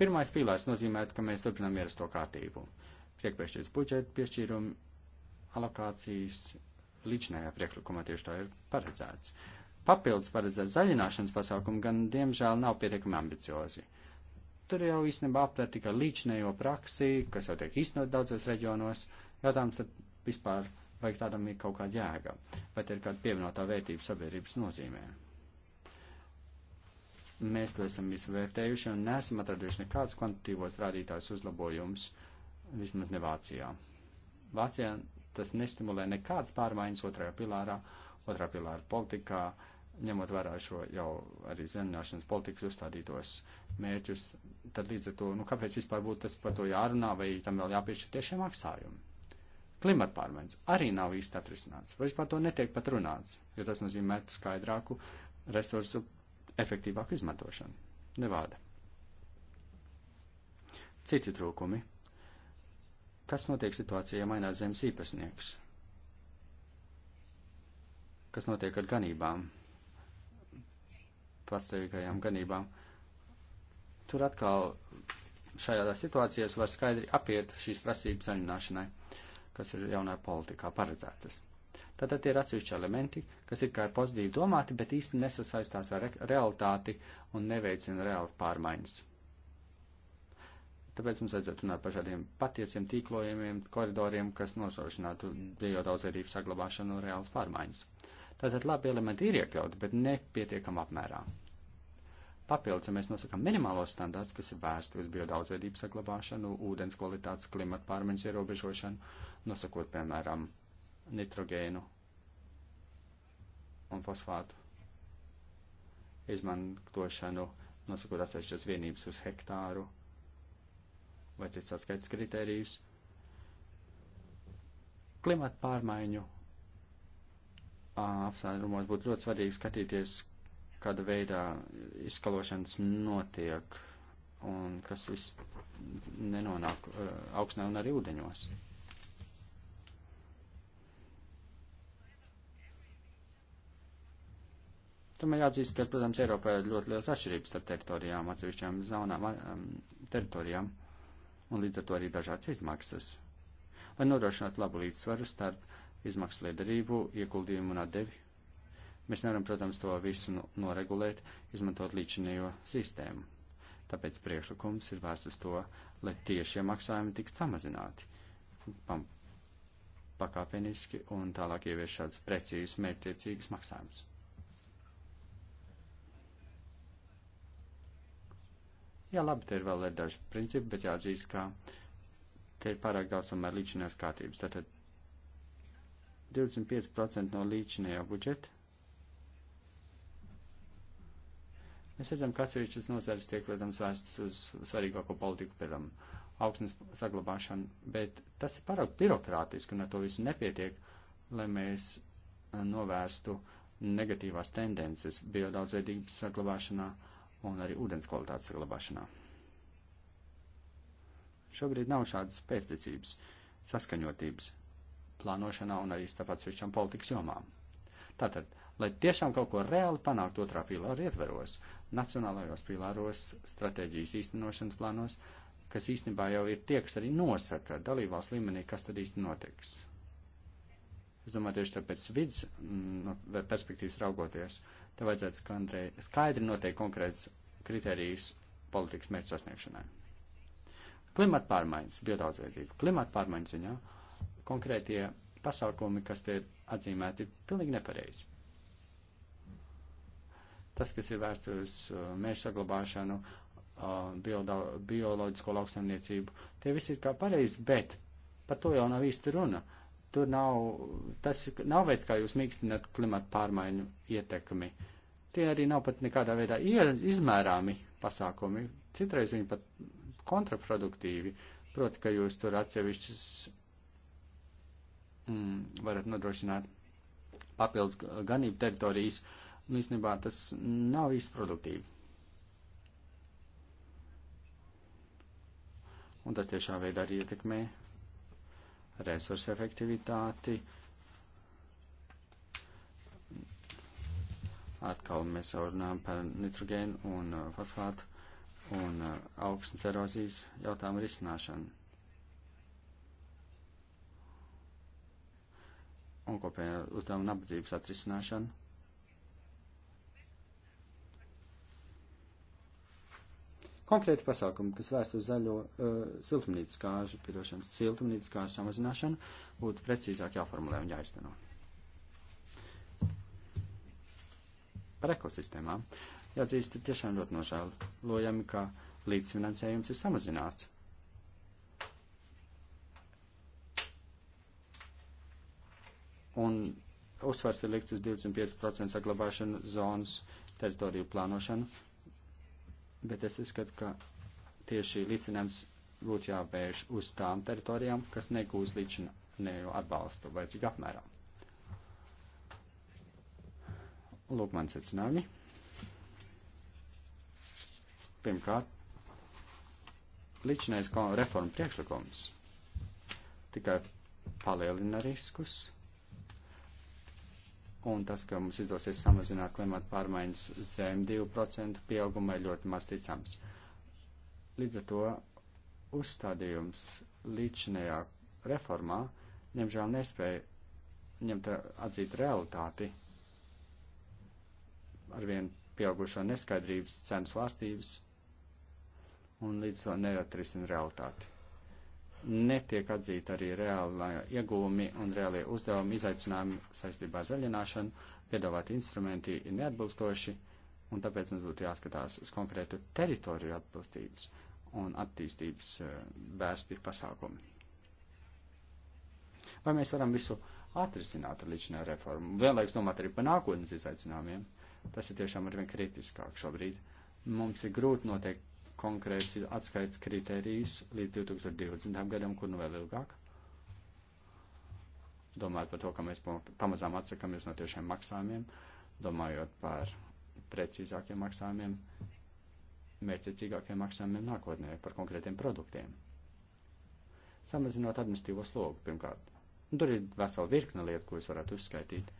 Pirmais pīlārs nozīmē, ka mēs turpinām ierasto kārtību. Priekšpiešķirts budžeta piešķīrumi, alokācijas līdzinājā priekšlikumā tieši tā ir paredzēts. Papildus paredzēt zaļināšanas pasākumu gan, diemžēl, nav pietiekami ambiciozi. Uh, Tur jau īstenībā aptver tikai līdšanējo praksi, kas jau tiek īstenot daudzos reģionos. Jautājums tad vispār, vai tādam ir kaut kāda jēga, vai ir kāda pievienotā vērtība sabiedrības nozīmē. Mēs to esam izvērtējuši un neesam atraduši nekādus kvantitīvos rādītājus uzlabojumus, vismaz ne Vācijā. Vācijā tas nestimulē nekādas pārmaiņas otrajā pilārā, otrā pilāra politikā, ņemot vērā šo jau arī zemināšanas politikas uzstādītos mērķus tad līdz ar to, nu, kāpēc vispār būtu tas par to jārunā vai tam vēl jāpiešķir tiešie maksājumi? Klimata pārmaiņas arī nav īsti atrisināts, vai vispār to netiek pat runāts, jo tas nozīmē skaidrāku resursu efektīvāku izmantošanu. Nevāda. Citi trūkumi. Kas notiek situācijā, ja mainās zemes īpašnieks? Kas notiek ar ganībām? Pastāvīgajām ganībām. Tur atkal šajā situācijā var skaidri apiet šīs prasības saņemšanai, kas ir jaunā politikā paredzētas. Tātad ir atsevišķi elementi, kas ir kā ir pozitīvi domāti, bet īsti nesasaistās ar re realitāti un neveicina reāli pārmaiņas. Tāpēc mums vajadzētu runāt par šādiem patiesiem tīklojumiem, koridoriem, kas nosaušinātu dzīvo daudzveidību saglabāšanu un reāls pārmaiņas. Tātad labi elementi ir iekļauti, bet nepietiekam apmērā. Papildus, ja mēs nosakām minimālos standārts, kas ir vērsti uz biodaudzveidības saglabāšanu, ūdens kvalitātes, klimata pārmaiņas ierobežošanu, nosakot, piemēram, nitrogēnu un fosfātu izmantošanu, nosakot atsevišķas vienības uz hektāru vai cits atskaites kritērijus, klimata pārmaiņu apsvērumos būtu ļoti svarīgi skatīties, kāda veidā izskalošanas notiek un kas viss nenonāk uh, eh, augstnē un arī ūdeņos. Tomēr jāatzīst, ka, protams, Eiropā ir ļoti liels atšķirības starp teritorijām, atsevišķām zonām, um, teritorijām, un līdz ar to arī dažādas izmaksas. Lai nodrošinātu labu līdzsvaru starp izmaksu liederību, ieguldījumu un atdevi, Mēs nevaram, protams, to visu noregulēt, izmantot līdzinējo sistēmu. Tāpēc priekšlikums ir vērsts uz to, lai tiešie maksājumi tiks samazināti pakāpeniski un tālāk ievies šādus precīzus, mērķtiecīgus maksājumus. Jā, labi, te ir vēl ir daži principi, bet jāatzīst, ka te ir pārāk daudz samēr līdzinās kārtības. Tātad 25% no līdzinējā budžeta Mēs redzam, ka atsevišķas nozares tiek, protams, vēstas uz svarīgāko politiku, piemēram, augsnes saglabāšanu, bet tas ir pārāk birokrātiski un ar to visu nepietiek, lai mēs eh, novērstu negatīvās tendences biodaudzveidības saglabāšanā un arī ūdens kvalitātes saglabāšanā. Šobrīd nav šādas pēctecības, saskaņotības plānošanā un arī starp atsevišķām politikas jomām. Tātad, lai tiešām kaut ko reāli panākt otrā pīlāra ietveros, nacionālajos pīlāros, stratēģijas īstenošanas plānos, kas īstenībā jau ir tie, kas arī nosaka dalībās līmenī, kas tad īsti notiks. Es domāju, tieši tāpēc vidus mm, no perspektīvas raugoties, te vajadzētu skandrē, skaidri noteikt konkrēts kriterijus politikas mērķu sasniegšanai. Klimata pārmaiņas, biodaudzveidība. Klimata pārmaiņas ziņā konkrētie pasākumi, kas te ir atzīmēti, ir pilnīgi nepareizi. Tas, kas ir vērsts uz uh, mēžu saglabāšanu, uh, bioloģisko lauksaimniecību, tie visi ir kā pareizi, bet par to jau nav īsti runa. Tur nav, tas nav veids, kā jūs mīkstināt klimatu pārmaiņu ietekmi. Tie arī nav pat nekādā veidā izmērāmi pasākumi. Citreiz viņi pat kontraproduktīvi. Proti, ka jūs tur atsevišķas mm, varat nodrošināt papildus ganību teritorijas, nu, īstenībā tas nav īsti produktīvi. Un tas tiešā veidā arī ietekmē resursu efektivitāti. Atkal mēs jau runājam par nitrogēnu un uh, fosfātu un uh, augstnes erozijas jautājumu risināšanu. un kopējā uzdevuma nabadzības atrisināšana. Konkrēti pasākumi, kas vēst uz zaļo uh, siltumnīcas kāžu, piedošanas siltumnīcas kāžu samazināšanu, būtu precīzāk jāformulē un jāizteno. Par ekosistēmām. Jāatzīst, tiešām ļoti nožēlojami, ka līdzfinansējums ir samazināts un uzsvars ir likts uz 25% saglabāšanu zonas teritoriju plānošanu, bet es uzskatu, ka tieši līdzinājums būtu jāvērš uz tām teritorijām, kas negūs līdzinēju atbalstu vajadzīgu apmērā. Lūk, man secinājumi. Pirmkārt, līdzinējs reforma priekšlikums tikai palielina riskus un tas, ka mums izdosies samazināt klimata pārmaiņas zem 2% pieauguma, ir ļoti maz ticams. Līdz ar to uzstādījums līdšanējā reformā, ņemžēl nespēja ņemt atzīt realitāti ar vien pieaugušo neskaidrības cenu svārstības un līdz to neatrisina realitāti netiek atzīta arī reālā iegūmi un reālie uzdevumi izaicinājumi saistībā ar zaļināšanu, piedāvāti instrumenti ir neatbilstoši, un tāpēc mums būtu jāskatās uz konkrētu teritoriju atbilstības un attīstības eh, vērsti pasākumi. Vai mēs varam visu atrisināt ar līdzinā reformu? Vienlaiks domāt arī par nākotnes izaicinājumiem. Tas ir tiešām arvien kritiskāk šobrīd. Mums ir grūti noteikt konkrēts atskaits kritērijs līdz 2020. gadam, kur nu vēl ilgāk. Domājot par to, ka mēs pamazām atsakamies no tiešiem maksājumiem, domājot par precīzākiem maksājumiem, mērķiecīgākiem maksājumiem nākotnē par konkrētiem produktiem. Samazinot administīvo slogu pirmkārt. Un tur ir vesela virkne lietu, ko es varētu uzskaitīt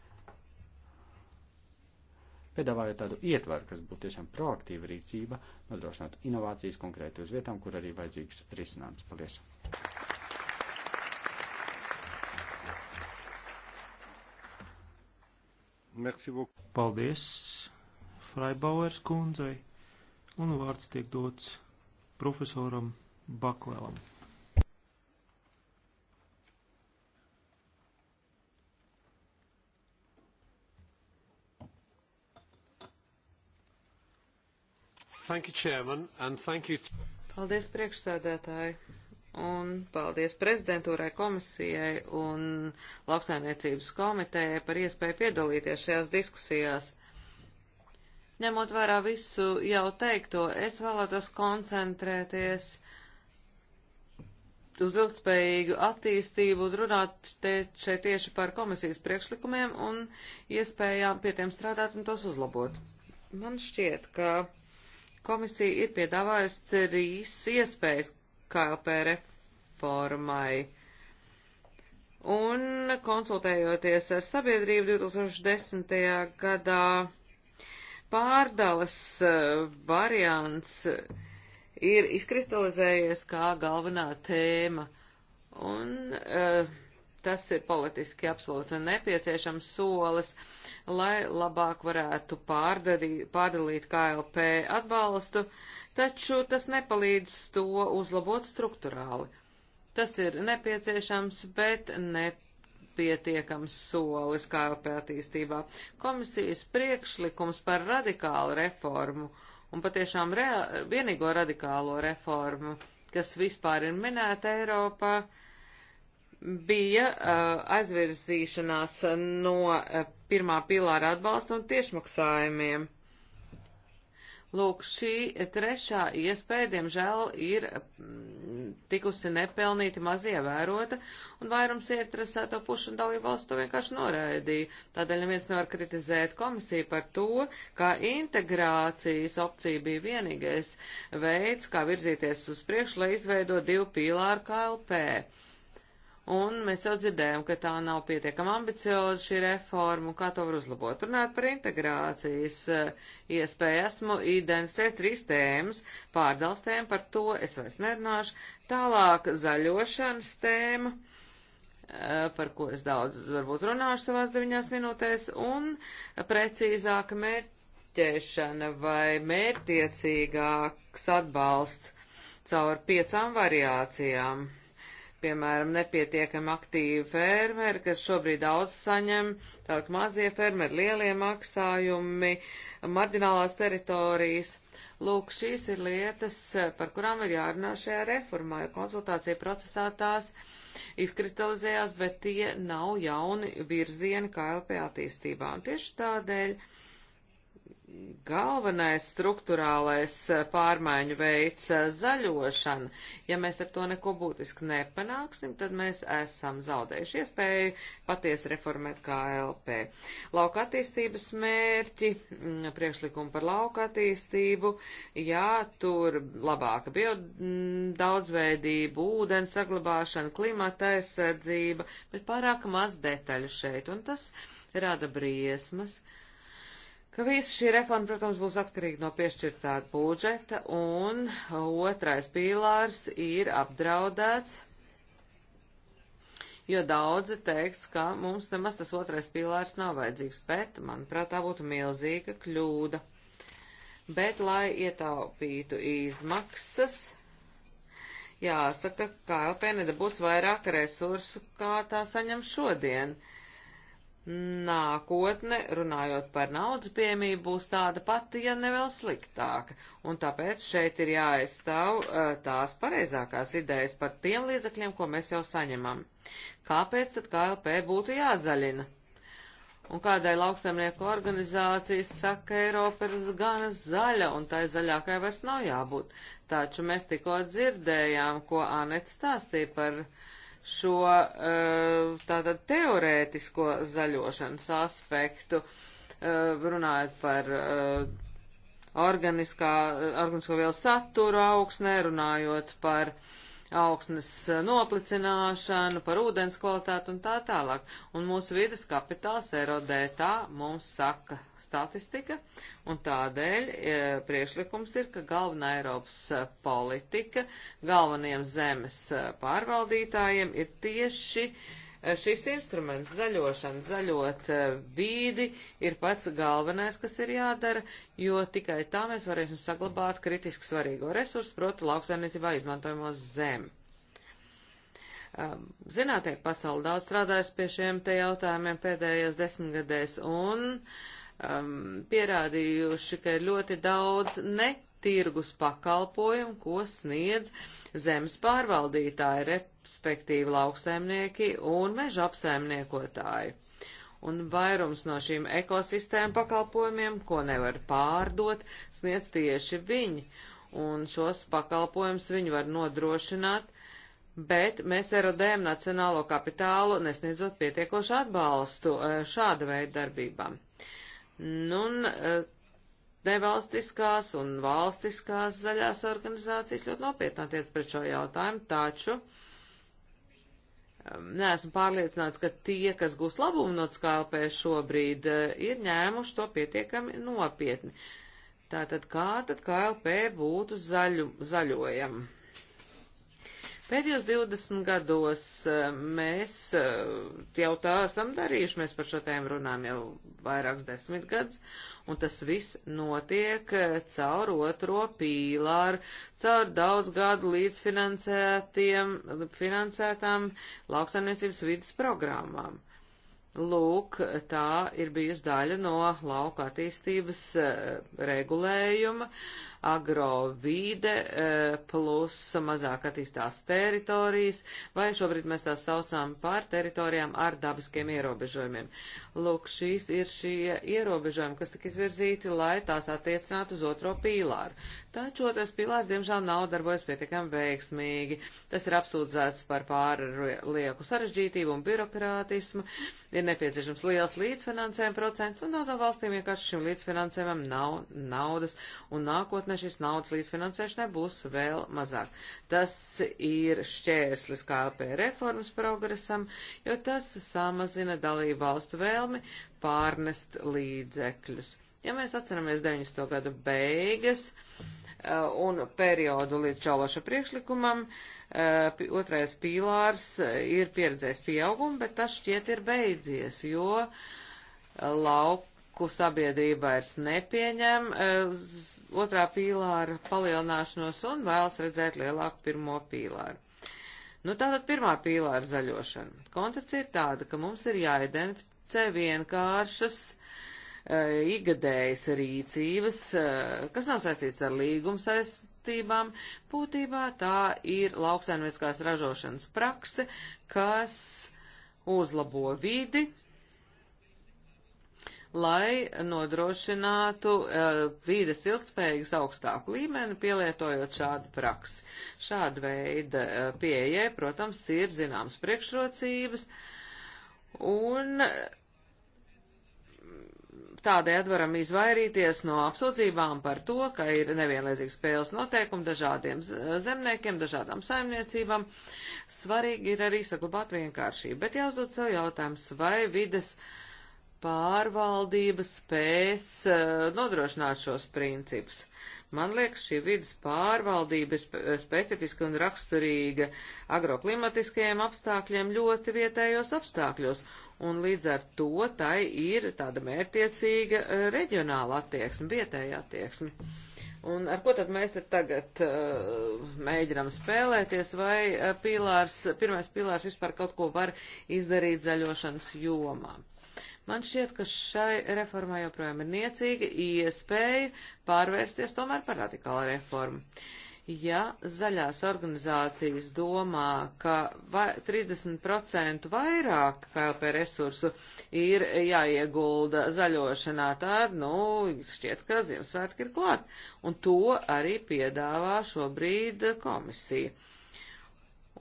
piedāvājot tādu ietvaru, kas būtu tiešām proaktīva rīcība, nodrošinātu inovācijas konkrēti uz vietām, kur arī vajadzīgs risinājums. Paldies! Paldies Fraibauers kundzei, un vārds tiek dots profesoram Bakvēlam. Thank you, Chairman, and thank you. Paldies priekšsēdētāji, un paldies prezidentūrai komisijai un lauksaimniecības komitējai par iespēju piedalīties šajās diskusijās. Ņemot vērā visu jau teikto, es vēlētos koncentrēties uz ilgspējīgu attīstību un runāt te, šeit tieši par komisijas priekšlikumiem un iespējām pie tiem strādāt un tos uzlabot. Man šķiet, ka Komisija ir piedāvājusi trīs iespējas KLP reformai. Un konsultējoties ar sabiedrību 2010. gadā, pārdales eh, variants ir izkristalizējies kā galvenā tēma. Un uh, tas ir politiski absolūti nepieciešams solis. Uh, lai labāk varētu pārdarī, pārdalīt KLP atbalstu, taču tas nepalīdz to uzlabot struktūrāli. Tas ir nepieciešams, bet nepietiekams solis KLP attīstībā. Komisijas priekšlikums par radikālu reformu un patiešām rea vienīgo radikālo reformu, kas vispār ir minēta Eiropā, uh, bija uh, aizvirzīšanās no uh, pirmā pilāra atbalsta un tiešmaksājumiem. Lūk, šī trešā iespēja, diemžēl, ir mm, tikusi nepelnīti maz ievērota, un vairums ieinteresēto pušu un dalību valstu to vienkārši noraidīja. Tādēļ neviens nevar kritizēt komisiju par to, ka integrācijas opcija bija vienīgais veids, kā virzīties uz priekšu, lai izveido divu pīlāru KLP. Un mēs jau dzirdējām, ka tā nav pietiekama ambicioza šī reforma un kā to var uzlabot. Runājot par integrācijas eh, iespēju, esmu identificējis trīs tēmas, pārdals tēma, par to es vairs nerunāšu. Tālāk zaļošanas tēma, eh, par ko es daudz varbūt runāšu savās deviņās minūtēs, un precīzāka mērķēšana vai mērķtiecīgāks atbalsts caur piecām variācijām piemēram, nepietiekami aktīvi fermeri, kas šobrīd daudz saņem, tālāk mazie fermeri, lielie maksājumi, marģinālās teritorijas. Lūk, šīs ir lietas, par kurām ir jārunā šajā reformā, jo konsultācija procesā tās izkristalizējās, bet tie nav jauni virzieni KLP attīstībā. Un tieši tādēļ galvenais struktūrālais eh, pārmaiņu veids eh, zaļošana. Ja mēs ar to neko būtiski nepanāksim, tad mēs esam zaudējuši iespēju patiesi reformēt KLP. Lauka attīstības mērķi, mm, priekšlikumi par lauka attīstību, jā, tur labāka biodaudzveidība, mm, ūdens saglabāšana, klimata aizsardzība, bet pārāk maz detaļu šeit, un tas rada briesmas. Uh, ka visa šī reforma, protams, būs atkarīga no piešķirtā budžeta, un otrais pīlārs ir apdraudēts, jo daudzi teiks, ka mums nemaz tas otrais pīlārs nav vajadzīgs, bet, manuprāt, tā būtu milzīga kļūda. Bet, lai ietaupītu izmaksas, jāsaka, ka KLP nedabūs vairāk resursu, kā tā saņem šodien. Uh, nākotne, runājot par naudas piemību, būs tāda pati, ja ne vēl sliktāka. Un tāpēc šeit ir jāaizstāv tās pareizākās idejas par tiem līdzekļiem, ko mēs jau saņemam. Kāpēc tad KLP būtu jāzaļina? Un kādai lauksaimnieku organizācijas saka, Eiropa ir gana zaļa, un tai zaļākai vairs nav jābūt. Taču mēs tikko dzirdējām, ko Anets stāstīja par uh, šo eh, tātad teorētisko zaļošanas aspektu, eh, runājot par eh, organiskā, organisko vielu saturu augsnē, runājot par uh, augsnes eh, noplicināšanu, par ūdens kvalitāti un tā tālāk. Un mūsu vidas kapitāls erodē tā, mums saka statistika, un tādēļ e, eh, priešlikums ir, ka galvenā Eiropas eh, politika galveniem zemes pārvaldītājiem ir tieši uh, Eh, šis instruments zaļošana, zaļot eh, vīdi, ir pats galvenais, kas ir jādara, jo tikai tā mēs varēsim saglabāt kritiski svarīgo resursu, proti lauksaimniecībā izmantojamo zemi. Eh, Zinātnieki pasauli daudz strādājas pie šiem te jautājumiem pēdējos desmitgadēs un um, pierādījuši, ka ir ļoti daudz netirgus pakalpojumu, ko sniedz zemes pārvaldītāji, respektīvi lauksaimnieki un meža apsaimniekotāji. Un vairums no šīm ekosistēmu pakalpojumiem, ko nevar pārdot, sniedz tieši viņi, un šos pakalpojumus viņi var nodrošināt, bet mēs erodējam nacionālo kapitālu, nesniedzot pietiekošu atbalstu eh, šāda veida darbībām. Nu, un, eh, nevalstiskās un valstiskās zaļās organizācijas ļoti nopietnāties pret šo jautājumu, taču uh, neesmu pārliecināts, ka tie, kas gūs labumu no skalpē šobrīd, eh, ir ņēmuši to pietiekami nopietni. Tātad kā tad KLP būtu zaļu, zaļojama? Pēdējos 20 gados e, mēs e, jau tā esam darījuši, mēs par šo tēmu runājam jau vairākus desmit gadus, un tas viss notiek e, caur otro pīlāru, caur daudz gadu līdzfinansētām lauksaimniecības vidas programmām. Lūk, tā ir bijusi daļa no lauka attīstības regulējuma, agrovīde eh, plus mazāk attīstās teritorijas, vai šobrīd mēs tās saucām par teritorijām ar dabiskiem ierobežojumiem. Lūk, šīs ir šie ierobežojumi, kas tika izvirzīti, lai tās attiecinātu uz otro pīlāru. Taču otrais pīlārs, diemžēl, nav darbojas pietiekami veiksmīgi. Tas ir apsūdzēts par pārlieku sarežģītību un birokrātismu. Ir nepieciešams liels līdzfinansējuma procents, un daudzām valstīm vienkārši šim līdzfinansējumam nav naudas, un nākotnē nākotnē šis naudas līdzfinansēšanai būs vēl mazāk. Tas ir šķērslis KLP reformas progresam, jo tas samazina dalību valstu vēlmi pārnest līdzekļus. Ja mēs atceramies 90. gadu beigas eh, un periodu līdz Čaloša priekšlikumam, eh, otrais pīlārs eh, ir pieredzējis pieaugumu, bet tas šķiet ir beidzies, jo lauk risku sabiedrība vairs nepieņem e, otrā pīlāra palielināšanos un vēlas redzēt lielāku pirmo pīlāru. Nu, tātad pirmā pīlāra zaļošana. Koncepcija ir tāda, ka mums ir jāidentificē vienkāršas e, igadējas rīcības, e, kas nav saistīts ar līgumu saistībām. Būtībā tā ir lauksaimnieciskās ražošanas prakse, kas uzlabo vidi, lai nodrošinātu uh, vīdes ilgspējīgas augstāku līmeni, pielietojot šādu praksi. Šāda veida uh, pieejai, protams, ir zināmas priekšrocības, un eh, tādējādi varam izvairīties no apsūdzībām par to, ka ir nevienlīdzīgi spēles noteikumi dažādiem zemniekiem, dažādām saimniecībām. Svarīgi ir arī saglabāt vienkāršību, bet jāuzdod sev jautājums, vai vides uh, pārvaldība spēs eh, nodrošināt šos principus. Man liekas, šī vidas pārvaldība ir specifiska un raksturīga agroklimatiskajiem apstākļiem ļoti vietējos apstākļos, un līdz ar to tai ir tāda mērtiecīga eh, reģionāla attieksme, vietēja attieksme. Un ar ko tad mēs te tagad uh, eh, mēģinām spēlēties, vai pīlārs, pirmais pīlārs vispār kaut ko var izdarīt zaļošanas jomām? Man šķiet, ka šai reformai joprojām ir niecīga iespēja pārvērsties tomēr par radikālu reformu. Ja zaļās organizācijas domā, ka 30% vairāk KLP resursu ir jāiegulda zaļošanā, tad, nu, šķiet, ka Ziemassvētki ir klāt. Un to arī piedāvā šobrīd komisija.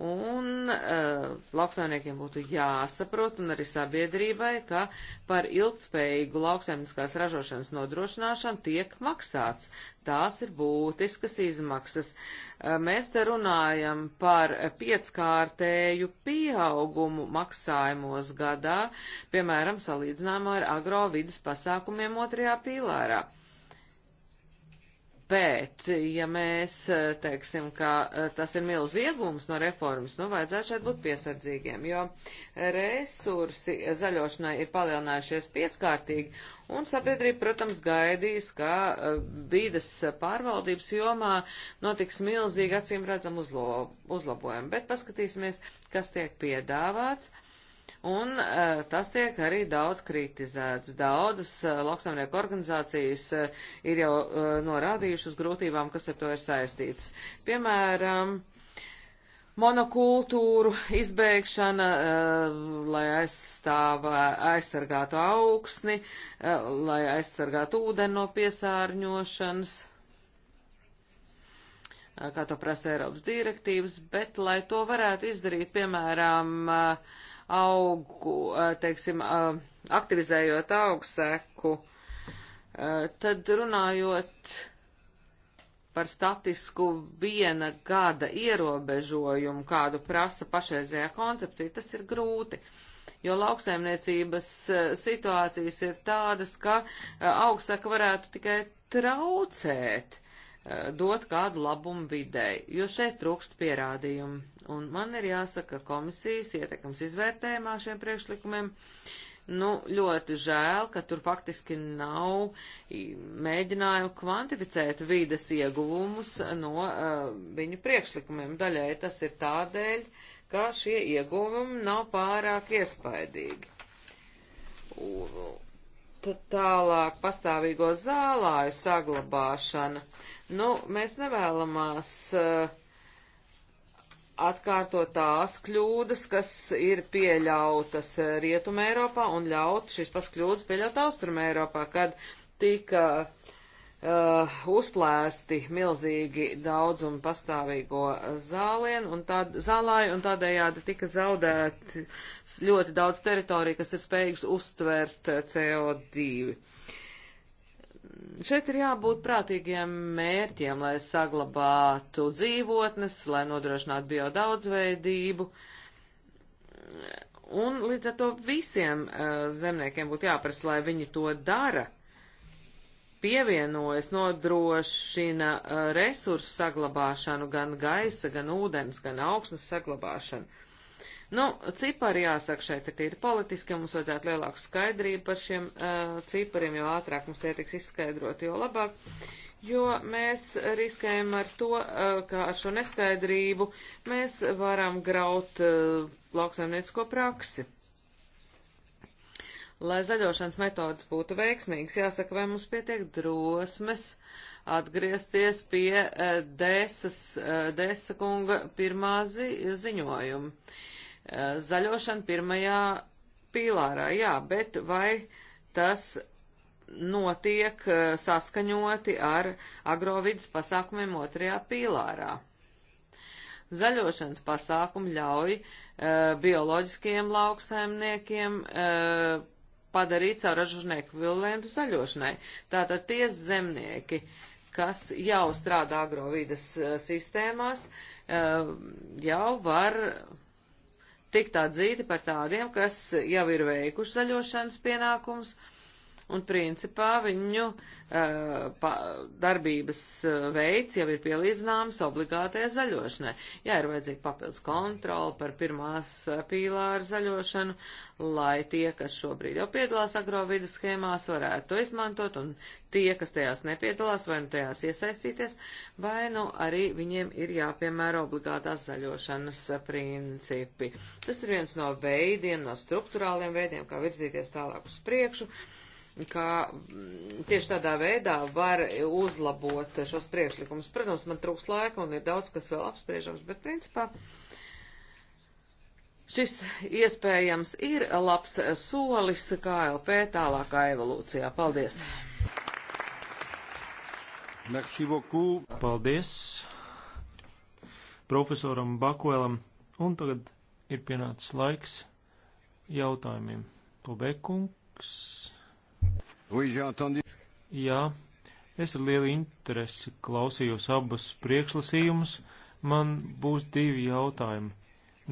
Un uh, lauksaimniekiem būtu jāsaprot un arī sabiedrībai, ka par ilgspējīgu lauksaimniskās ražošanas nodrošināšanu tiek maksāts. Tās ir būtiskas izmaksas. Uh, mēs te runājam par pieckārtēju pieaugumu maksājumos gadā, piemēram, salīdzinājumā ar agrovidas pasākumiem otrajā pīlārā. Uh, Bet, ja mēs eh, teiksim, ka eh, tas ir milz iegums no reformas, nu vajadzētu šeit būt piesardzīgiem, jo resursi zaļošanai ir palielinājušies pieckārtīgi, un sabiedrība, protams, gaidīs, ka vīdas eh, pārvaldības jomā notiks milzīgi acīm redzam uzlo, uzlabojumi. Bet paskatīsimies, kas tiek piedāvāts. Uh, Un uh, tas tiek arī daudz kritizēts. Daudzas uh, lauksaimnieku organizācijas uh, ir jau uh, norādījušas grūtībām, kas ar to ir saistīts. Piemēram, monokultūru izbēgšana, uh, lai aizstāvā, aizsargātu augsni, uh, lai aizsargātu ūdeni no piesārņošanas uh, kā to prasa Eiropas direktīvas, bet, lai to varētu izdarīt, piemēram, uh, augu, teiksim, aktivizējot augseku, tad runājot par statisku viena gada ierobežojumu, kādu prasa pašreizējā koncepcija, tas ir grūti jo lauksaimniecības situācijas ir tādas, ka augstsaka varētu tikai traucēt dot kādu labumu videi, jo šeit trūkst pierādījumu. Un man ir jāsaka, ka komisijas ietekams izvērtējumā šiem priekšlikumiem, nu, ļoti žēl, ka tur faktiski nav mēģinājumu kvantificēt vīdes ieguvumus no uh, viņu priekšlikumiem. Daļai tas ir tādēļ, ka šie ieguvumi nav pārāk iespaidīgi. Tad tālāk pastāvīgo zālāju saglabāšana. Nu, mēs nevēlamās uh, eh, atkārtot tās kļūdas, kas ir pieļautas eh, Rietumē Eiropā un ļaut šīs pas kļūdas pieļaut Austrumē Eiropā, kad tika uh, uzplēsti milzīgi daudzumi pastāvīgo zālienu un tād, zālāju un tādējādi tika zaudēt ļoti daudz teritoriju, kas ir spējīgs uztvert CO2. Uh, šeit ir jābūt prātīgiem mērķiem, lai saglabātu dzīvotnes, lai nodrošinātu biodaudzveidību. Un līdz ar to visiem uh, zemniekiem būtu jāprasa, lai viņi to dara, pievienojas, nodrošina uh, resursu saglabāšanu, gan gaisa, gan ūdens, gan augsnes saglabāšanu. Nu, cipari jāsaka šeit ir tīri politiski, mums vajadzētu lielāku skaidrību par šiem uh, cipariem, jo ātrāk mums tie tiks izskaidrot, jo labāk. Jo mēs riskējam ar to, uh, ka ar šo neskaidrību mēs varam graut uh, lauksaimniecisko praksi. Lai zaļošanas metodas būtu veiksmīgas, jāsaka, vai mums pietiek drosmes atgriezties pie uh, Dēsas, uh, Dēsa kunga pirmā zi ziņojuma. Uh, Eh, zaļošana pirmajā pīlārā, jā, bet vai tas notiek eh, saskaņoti ar agrovidas pasākumiem otrajā pīlārā? Zaļošanas pasākumi ļauj uh, eh, bioloģiskiem lauksaimniekiem uh, padarīt savu ražošanu ekvivalentu zaļošanai. Tātad tie zemnieki, kas jau strādā agrovīdas sistēmās, jau var tikt atzīti par tādiem, kas jau ir veikuši zaļošanas pienākums un principā viņu uh, pa, darbības eh, veids jau ir pielīdzināms obligātajai zaļošanai. Jā, ir vajadzīga papildus kontrola par pirmās eh, pīlāra zaļošanu, lai tie, kas šobrīd jau piedalās agrovidas schēmās, varētu to izmantot, un tie, kas tajās nepiedalās, vai nu tajās iesaistīties, vai nu arī viņiem ir jāpiemēro obligātās zaļošanas principi. Tas ir viens no veidiem, no struktūrāliem veidiem, kā virzīties tālāk uz priekšu. Uh, ka mm, tieši tādā veidā var uzlabot šos priekšlikumus. Protams, man trūks laika un ir daudz, kas vēl apspriežams, bet principā šis iespējams ir labs solis KLP tālākā evolūcijā. Paldies! Paldies profesoram Bakuelam, un tagad ir pienācis laiks jautājumiem. Tobekungs. Oui, Jā, es ar lielu interesi klausījos abus priekšlasījumus. Man būs divi jautājumi.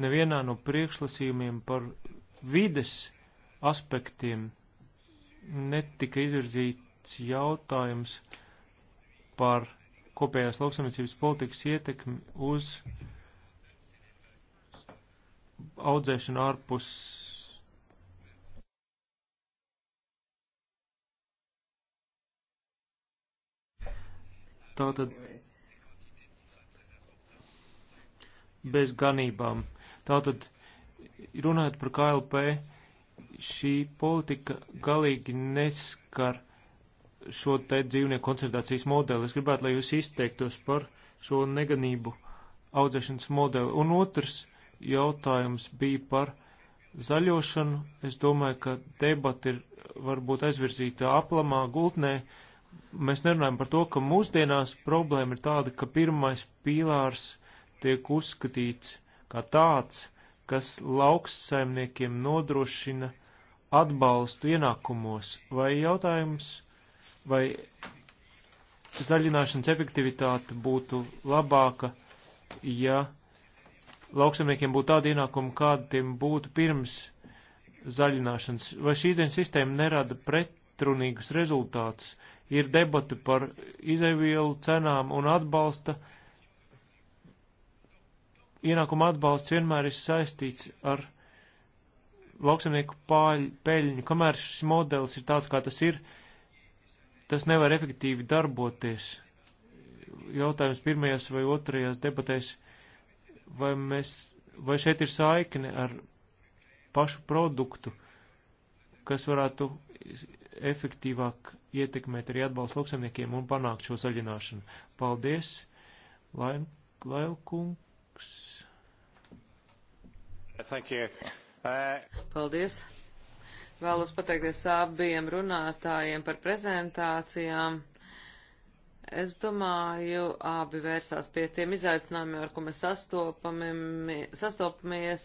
Nevienā no priekšlasījumiem par vides aspektiem netika izvirzīts jautājums par kopējās lauksamniecības politikas ietekmi uz audzēšanu ārpus Tātad bez ganībām. Tātad, runājot par KLP, šī politika galīgi neskar šo te dzīvnieku koncentrācijas modeli. Es gribētu, lai jūs izteiktos par šo neganību audzēšanas modeli. Un otrs jautājums bija par zaļošanu. Es domāju, ka debati ir varbūt aizvirzīta aplamā gultnē, uh, mēs nerunājam par to, ka mūsdienās problēma ir tāda, ka pirmais pīlārs tiek uzskatīts kā tāds, kas lauksaimniekiem nodrošina atbalstu ienākumos, vai jautājums, vai zaļināšanas efektivitāte būtu labāka, ja lauksaimniekiem būtu tāda ienākuma, kāda tiem būtu pirms zaļināšanas, vai šīs dienas sistēma nerada pretrunīgus rezultātus, ir debati par izēvielu cenām un atbalsta. Ienākuma atbalsts vienmēr ir saistīts ar lauksamnieku peļņu. Kamēr šis modelis ir tāds, kā tas ir, tas nevar efektīvi darboties. Jautājums pirmajās vai otrajās debatēs, vai, mēs, vai šeit ir saikne ar pašu produktu, kas varētu efektīvāk ietekmēt arī atbalstu lauksaimniekiem un panākt šo zaļināšanu. Paldies, Lailkungs. Thank you. Uh... Paldies. Vēlos pateikties abiem runātājiem par prezentācijām. Es domāju, abi vērsās pie tiem izaicinājumiem, ar ko mēs sastopamies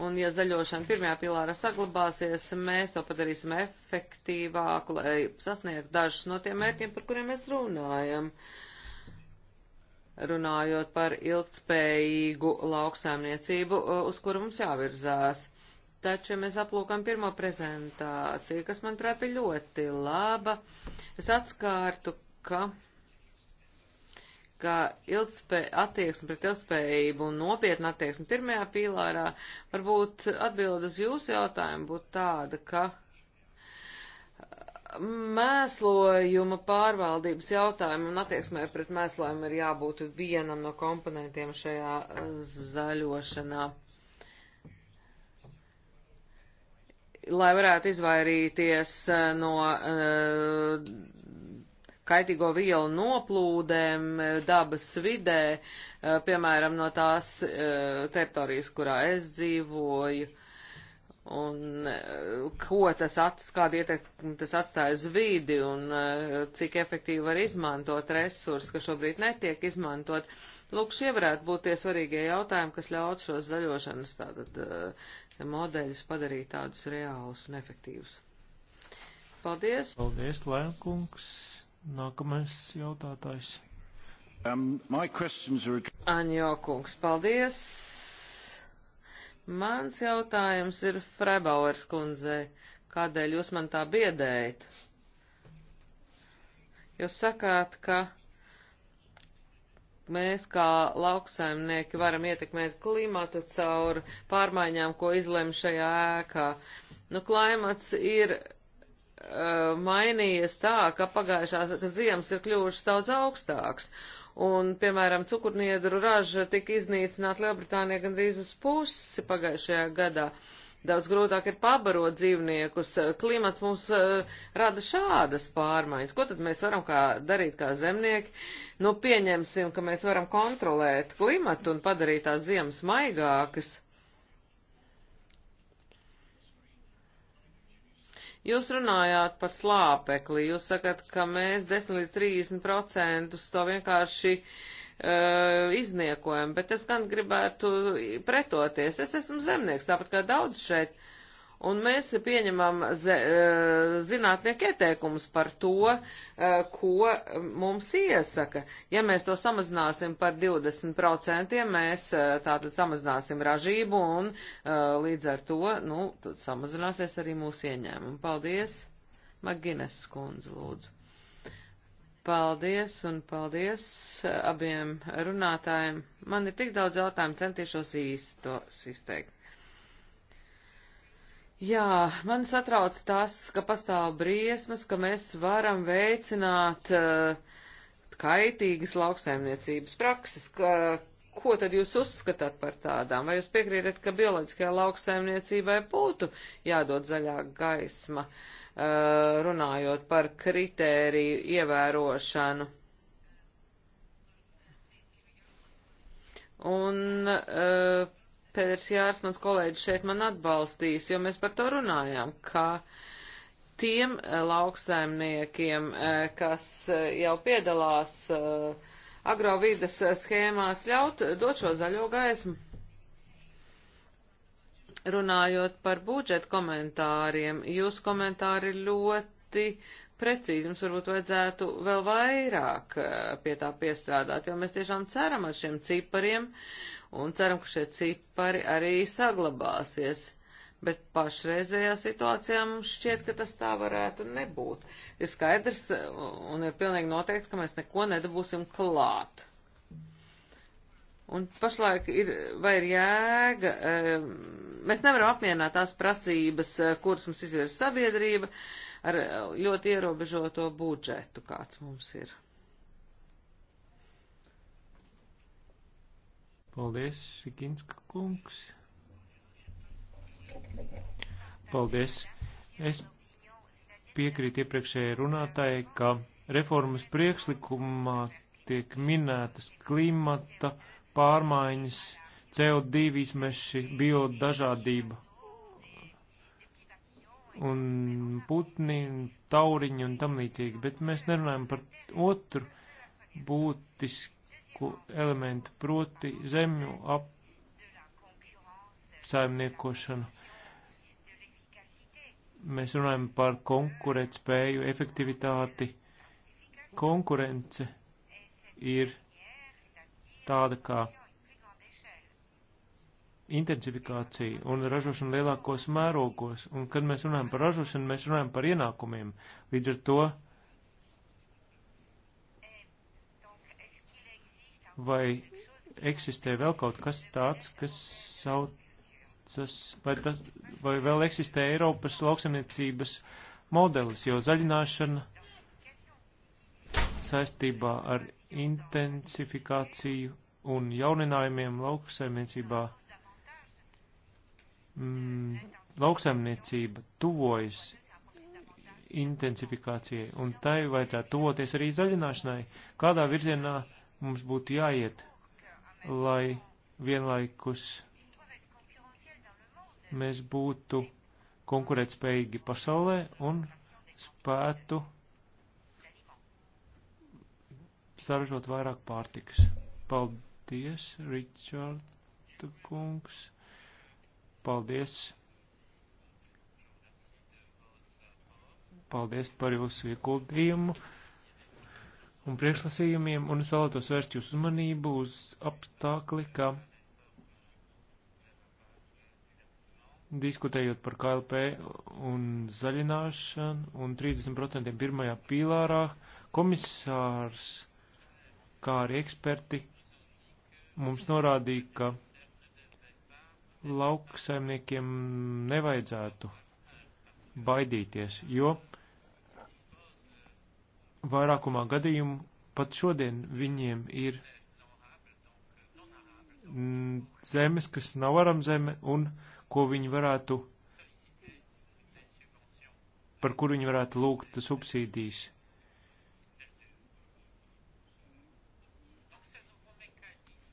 Un ja zaļošana pirmajā pilārā saglabāsies, mēs to padarīsim efektīvāku, lai sasniegtu dažus no tiem mērķiem, par kuriem mēs runājam. Runājot par ilgtspējīgu lauksaimniecību, uh, uz kuru mums jāvirzās. Taču, ja mēs aplūkam pirmo prezentāciju, kas, manuprāt, bija ļoti laba, es atskārtu, ka ka ilgspē, attieksme pret ilgspējību un nopietna attieksme pirmajā pīlārā varbūt atbild uz jūsu jautājumu būtu tāda, ka uh, mēslojuma pārvaldības jautājumu un attieksmē pret mēslojumu ir jābūt vienam no komponentiem šajā uh, zaļošanā. Lai varētu izvairīties uh, no uh, kaitīgo vielu noplūdēm eh, dabas vidē, eh, piemēram, no tās eh, teritorijas, kurā es dzīvoju, un ko tas atstāja, kādu ietekmi tas atstāja uz vidi, un cik efektīvi var izmantot resursus, kas šobrīd netiek izmantot. Lūk, šie varētu būt tie svarīgie jautājumi, kas ļautu šos zaļošanas tātad modeļus padarīt tādus reālus un efektīvus. Paldies! Paldies, Lēmkungs! Nākamais jautātājs. Um, are... Anjo kungs, paldies. Mans jautājums ir Frebauers kundzei. Kādēļ jūs man tā biedējat? Jūs sakāt, ka mēs kā lauksaimnieki varam ietekmēt klimatu caur pārmaiņām, ko izlem šajā ēkā. Nu, klimats ir Uh, mainījies tā, ka pagājušās ka ziemas ir kļuvušas daudz augstāks. Un, piemēram, cukurniedru raža tika iznīcināta Lielbritānijā gandrīz uz pusi pagājušajā gadā. Daudz grūtāk ir pabarot dzīvniekus. Klimats mums uh, rada šādas pārmaiņas. Ko tad mēs varam kā, darīt kā zemnieki? Nu, pieņemsim, ka mēs varam kontrolēt klimatu un padarīt tās ziemas maigākas. Jūs runājāt par slāpekli, jūs sakat, ka mēs 10 līdz 30 procentus to vienkārši uh, izniekojam, bet es gan gribētu pretoties. Es esmu zemnieks, tāpat kā daudz šeit. Uh, un mēs pieņemam eh, zinātnieku ieteikumus par to, eh, ko mums iesaka. Ja mēs to samazināsim par 20%, mēs eh, tātad samazināsim ražību un līdz ar to, nu, tad samazināsies arī mūsu ieņēmumi. Paldies, Magines skundze, lūdzu. Paldies un paldies abiem runātājiem. Man ir tik daudz jautājumu, centīšos īsti to izteikt. Jā, man satrauc tas, ka pastāv briesmas, ka mēs varam veicināt uh, kaitīgas lauksaimniecības prakses. Ka, ko tad jūs uzskatāt par tādām? Vai jūs piekrītat, ka bioloģiskajā lauksaimniecībai būtu jādod zaļā gaisma, uh, runājot par kritēriju ievērošanu? Un uh, Pēters Jārs, mans kolēģis šeit man atbalstīs, jo mēs par to runājām, ka tiem eh, lauksaimniekiem, eh, kas eh, jau piedalās agrovīdas schēmās, ļaut dot šo zaļo gaismu. Runājot par budžeta komentāriem, jūsu komentāri ir ļoti precīzi, mums varbūt vajadzētu vēl vairāk pie tā piestrādāt, jo mēs tiešām ceram ar šiem cipariem un ceram, ka šie cipari arī saglabāsies. Bet pašreizējā situācijā mums šķiet, ka tas tā varētu nebūt. Ir skaidrs un ir pilnīgi noteikts, ka mēs neko nedabūsim klāt. Un pašlaik ir, vai ir jēga, mēs nevaram apmierināt tās prasības, eh, kuras mums izvirza sabiedrība, ar eh, ļoti ierobežoto budžetu, kāds mums ir. Paldies, Šikinska kungs. Paldies. Es piekrītu iepriekšējai runātājai, ka reformas priekšlikumā tiek minētas klimata pārmaiņas, CO2 izmeši, biodažādība un putni, tauriņi un tam līdzīgi, bet mēs nerunājam par otru būtisku būtisku elementu, proti zemju apsaimniekošanu. Mēs runājam par konkurētspēju, efektivitāti. Konkurence ir tāda kā intensifikācija un ražošana lielākos mērogos. Un, kad mēs runājam par ražošanu, mēs runājam par ienākumiem. Līdz ar to vai eksistē vēl kaut kas tāds, kas saucas, vai, tā, vai vēl eksistē Eiropas lauksamniecības modelis, jo zaļināšana saistībā ar intensifikāciju un jauninājumiem lauksaimniecībā. Mm, lauksaimniecība tuvojas intensifikācijai, un tai vajadzētu tuvoties arī zaļināšanai. Kādā virzienā uh, mums būtu jāiet, lai vienlaikus mēs būtu konkurētspējīgi pasaulē un spētu saražot vairāk pārtikas. Paldies, Ričārda kungs. Paldies. Paldies par jūsu ieguldījumu un priekšlasījumiem, un es vēlētos vērst jūsu uzmanību uz apstākli, ka diskutējot par KLP un zaļināšanu un 30% pirmajā pīlārā, komisārs, kā arī eksperti, mums norādīja, ka lauksaimniekiem nevajadzētu baidīties, jo vairākumā gadījumu pat šodien viņiem ir zemes, kas nav varam zeme un ko viņi varētu, par kur viņi varētu lūgt subsīdijas.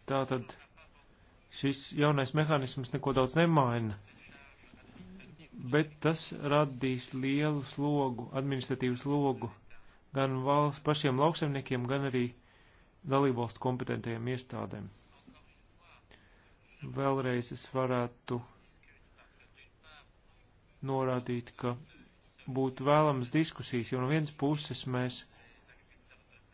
Tātad šis jaunais mehānisms neko daudz nemaina, bet tas radīs lielu slogu, administratīvu slogu gan valsts pašiem lauksaimniekiem, gan arī dalībvalstu kompetentajiem iestādēm. Vēlreiz es varētu norādīt, ka būtu vēlamas diskusijas, jo no vienas puses mēs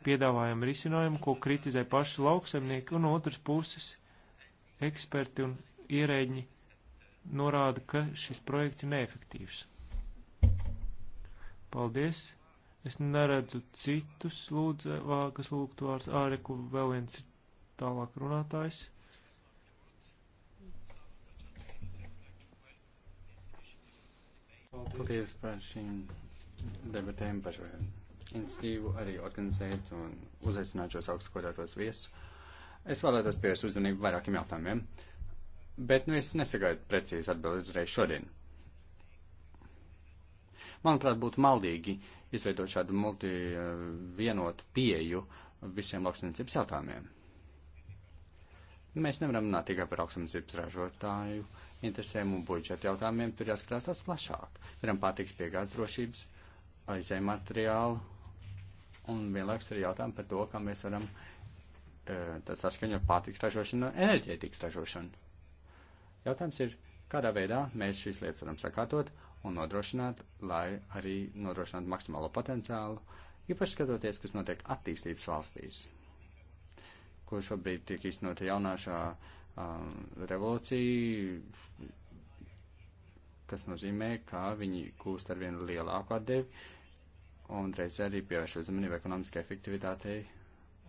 piedāvājam risinājumu, ko kritizē paši lauksaimnieki, un no otras puses eksperti un ierēģi norāda, ka šis projekts ir neefektīvs. Paldies! Es neredzu citus lūdzu, kas lūgtu vārds āreku, vēl viens ir tālāk runātājs. Paldies par šīm debatēm par šo institīvu, arī organizēt un uzaicināt šos augstskolētos viesus. Es vēlētos pievērst uzmanību vairākiem jautājumiem, bet nu es nesagaidu precīzi atbildi uzreiz šodien. Manuprāt, būtu maldīgi izveidot šādu multivienotu pieju visiem lauksniecības jautājumiem. Mēs nevaram runāt tikai par augstsamatsības ražotāju interesēm un budžeta jautājumiem, tur jāskatās daudz plašāk. Piemēram, pārtiks piegādes drošības, aizēja materiālu un vienlaiks ir jautājumi par to, kā mēs varam e, saskaņot pārtiks ražošanu un enerģētikas ražošanu. Jautājums ir, kādā veidā mēs šīs lietas varam sakārtot un nodrošināt, lai arī nodrošinātu maksimālo potenciālu, īpaši skatoties, kas notiek attīstības valstīs, ko šobrīd tiek iznota jaunāšā um, revolūcija, kas nozīmē, ka viņi kūst ar vienu lielāku atdevi un reiz arī pievērš uzmanību ekonomiskai efektivitātei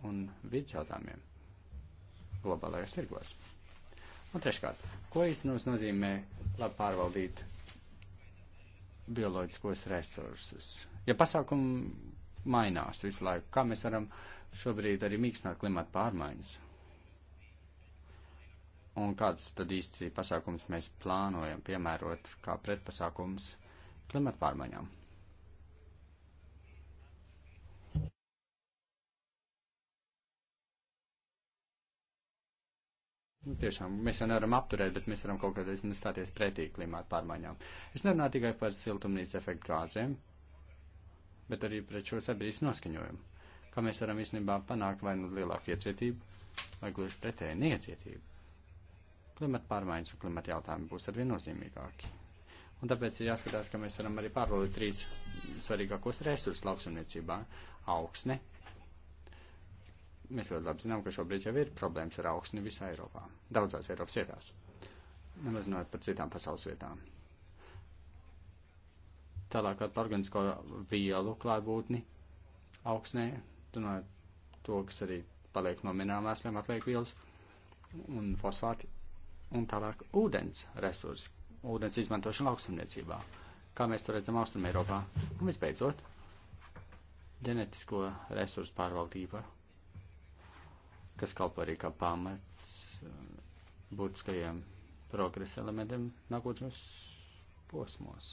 un vidas jautājumiem globālajos tirgos. Un treškārt, ko īstenos nozīmē labi pārvaldīt bioloģiskos resursus. Ja pasākumi mainās visu laiku, kā mēs varam šobrīd arī mīkstināt klimata pārmaiņas? Un kādus tad īsti pasākums mēs plānojam piemērot kā pretpasākums klimata pārmaiņām? Nu, tiešām mēs jau nevaram apturēt, bet mēs varam kaut kādā veidā stāties pretī klimāta pārmaiņām. Es nerunāju tikai par siltumnīca efektu gāzēm, bet arī pret šo sabiedrības noskaņojumu. Kā mēs varam īstenībā panākt vai nu lielāku iecietību, vai gluži pretēji neiecietību. Klimata pārmaiņas un klimata jautājumi būs arvien nozīmīgāki. Un tāpēc ir jāskatās, ka mēs varam arī pārvaldīt trīs svarīgākos resursus lauksaimniecībā - augsne, Mēs ļoti labi zinām, ka šobrīd jau ir problēmas ar augsni visā Eiropā, daudzās Eiropas vietās, nemaz runājot par citām pasaules vietām. Tālāk ar organisko vielu klātbūtni augsnē, runājot to, kas arī paliek no minēmēsliem, atliek vielas un fosfāti, un tālāk ūdens resursi, ūdens izmantošana lauksamniecībā, kā mēs to redzam Austrum Eiropā, un visbeidzot, ģenetisko resursu pārvaldība kas kalpo arī kā pamats eh, būtiskajiem progresa elementiem nākotnes posmos.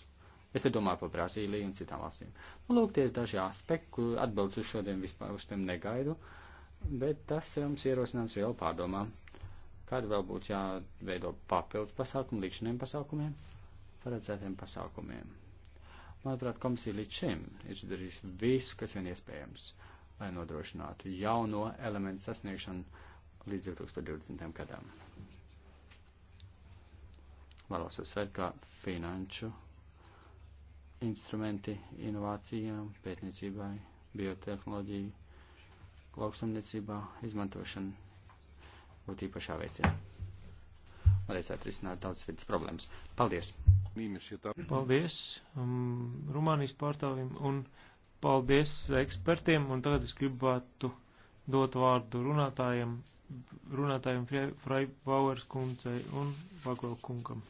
Es te domāju par Brazīliju un citām valstīm. Nu, lūk, tie ir daži aspekti, kur atbildes uz šodien vispār uz tiem negaidu, bet tas jums ierosinājums vēl pārdomā. Kāda vēl būtu jāveido papildus pasākumu līdziniem pasākumiem, paredzētiem pasākumiem? Manuprāt, komisija līdz šim ir izdarījusi visu, kas vien iespējams. Uh, lai nodrošinātu jauno elementu sasniegšanu līdz 2020. gadam. Vēlos uzsvērt, ka finanšu instrumenti inovācijām, pētniecībai, biotehnoloģiju, lauksamniecībā izmantošana būtu īpašā veicina. Varēs atrisināt daudz vidas problēmas. Paldies! Paldies um, Rumānijas pārstāvim un Paldies ekspertiem, un tagad es gribētu dot vārdu runātājiem, runātājiem Freibauers kundzei un Vaglau kungam.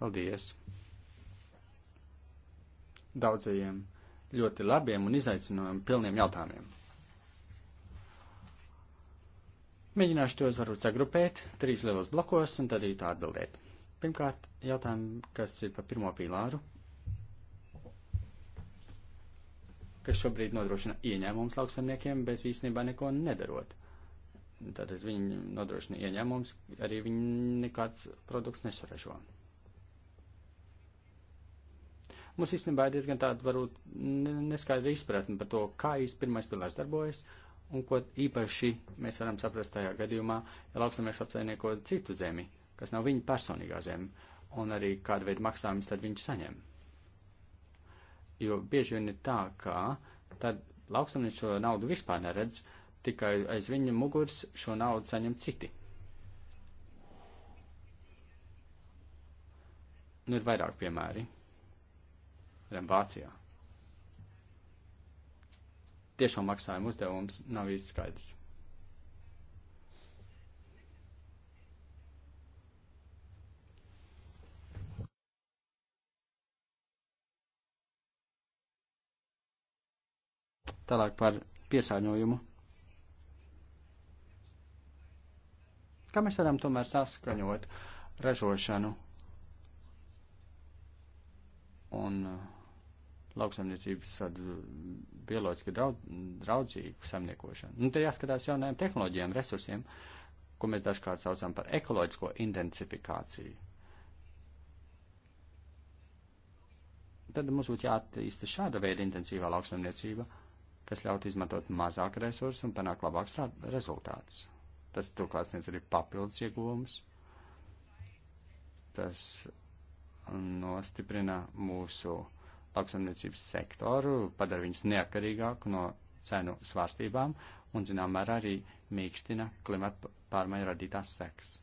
Paldies! Daudzajiem ļoti labiem un izaicinojumu pilniem jautājumiem. Mēģināšu tos varbūt sagrupēt trīs lielos blokos un tad arī tā atbildēt. Pirmkārt, jautājumi, kas ir par pirmo pīlāru, kas šobrīd nodrošina ieņēmums lauksamniekiem bez īstenībā neko nedarot. Tātad viņi nodrošina ieņēmums, arī viņi nekāds produkts nesaražo. Mums īstenībā ir diezgan tāda varbūt neskaidra izpratne par to, kā īsti pirmais pilārs darbojas un ko īpaši mēs varam saprast tajā gadījumā, ja lauksamnieks apsainieko citu zemi kas nav viņa personīgā zeme, un arī kāda veida maksājumus tad viņš saņem. Jo bieži vien ir tā, ka tad lauksamnieks šo naudu vispār neredz, tikai aiz viņa muguras šo naudu saņem citi. Nu, ir vairāk piemēri. Piemēram, Vācijā. Tiešo maksājumu uzdevums nav īsti skaidrs. Tālāk par piesāņojumu. Kā mēs varam tomēr saskaņot ražošanu un uh, lauksaimniecības uh, bioloģiski draud, draudzīgu saimniekošanu? Nu, te jāskatās jaunajām tehnoloģijām, resursiem, ko mēs dažkārt saucam par ekoloģisko intensifikāciju. Tad mums būtu jāattīsta šāda veida intensīvā lauksaimniecība kas ļautu izmantot mazāk resursu un panākt labāks rezultāts. Tas turklāt sniedz arī papildus ieguvums. Tas nostiprina mūsu lauksaimniecības sektoru, padara viņus neatkarīgāku no cenu svārstībām un, zinām, mērā arī mīkstina klimata pārmaiņu radītās sekas.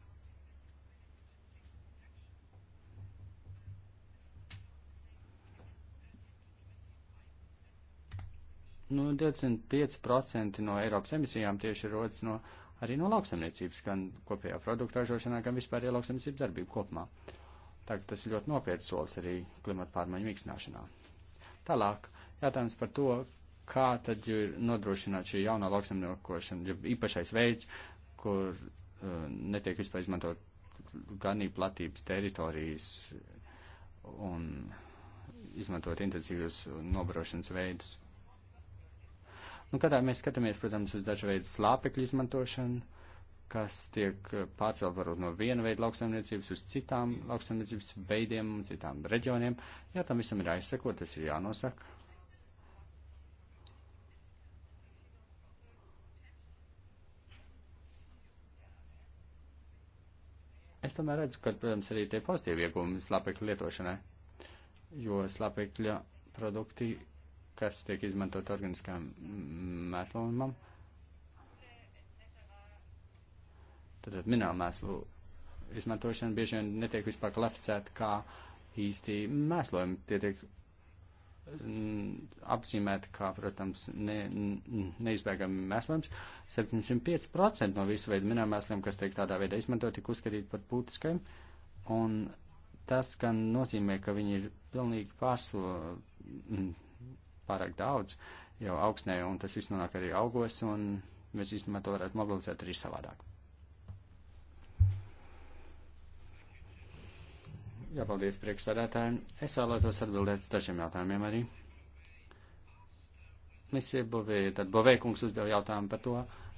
nu, 25% no Eiropas emisijām tieši rodas no, arī no lauksemniecības, gan kopējā produkta ražošanā, gan vispār ja lauksemniecības darbību kopumā. Tā ka tas ir ļoti nopietns solis arī klimata pārmaiņu mīkstināšanā. Tālāk, jautājums par to, kā tad ir nodrošināta šī jaunā lauksemniekošana, īpašais veids, kur uh, netiek vispār izmantot ganību platības teritorijas un izmantot intensīvus nobarošanas veidus. Nu, kādā mēs skatāmies, protams, uz dažu veidu slāpekļu izmantošanu, kas tiek eh, pārcelt varbūt no viena veida lauksaimniecības uz citām lauksaimniecības veidiem un citām reģioniem. Jā, tam visam ir aizseko, tas ir jānosaka. Es tomēr redzu, ka, protams, arī tie pozitīvi iegūmi slāpekļa lietošanai, jo slāpekļa produkti kas tiek izmantot organiskām mēslojumam. Tātad minēla mēslu izmantošana bieži vien netiek vispār klasificēta kā īsti mēslojumi. Tie tiek mm, apzīmēti kā, protams, ne, neizbēgami mēslojums. 75% no visu veidu minēla mēsliem, kas tiek tādā veidā izmantot, tiek uzskatīti par būtiskajiem. Un tas gan nozīmē, ka viņi ir pilnīgi pārslo, mm, pārāk daudz jau augstnē, un tas viss nonāk arī augos, un mēs īstenībā to varētu mobilizēt arī savādāk. Jāpaldies priekšsādātājiem. Es vēlētos atbildēt dažiem jautājumiem arī. Misie Bovē, tad Bovē kungs uzdeva jautājumu par to,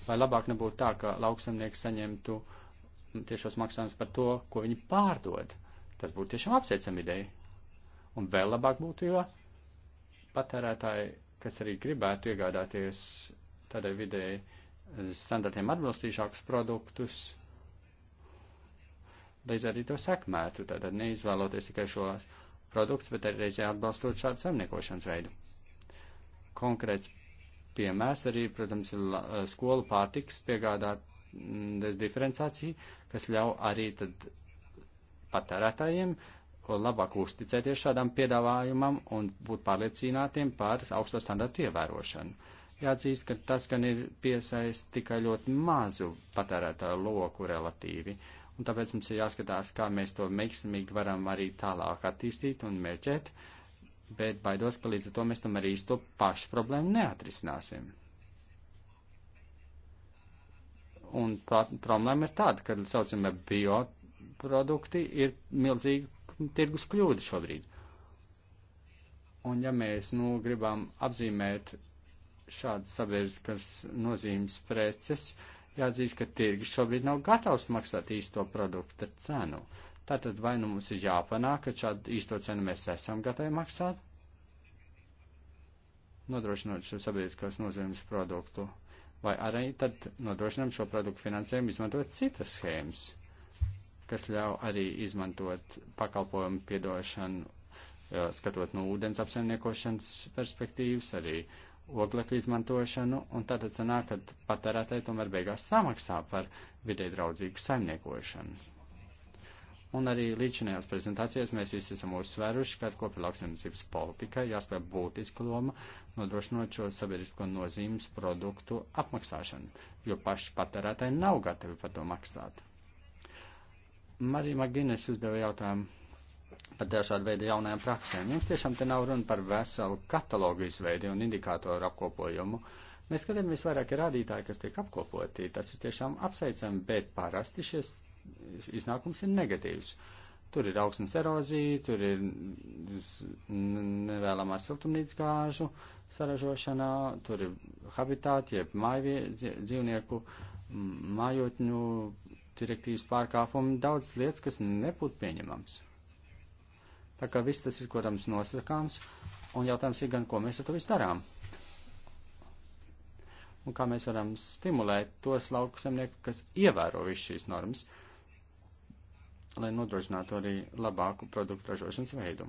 vai labāk nebūtu tā, ka lauksamnieks saņemtu tiešos maksājumus par to, ko viņi pārdod. Tas būtu tiešām apsveicama ideja. Un vēl labāk būtu, jo ja patērētāji, kas arī gribētu iegādāties tādai vidēji standartiem atbilstīšākus produktus, līdz arī to sekmētu, tātad neizvēloties tikai šos produktus, bet arī reizē atbalstot šādu samniekošanas veidu. Konkrēts piemērs arī, protams, ir eh, skolu pārtiks piegādāt diferenciācija, kas ļauj arī tad patērētājiem uh, labāk uzticēties šādam piedāvājumam un būt pārliecinātiem par augsto standartu ievērošanu. Jāatzīst, ka tas gan ir piesaist tikai ļoti mazu patērētāju loku relatīvi, un tāpēc mums ir jāskatās, kā mēs to veiksmīgi varam arī tālāk attīstīt un mērķēt, bet baidos, ka līdz ar to mēs tomēr īsti to pašu problēmu neatrisināsim. Un problēma ir tāda, ka saucamie bioprodukti ir milzīgi tirgus kļūda šobrīd. Un ja mēs, nu, gribam apzīmēt šādas sabiedriskas nozīmes preces, jāatzīst, ka tirgus šobrīd nav gatavs maksāt īsto produkta cenu. Tātad vai nu mums ir jāpanāk, ka šādu īsto cenu mēs esam gatavi maksāt, nodrošinot šo sabiedriskās nozīmes produktu, vai arī tad nodrošinam šo produktu finansējumu izmantojot citas schēmas kas ļauj arī izmantot pakalpojumu piedošanu, skatot no ūdens apsaimniekošanas perspektīvas, arī oglekļu izmantošanu, un tātad sanāk, ka patērētāji tomēr beigās samaksā par vidē draudzīgu saimniekošanu. Un arī līdzinājās prezentācijās mēs visi esam uzsveruši, ka kopējā lauksaimniecības politika jāspēlē būtisku lomu nodrošinot šo sabiedrisko nozīmes produktu apmaksāšanu, jo paši patērētāji nav gatavi par to maksāt. Marija Magines uzdeva jautājumu par dažādu veidu jaunajām praksēm. Jums tiešām te nav runa par veselu katalogu izveidi un indikātoru apkopojumu. Mēs skatāmies vairāk rādītāji, kas tiek apkopoti. Tas ir tiešām apsveicami, bet parasti šies iznākums ir negatīvs. Tur ir augsnes erozija, tur ir nevēlamā siltumnīcas gāžu saražošanā, tur ir habitāti, jeb mājvie, dzīvnieku mājotņu direktīvas pārkāpumi daudz lietas, kas nebūtu pieņemams. Tā kā viss tas ir, protams, nosakāms, un jautājums ir gan, ko mēs ar to visu darām. Un kā mēs varam stimulēt tos lauksemnieku, kas ievēro visu šīs normas, lai nodrošinātu arī labāku produktu ražošanas veidu.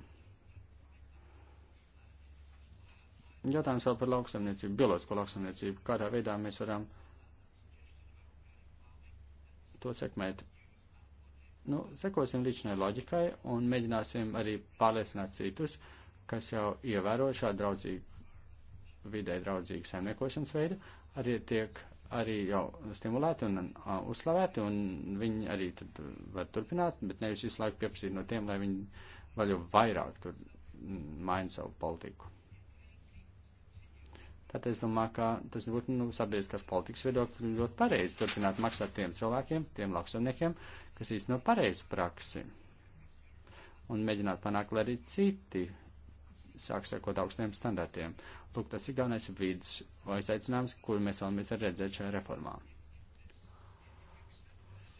Jautājums vēl par lauksamniecību, bioloģisko lauksamniecību, kādā veidā mēs varam to sekmēt. Nu, sekosim līdzinai loģikai un mēģināsim arī pārliecināt citus, kas jau ievēro šādu draudzīgu vidē draudzīgu saimniekošanas veidu, arī tiek arī jau stimulēti un uh, uzslavēti, un viņi arī tad var turpināt, bet nevis visu laiku pieprasīt no tiem, lai viņi vēl jau vairāk tur maina savu politiku. Tad es domāju, ka tas būtu nu, sabiedriskās politikas viedokļi ļoti pareizi turpināt maksāt tiem cilvēkiem, tiem lauksaimniekiem, kas īsteno pareizi praksi. Un mēģināt panākt, lai arī citi sāk sekot augstiem standartiem. Lūk, tas ir galvenais vidas aicinājums, kuru mēs vēlamies redzēt šajā reformā.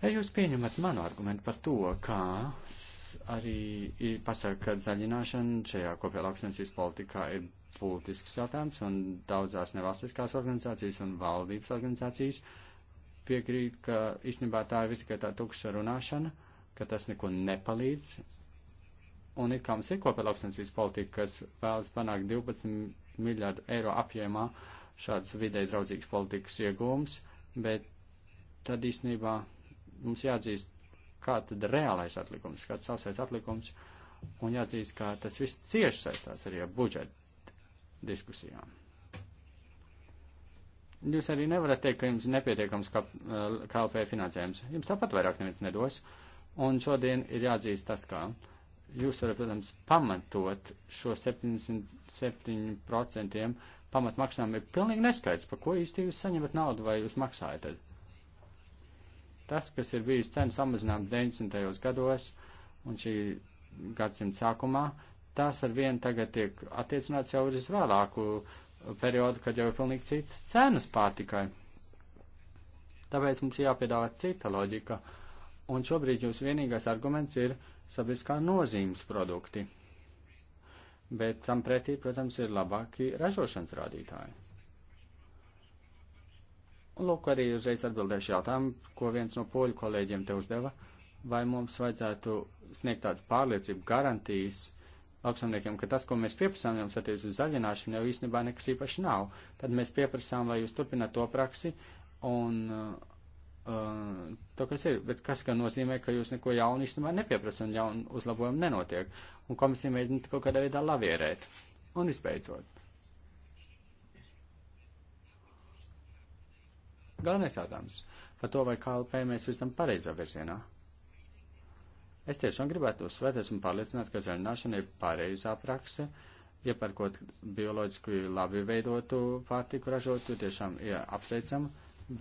Ja jūs pieņemat manu argumentu par to, ka arī pasaka, ka zaļināšana šajā kopējā lauksnesīs politikā ir politisks jautājums, un daudzās nevalstiskās organizācijas un valdības organizācijas piekrīt, ka īstenībā tā ir tikai tā tukša runāšana, ka tas neko nepalīdz. Un it kā mums ir kopējā lauksnesīs politika, kas vēlas panākt 12 miljārdu eiro apjēmā šāds videi draudzīgs politikas iegūms, bet tad īstenībā mums jāatzīst, kā tad reālais atlikums, kāds savsais atlikums, un jāatzīst, ka tas viss cieši saistās arī ar budžetu diskusijām. Jūs arī nevarat teikt, ka jums ir nepietiekams KLP eh, finansējums. Jums tāpat vairāk neviens nedos. Un šodien ir jāatzīst tas, ka jūs varat, protams, pamatot šo 77% pamatmaksājumu ir pilnīgi neskaidrs, par ko īsti jūs saņemat naudu vai jūs maksājat. Tad Tas, kas ir bijis cenu samazinājums 90. gados un šī gadsimta sākumā, tas ar vienu tagad tiek attiecināts jau uz vēlāku periodu, kad jau ir pilnīgi citas cenas pārtikai. Tāpēc mums jāpiedāvā cita loģika, un šobrīd jūs vienīgais arguments ir sabiedriskā nozīmes produkti. Bet tam pretī, protams, ir labāki ražošanas rādītāji. Lūk, arī uzreiz atbildēšu jautājumu, ko viens no poļu kolēģiem te uzdeva. Vai mums vajadzētu sniegt tādas pārliecību garantijas lauksamniekiem, ka tas, ko mēs pieprasām jums attiecībā uz zaļināšanu, jau īstenībā nekas īpaši nav. Tad mēs pieprasām, lai jūs turpināt to praksi un uh, uh to, kas ir. Bet kas gan nozīmē, ka jūs neko jaunu īstenībā nepieprasa un jaunu uzlabojumu nenotiek. Un komisija mēģina kaut kādā veidā lavierēt. Un visbeidzot Galvenais jautājums par to, vai KLP mēs esam pareizā virzienā. Es tiešām gribētu uzsvērt, esmu pārliecināts, ka zaļināšana ir pareizā prakse, iepērkot bioloģiski labi veidotu pārtiku ražotu, tiešām ir apsveicama,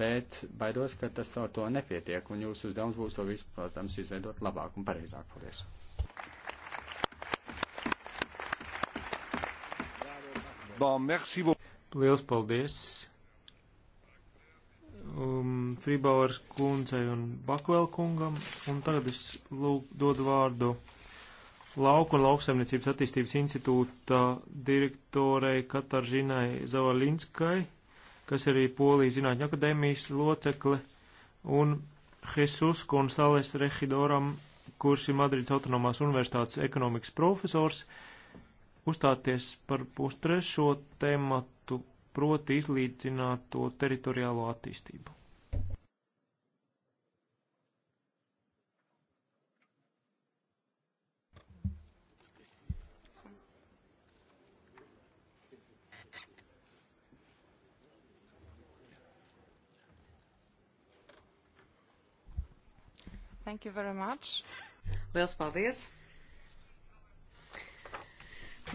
bet baidos, ka tas ar to nepietiek, un jūsu uzdevums būs to visu, protams, izveidot labāk un pareizāk. Paldies! Bon, merci beaucoup. Liels paldies! um, Fribauers kundzei un Bakvēl kungam, un tagad es lūk, dodu vārdu Lauku un lauksaimniecības attīstības institūta direktorei Katarzinai Zavalinskai, kas arī Polijas zinātņu akadēmijas locekle, un Jesus Konsales Rehidoram, kurš ir Madrids Autonomās Universitātes ekonomikas profesors, uzstāties par pustrešo tematu proti izlīdzināt to teritoriālo attīstību. Thank you very much. Liels paldies!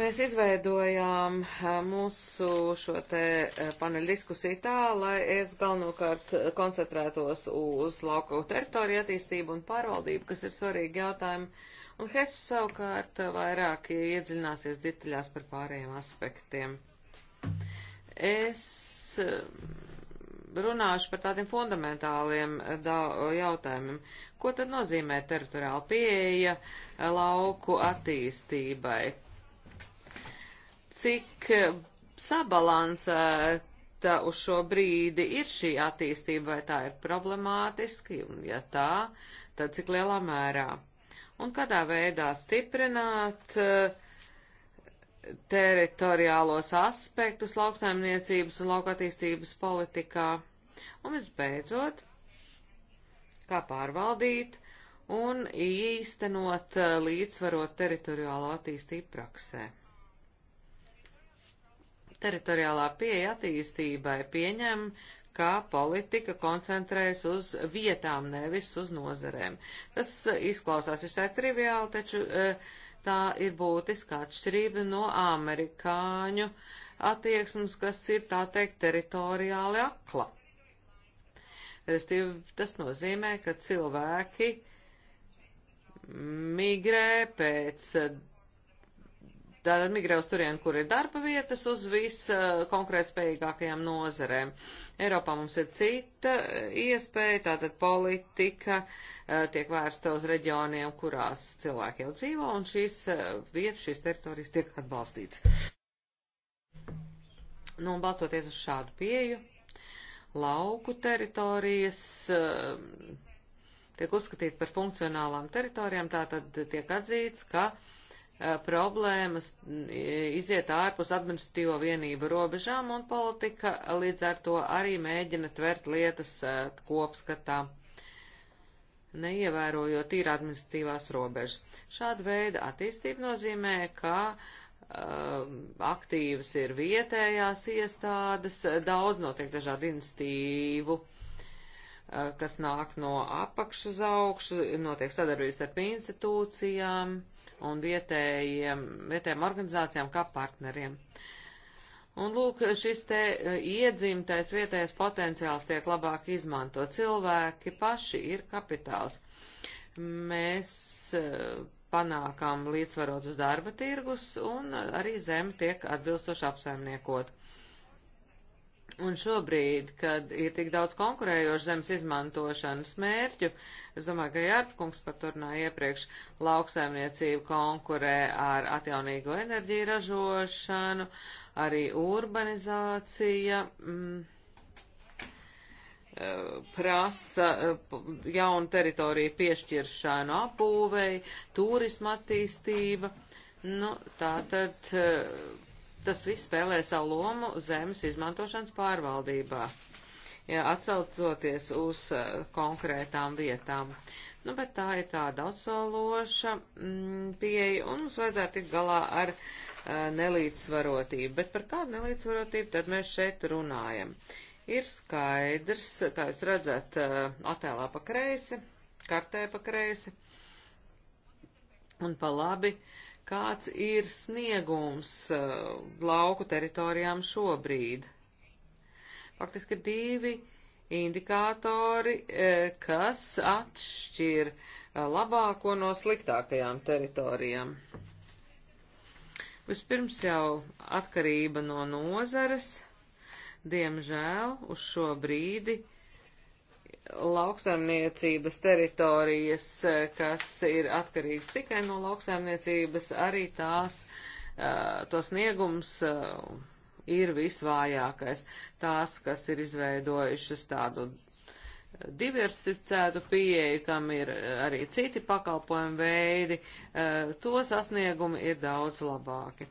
Mēs izveidojām mūsu šo te paneļu diskusiju tā, lai es galvenokārt koncentrētos uz lauku teritoriju attīstību un pārvaldību, kas ir svarīgi jautājumi, un Hess savukārt vairāk iedziļināsies detaļās par pārējiem aspektiem. Es runāšu par tādiem fundamentāliem jautājumiem. Ko tad nozīmē teritoriāla pieeja lauku attīstībai? cik sabalansēta uz šo brīdi ir šī attīstība, vai tā ir problemātiski, un ja tā, tad cik lielā mērā. Un kādā veidā stiprināt eh, teritoriālos aspektus lauksaimniecības un laukatīstības politikā. Un visbeidzot, kā pārvaldīt un īstenot eh, līdzsvarot teritoriālo attīstību praksē teritoriālā pieeja attīstībai pieņem, kā politika koncentrējas uz vietām, nevis uz nozerēm. Tas eh, izklausās visai triviāli, taču eh, tā ir būtiska atšķirība no amerikāņu attieksmes, kas ir, tā teikt, teritoriāli akla. Restīvi, tas nozīmē, ka cilvēki migrē pēc Tātad migrē uz turien, kur ir darba vietas, uz viskonkrētspējīgākajām eh, nozerēm. Eiropā mums ir cita eh, iespēja, tātad politika eh, tiek vērsta uz reģioniem, kurās cilvēki jau dzīvo, un šīs vietas, šīs teritorijas tiek atbalstīts. Nu, un balstoties uz šādu pieju, lauku teritorijas tiek uzskatīt par funkcionālām teritorijām, tātad tiek atzīts, ka uh, problēmas iziet ārpus administratīvo vienību robežām, un politika līdz ar to arī mēģina tvert lietas kopskatā, neievērojot tīri administratīvās robežas. Šāda veida attīstība nozīmē, ka uh, aktīvas ir vietējās iestādes, daudz notiek dažādu institīvu uh, kas nāk no apakšu uz augšu, notiek sadarbības starp institūcijām, un vietējiem, vietējiem organizācijām kā partneriem. Un lūk, šis te e, iedzimtais vietējais potenciāls tiek labāk izmanto. Cilvēki paši ir kapitāls. Mēs e, panākam līdzsvarotus darba tirgus un e, arī zeme tiek atbilstoši apsaimniekot. Un šobrīd, kad ir tik daudz konkurējošu zemes izmantošanas mērķu, es domāju, ka Jārpkungs par to runāja iepriekš, lauksaimniecība konkurē ar atjaunīgo enerģiju ražošanu, arī urbanizācija. Mm, e, prasa e, jaunu teritoriju piešķiršanu apūvei, turisma attīstība. Nu, tā tad e, Tas viss spēlē savu lomu zemes izmantošanas pārvaldībā, ja atsaucoties uz eh, konkrētām vietām. Nu, bet tā ir tā daudzsološa mm, pieeja, un mums vajadzētu tikt galā ar uh, nelīdzsvarotību. Bet par kādu nelīdzsvarotību tad mēs šeit runājam? Ir skaidrs, kā jūs redzat, uh, attēlā pa kreisi, kartē pa kreisi un pa labi. Uh, kāds ir sniegums eh, lauku teritorijām šobrīd. Faktiski ir divi indikātori, eh, kas atšķir eh, labāko no sliktākajām teritorijām. Vispirms jau atkarība no nozares. Diemžēl uz šo brīdi lauksaimniecības teritorijas, eh, kas ir atkarīgas tikai no lauksaimniecības, arī tās, eh, to sniegums eh, ir visvājākais. Tās, kas ir izveidojušas tādu diversificētu pieeju, kam ir arī citi pakalpojumu veidi, to sasniegumi ir daudz labāki.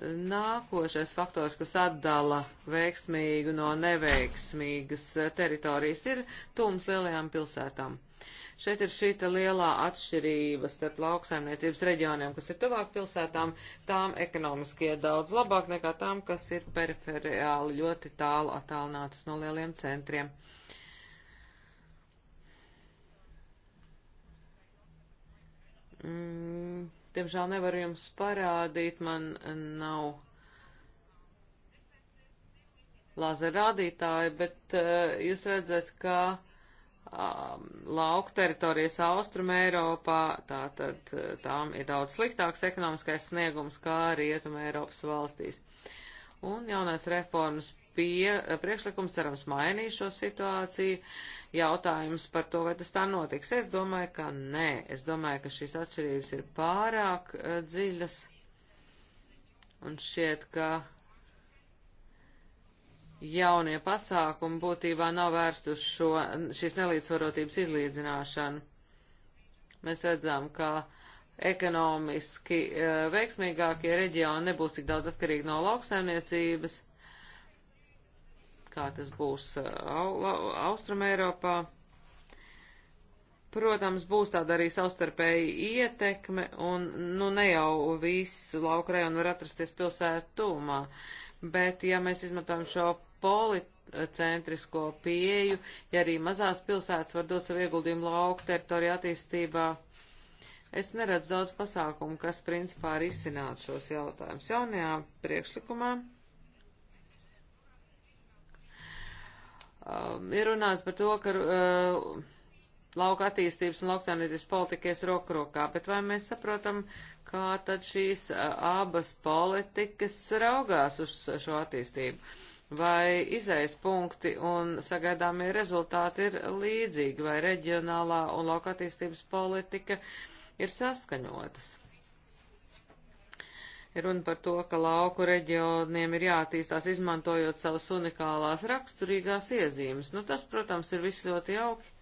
Nākošais faktors, kas atdala veiksmīgu no neveiksmīgas teritorijas, ir tums lielajām pilsētām. Šeit ir šīta lielā atšķirība starp lauksaimniecības reģioniem, kas ir tuvāk pilsētām, tām ekonomiski ir daudz labāk nekā tām, kas ir periferiāli ļoti tālu attālinātas no lieliem centriem. Mm Diemžēl nevaru jums parādīt, man nav lazerrādītāji, bet uh, jūs redzat, ka um, lauku teritorijas austruma Eiropā, tātad eh, tām ir daudz sliktāks ekonomiskais sniegums kā rietuma Eiropas valstīs. Un jaunais reformas bija eh, priekšlikums, cerams, mainīt šo situāciju. Jautājums par to, vai tas tā notiks. Es domāju, ka nē. Es domāju, ka šīs atšķirības ir pārāk uh, dziļas. Un šķiet, ka jaunie pasākumi būtībā nav vērsti uz šo, šīs nelīdzsvarotības izlīdzināšanu. Mēs redzam, ka ekonomiski uh, veiksmīgākie reģioni nebūs tik daudz atkarīgi no lauksaimniecības kā tas būs uh, Austrum Eiropā. Protams, būs tāda arī savstarpēji ietekme, un nu ne jau visu lauku rajonu var atrasties pilsētu tūmā, bet ja mēs izmantojam šo policentrisko pieju, ja arī mazās pilsētas var dot savu ieguldījumu lauku teritoriju attīstībā, es neredzu daudz pasākumu, kas principā risinātu šos jautājumus jaunajā priekšlikumā. um, ir runāts par to, ka uh, lauka attīstības un lauksaimniecības politika ies roku rokā, bet vai mēs saprotam, kā tad šīs uh, abas politikas raugās uz šo attīstību? Vai izējas punkti un sagaidāmie rezultāti ir līdzīgi, vai reģionālā un lauka attīstības politika ir saskaņotas? Runa par to, ka lauku reģioniem ir jātīstās izmantojot savas unikālās raksturīgās iezīmes. Nu, tas, protams, ir viss ļoti jauki.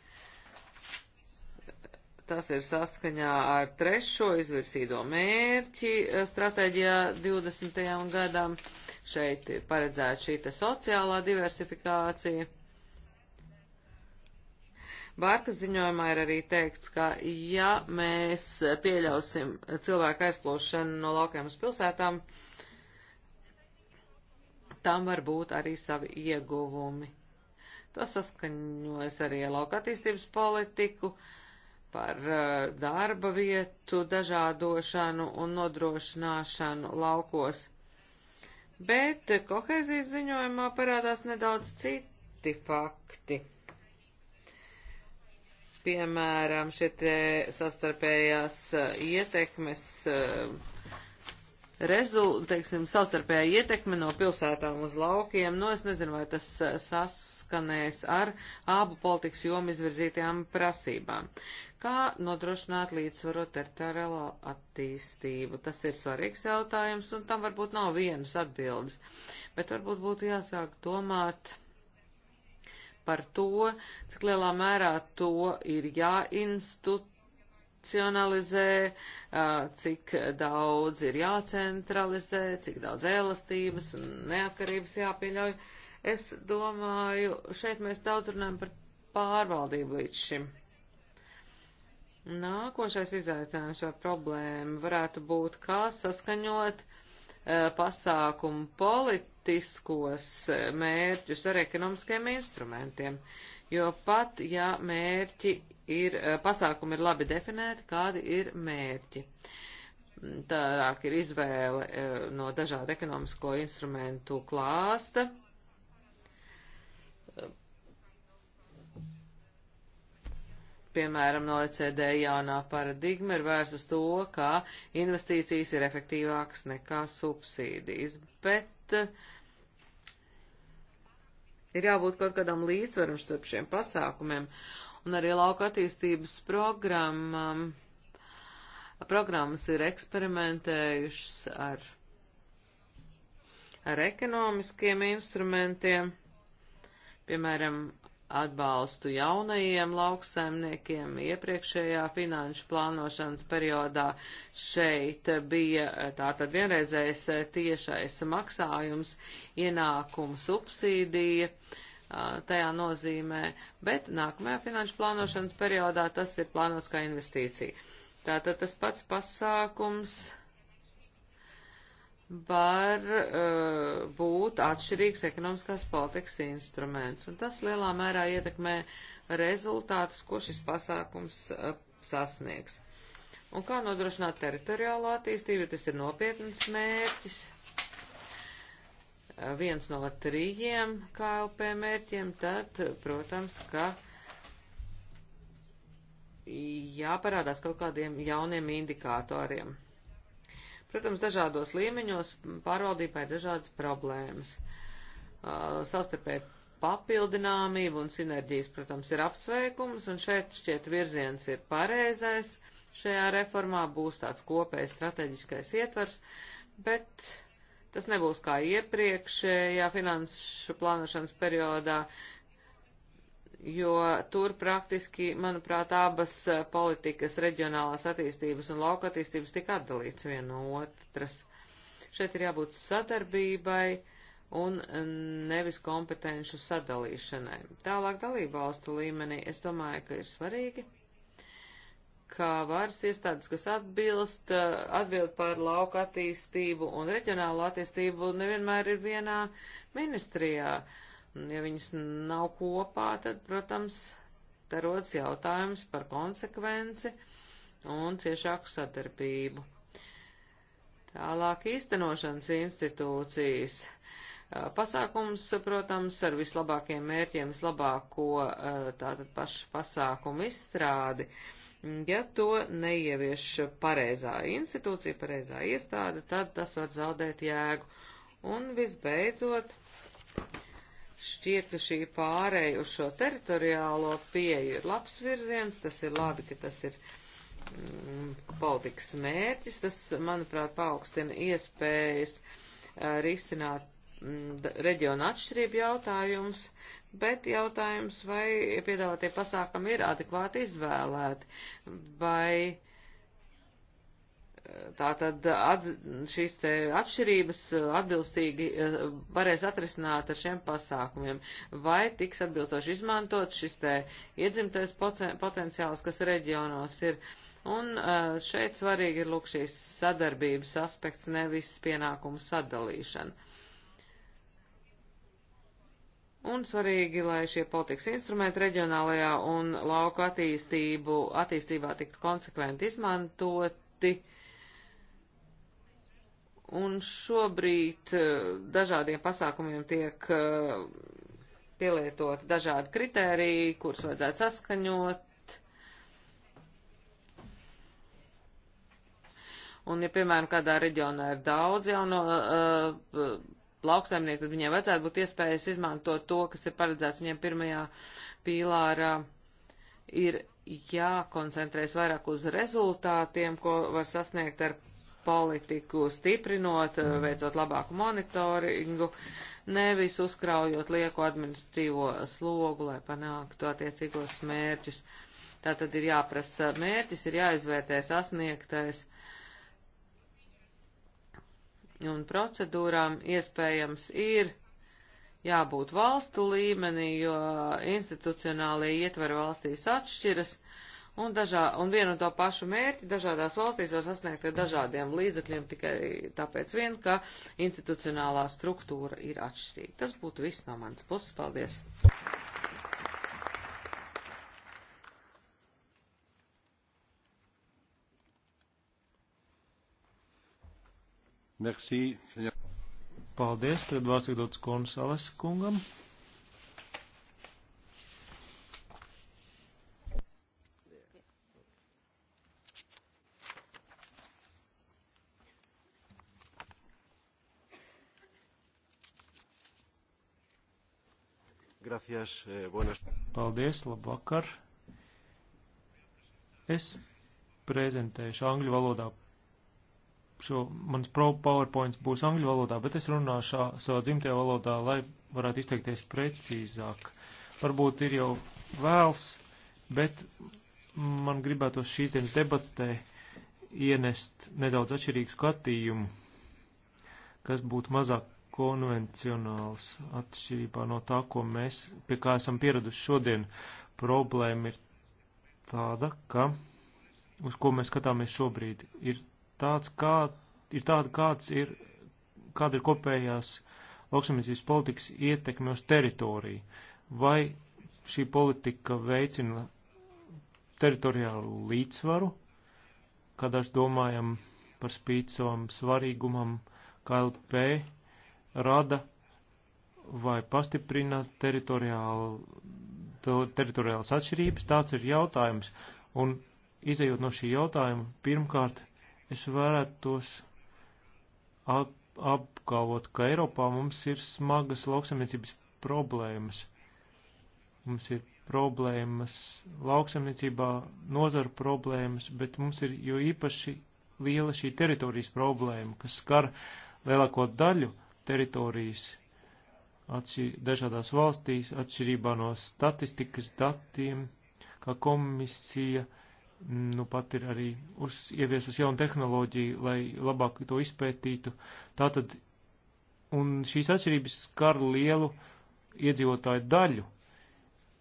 Tas ir saskaņā ar trešo izvirsīto mērķi eh, stratēģijā 20. gadam. Šeit ir paredzēta šī sociālā diversifikācija Bārkas ziņojumā ir arī teikts, ka ja mēs pieļausim cilvēku aizplūšanu no laukiem uz pilsētām, tam var būt arī savi ieguvumi. Tas saskaņojas arī ar lauka attīstības politiku, par uh, darba vietu dažādošanu un nodrošināšanu laukos. Bet kohēzijas ziņojumā parādās nedaudz citi fakti piemēram, šie te sastarpējās e, ietekmes, e, rezul, teiksim, savstarpējā ietekme no pilsētām uz laukiem, nu es nezinu, vai tas e, saskanēs ar abu politikas jomu izvirzītajām prasībām. Kā nodrošināt līdzsvaro teritoriālo attīstību? Tas ir svarīgs jautājums, un tam varbūt nav vienas atbildes, bet varbūt būtu jāsāk domāt par to, cik lielā mērā to ir jāinstitucionalizē, cik daudz ir jācentralizē, cik daudz elastības un neatkarības jāpieļauj. Es domāju, šeit mēs daudz runājam par pārvaldību līdz šim. Nākošais izaicinājums vai problēma varētu būt, kā saskaņot uh, pasākumu politiku politiskos mērķus ar ekonomiskiem instrumentiem, jo pat, ja mērķi ir, pasākumi ir labi definēti, kādi ir mērķi. Tādāk ir izvēle e, no dažādu ekonomisko instrumentu klāsta, piemēram, no ECD jaunā paradigma ir vērsta uz to, ka investīcijas ir efektīvākas nekā subsīdijas, bet uh, Ir jābūt kaut kādam līdzsvaram starp šiem pasākumiem un arī lauka attīstības programmam. Programmas ir eksperimentējušas ar, ar ekonomiskiem instrumentiem, piemēram, atbalstu jaunajiem lauksaimniekiem iepriekšējā finanšu plānošanas periodā. Šeit bija tātad vienreizējais tiešais maksājums, ienākuma subsīdija tajā nozīmē, bet nākamajā finanšu plānošanas periodā tas ir plānots kā investīcija. Tātad tas pats pasākums var uh, būt atšķirīgs ekonomiskās politikas instruments, un tas lielā mērā ietekmē rezultātus, ko šis pasākums uh, sasniegs. Un kā nodrošināt teritoriālo attīstību, tas ir nopietnas mērķis. Uh, viens no trījiem KLP mērķiem, tad, protams, ka jāparādās kaut kādiem jauniem indikatoriem. Protams, dažādos līmeņos pārvaldībai dažādas problēmas. Uh, Sastarpēji papildināmība un sinerģijas, protams, ir apsveikums, un šeit šķiet virziens ir pareizais. Šajā reformā būs tāds kopējs strateģiskais ietvers, bet tas nebūs kā iepriekšējā finanšu plānošanas periodā, uh, jo tur praktiski, manuprāt, abas eh, politikas reģionālās attīstības un lauka attīstības tika atdalīts viena no otras. Šeit ir jābūt sadarbībai un eh, nevis kompetenšu sadalīšanai. Tālāk dalību valstu līmenī es domāju, ka ir svarīgi, ka varas iestādes, kas atbilst, eh, atbild par lauka attīstību un reģionālo attīstību, nevienmēr ir vienā ministrijā. Uh, Un, ja viņas nav kopā, tad, protams, te rodas jautājums par konsekvenci un ciešāku sadarbību. Tālāk īstenošanas institūcijas. Pasākums, protams, ar vislabākiem mērķiem, vislabāko tātad pašu pasākumu izstrādi. Ja to neievieš pareizā institūcija, pareizā iestāde, tad tas var zaudēt jēgu. Un visbeidzot, Šķiet, ka šī pārēja uz šo teritoriālo pieeju ir labs virziens, tas ir labi, ka tas ir mm, politikas mērķis, tas, manuprāt, paaugstina iespējas uh, risināt mm, reģiona atšķirību jautājums, bet jautājums, vai piedāvātie pasākumi ir adekvāti izvēlēti, vai Tātad atz, šīs te atšķirības uh, atbilstīgi uh, varēs atrisināt ar šiem pasākumiem, vai tiks atbilstoši izmantot šis te iedzimtais potenciāls, kas reģionos ir. Un uh, šeit svarīgi ir lūk šīs sadarbības aspekts, nevis pienākumu sadalīšana un svarīgi, lai šie politikas instrumenti reģionālajā un lauku attīstību, attīstībā tiktu konsekventi izmantoti, Un šobrīd eh, dažādiem pasākumiem tiek eh, pielietot dažādi kritēriji, kurus vajadzētu saskaņot. Un, ja, piemēram, kādā reģionā ir daudz jauno uh, lauksaimnieku, tad viņiem vajadzētu būt iespējas izmantot to, kas ir paredzēts viņiem pirmajā pīlārā. Ir jākoncentrēs vairāk uz rezultātiem, ko var sasniegt ar politiku stiprinot, mm. veicot labāku monitoringu, nevis uzkraujot lieko administrīvo slogu, lai panāktu attiecīgos mērķus. Tā tad ir jāprasa mērķis, ir jāizvērtē sasniegtais un procedūrām iespējams ir jābūt valstu līmenī, jo institucionālie ietver valstīs atšķiras un, dažā, un vienu un to pašu mērķi dažādās valstīs var sasniegt ar dažādiem līdzekļiem tikai tāpēc vien, ka institucionālā struktūra ir atšķirīga. Tas būtu viss no manas puses. Paldies! Merci. Paldies, tad vārds ir dots Konsales kungam. gracias. Eh, buenas. Paldies, labvakar. Es prezentēšu angļu valodā. Šo, mans PowerPoints būs angļu valodā, bet es runāšu savā dzimtajā valodā, lai varētu izteikties precīzāk. Varbūt ir jau vēls, bet man gribētos šīs dienas debatē ienest nedaudz atšķirīgu skatījumu, kas būtu mazāk konvencionāls atšķirībā no tā, ko mēs, pie kā esam pieraduši šodien. Problēma ir tāda, ka uz ko mēs skatāmies šobrīd, ir tāds, kā, ir tāda, kāds ir, kāda ir kopējās lauksamniecības politikas ietekme uz teritoriju. Vai šī politika veicina teritoriālu līdzsvaru, kā daži domājam par spīti savam svarīgumam, KLP rada vai pastiprina teritoriālas atšķirības, tāds ir jautājums. Un izējot no šī jautājuma, pirmkārt, es varētos ap, apgalvot, ka Eiropā mums ir smagas lauksamniecības problēmas. Mums ir problēmas lauksamniecībā, nozaru problēmas, bet mums ir jo īpaši liela šī teritorijas problēma, kas skar lielāko daļu teritorijas atšķir, dažādās valstīs, atšķirībā no statistikas datiem, kā komisija nu pat ir arī uz, ieviesus jaunu tehnoloģiju, lai labāk to izpētītu. Tātad, un šīs atšķirības skar lielu iedzīvotāju daļu.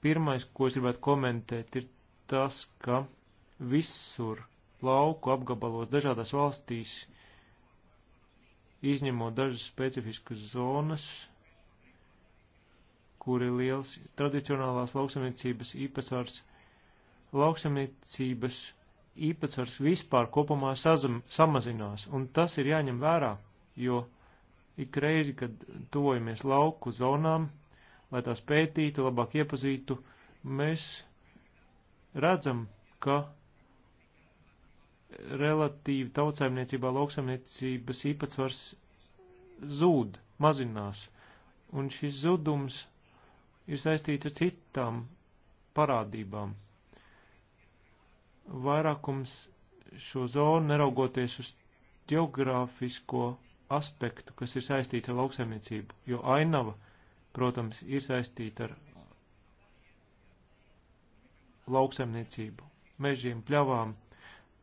Pirmais, ko es gribētu komentēt, ir tas, ka visur lauku apgabalos dažādās valstīs izņemot dažas specifiskas zonas, kur ir liels tradicionālās lauksamniecības īpatsvars. Lauksamniecības īpatsvars vispār kopumā sazam, samazinās, un tas ir jāņem vērā, jo ik reizi, kad tuvojamies lauku zonām, lai tās pētītu, labāk iepazītu, mēs redzam, ka relatīvi tautsēmniecībā lauksaimniecības īpatsvars zūd, mazinās, un šis zudums ir saistīts ar citām parādībām. Vairākums šo zonu, neraugoties uz geogrāfisko aspektu, kas ir saistīts ar lauksaimniecību, jo ainava, protams, ir saistīta ar lauksaimniecību, mežiem, pļavām,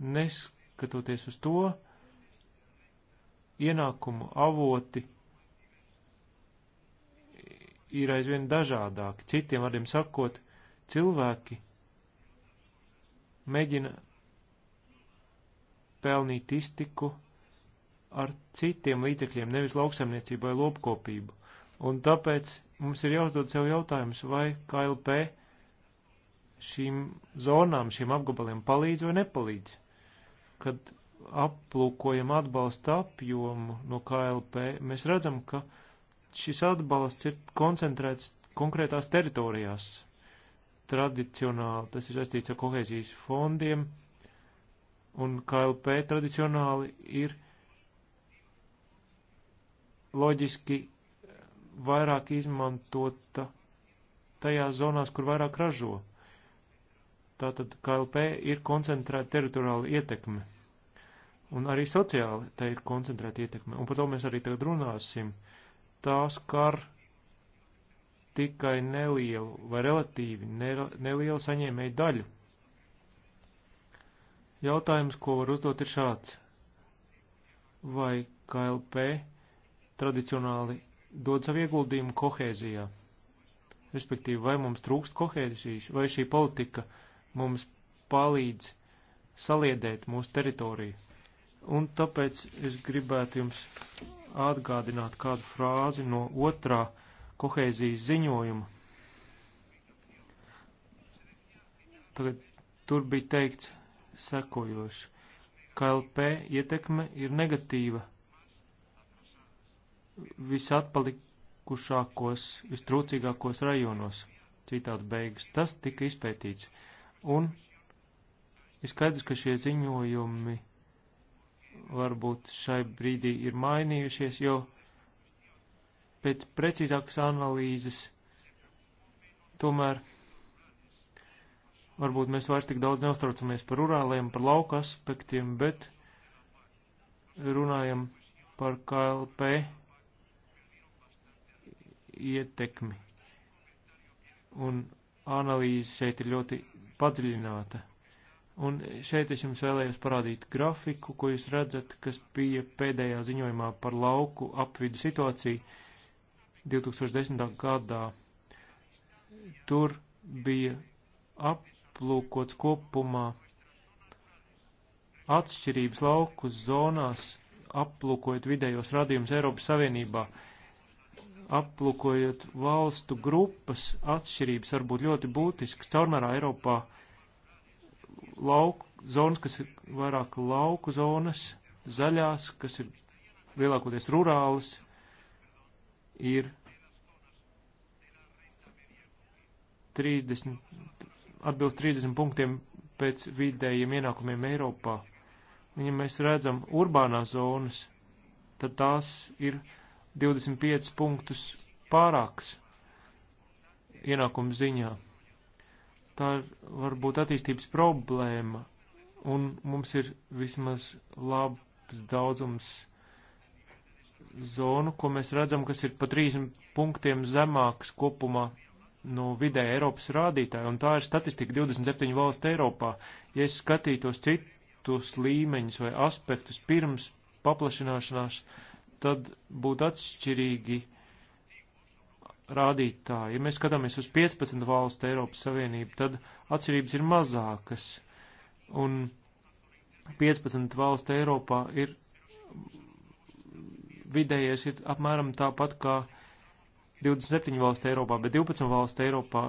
neskatoties uz to, ienākumu avoti ir aizvien dažādāki. Citiem vārdiem sakot, cilvēki mēģina pelnīt iztiku ar citiem līdzekļiem, nevis lauksaimniecību vai lopkopību. Un tāpēc mums ir jāuzdod sev jautājums, vai KLP šīm zonām, šiem apgabaliem palīdz vai nepalīdz kad aplūkojam atbalsta apjomu no KLP, mēs redzam, ka šis atbalsts ir koncentrēts konkrētās teritorijās. Tradicionāli tas ir saistīts ar kohēzijas fondiem, un KLP tradicionāli ir loģiski vairāk izmantota tajās zonās, kur vairāk ražo. Tātad KLP ir koncentrēta teritoriāla ietekme. Un arī sociāli tai ir koncentrēta ietekme. Un par to mēs arī tagad runāsim. Tās kar tikai nelielu vai relatīvi nelielu saņēmēju daļu. Jautājums, ko var uzdot, ir šāds. Vai KLP tradicionāli dod savu ieguldījumu kohēzijā? Respektīvi, vai mums trūkst kohēzijas, vai šī politika mums palīdz saliedēt mūsu teritoriju? Un tāpēc es gribētu jums atgādināt kādu frāzi no otrā kohēzijas ziņojuma. Tagad tur bija teikts sekojoši. KLP ietekme ir negatīva visatpalikušākos, vistrūcīgākos rajonos. Citādi beigas. Tas tika izpētīts. Un ir skaidrs, ka šie ziņojumi varbūt šai brīdī ir mainījušies, jo pēc precīzākas analīzes tomēr varbūt mēs vairs tik daudz neuztraucamies par rurāliem, par lauka aspektiem, bet runājam par KLP ietekmi. Un analīze šeit ir ļoti padziļināta. Un šeit es jums vēlējos parādīt grafiku, ko jūs redzat, kas bija pēdējā ziņojumā par lauku apvidu situāciju 2010. gadā. Tur bija aplūkots kopumā atšķirības lauku zonās, aplūkojot vidējos radījumus Eiropas Savienībā, aplūkojot valstu grupas atšķirības var būt ļoti būtisks caurmērā Eiropā lauku zonas, kas ir vairāk lauku zonas, zaļās, kas ir lielākoties rurālas, ir 30, atbilst 30 punktiem pēc vidējiem ienākumiem Eiropā. Un, ja mēs redzam urbānās zonas, tad tās ir 25 punktus pārākas ienākumu ziņā tā ir varbūt attīstības problēma, un mums ir vismaz labs daudzums zonu, ko mēs redzam, kas ir pa 30 punktiem zemāks kopumā no vidē Eiropas rādītāja, un tā ir statistika 27 valsts Eiropā. Ja es skatītos citus līmeņus vai aspektus pirms paplašināšanās, tad būtu atšķirīgi rādītāji. Ja mēs skatāmies uz 15 valstu Eiropas Savienību, tad atšķirības ir mazākas. Un 15 valstu Eiropā ir vidējais ir apmēram tāpat kā 27 valstu Eiropā, bet 12 valstu Eiropā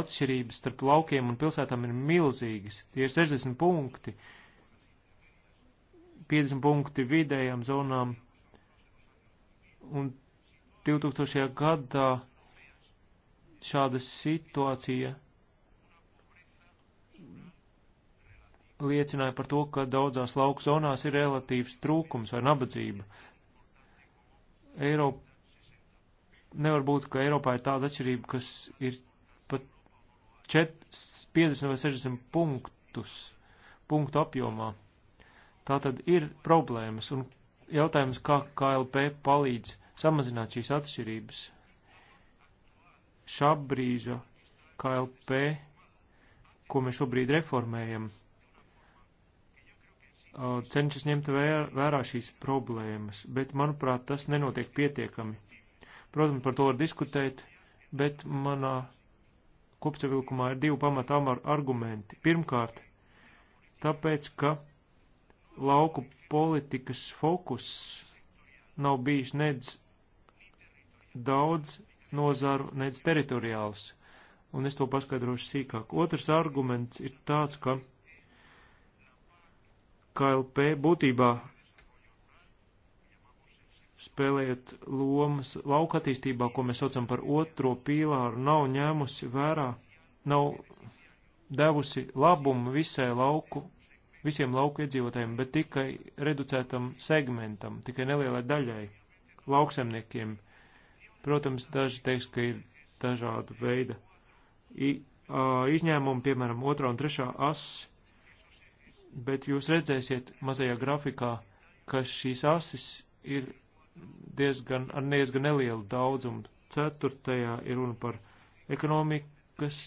atšķirības starp laukiem un pilsētām ir milzīgas. Tie ir 60 punkti, 50 punkti vidējām zonām un 2000. gadā šāda situācija liecināja par to, ka daudzās lauku zonās ir relatīvs trūkums vai nabadzība. Eiropa, nevar būt, ka Eiropā ir tāda atšķirība, kas ir pat 4, 50 vai 60 punktus, punktu apjomā. Tā tad ir problēmas un jautājums, kā KLP palīdz samazināt šīs atšķirības. Šā brīža KLP, ko mēs šobrīd reformējam, cenšas ņemt vērā šīs problēmas, bet, manuprāt, tas nenotiek pietiekami. Protams, par to var diskutēt, bet manā kopsavilkumā ir divi pamatām ar argumenti. Pirmkārt, tāpēc, ka lauku politikas fokus nav bijis nedz daudz nozaru, nec teritoriāls, un es to paskaidrošu sīkāk. Otrs arguments ir tāds, ka KLP būtībā spēlējot lomas lauka attīstībā, ko mēs saucam par otro pīlāru, nav ņēmusi vērā, nav devusi labumu visai lauku, visiem lauku iedzīvotājiem, bet tikai reducētam segmentam, tikai nelielai daļai lauksemniekiem. Protams, daži teiks, ka ir dažādu veidu izņēmumi, piemēram, otrā un trešā asis, bet jūs redzēsiet mazajā grafikā, ka šīs asis ir diezgan, ar diezgan nelielu daudzumu. Ceturtajā ir runa par ekonomikas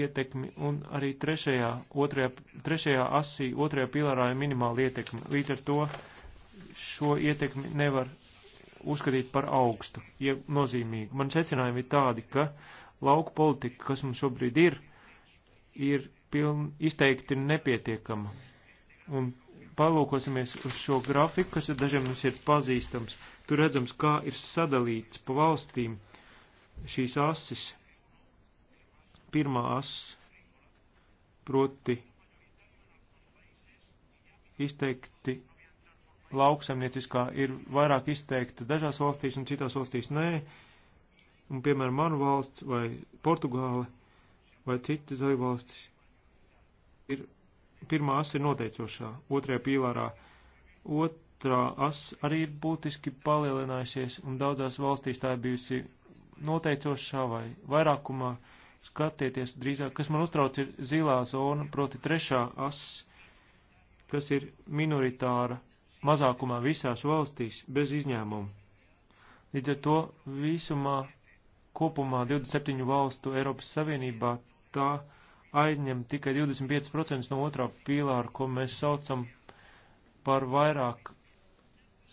ietekmi, un arī trešajā, otrajā, trešajā asī, otrajā pilārā ir minimāla ietekme. Līdz ar to šo ietekmi nevar uzskatīt par augstu, ja nozīmīgu. Man secinājumi ir tādi, ka lauku politika, kas mums šobrīd ir, ir piln, izteikti nepietiekama. Un palūkosimies uz šo grafiku, kas dažiem mums ir pazīstams. Tur redzams, kā ir sadalīts pa valstīm šīs asis. Pirmā asis, proti, izteikti lauksaimnieciskā ir vairāk izteikta dažās valstīs un citās valstīs nē. Un, piemēram, manu valsts vai Portugāle vai citas valstis ir pirmā asa ir noteicošā, otrajā pīlārā. Otrā asa arī ir būtiski palielinājusies, un daudzās valstīs tā ir bijusi noteicošā vai vairākumā. Skatieties drīzāk, kas man uztrauc ir zilā zona, proti trešā asa, kas ir minoritāra mazākumā visās valstīs, bez izņēmuma. Līdz ar to visumā kopumā 27 valstu Eiropas Savienībā tā aizņem tikai 25% no otrā pīlāra, ko mēs saucam par vairāk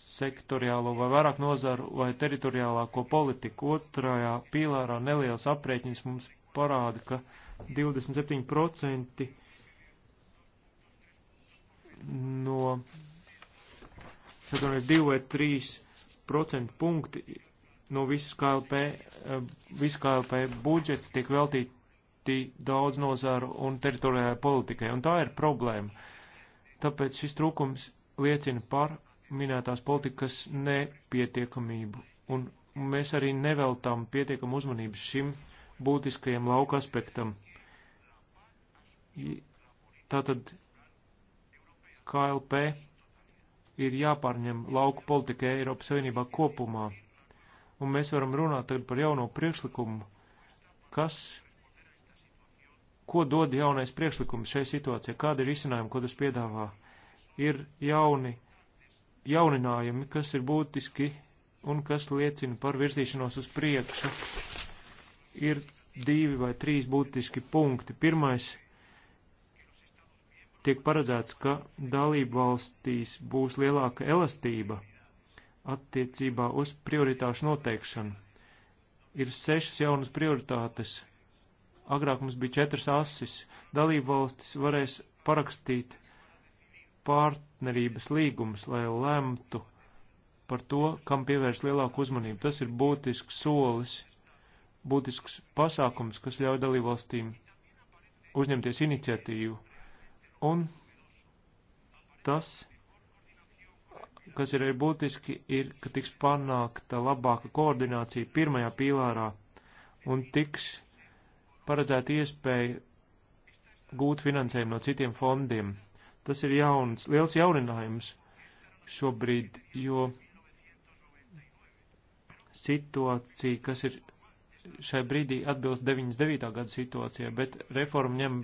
sektoriālo vai vairāk nozaru vai teritoriālāko politiku. Otrajā pīlārā neliels aprēķins mums parāda, ka 27% no Es atvainojos, 2 vai 3 procentu punkti no visas KLP, eh, visu KLP budžeta tiek veltīti daudz nozāru un teritorijai politikai, un tā ir problēma. Tāpēc šis trūkums liecina par minētās politikas nepietiekamību, un mēs arī neveltām pietiekam uzmanību šim būtiskajam lauka aspektam. Tātad KLP ir jāpārņem lauku politika Eiropas Savienībā kopumā. Un mēs varam runāt tagad par jauno priekšlikumu, kas, ko dod jaunais priekšlikums šai situācijai, kāda ir izcinājuma, ko tas piedāvā. Ir jauni, jauninājumi, kas ir būtiski un kas liecina par virzīšanos uz priekšu. Ir divi vai trīs būtiski punkti. Pirmais tiek paredzēts, ka dalību valstīs būs lielāka elastība attiecībā uz prioritāšu noteikšanu. Ir sešas jaunas prioritātes. Agrāk mums bija četras asis. Dalību valstis varēs parakstīt partnerības līgumus, lai lemtu par to, kam pievērst lielāku uzmanību. Tas ir būtisks solis, būtisks pasākums, kas ļauj dalībvalstīm uzņemties iniciatīvu Un tas, kas ir būtiski, ir, ka tiks panākta labāka koordinācija pirmajā pīlārā un tiks paredzēta iespēja gūt finansējumu no citiem fondiem. Tas ir jauns, liels jauninājums šobrīd, jo situācija, kas ir šai brīdī atbilst 99. gada situācijai, bet reforma ņem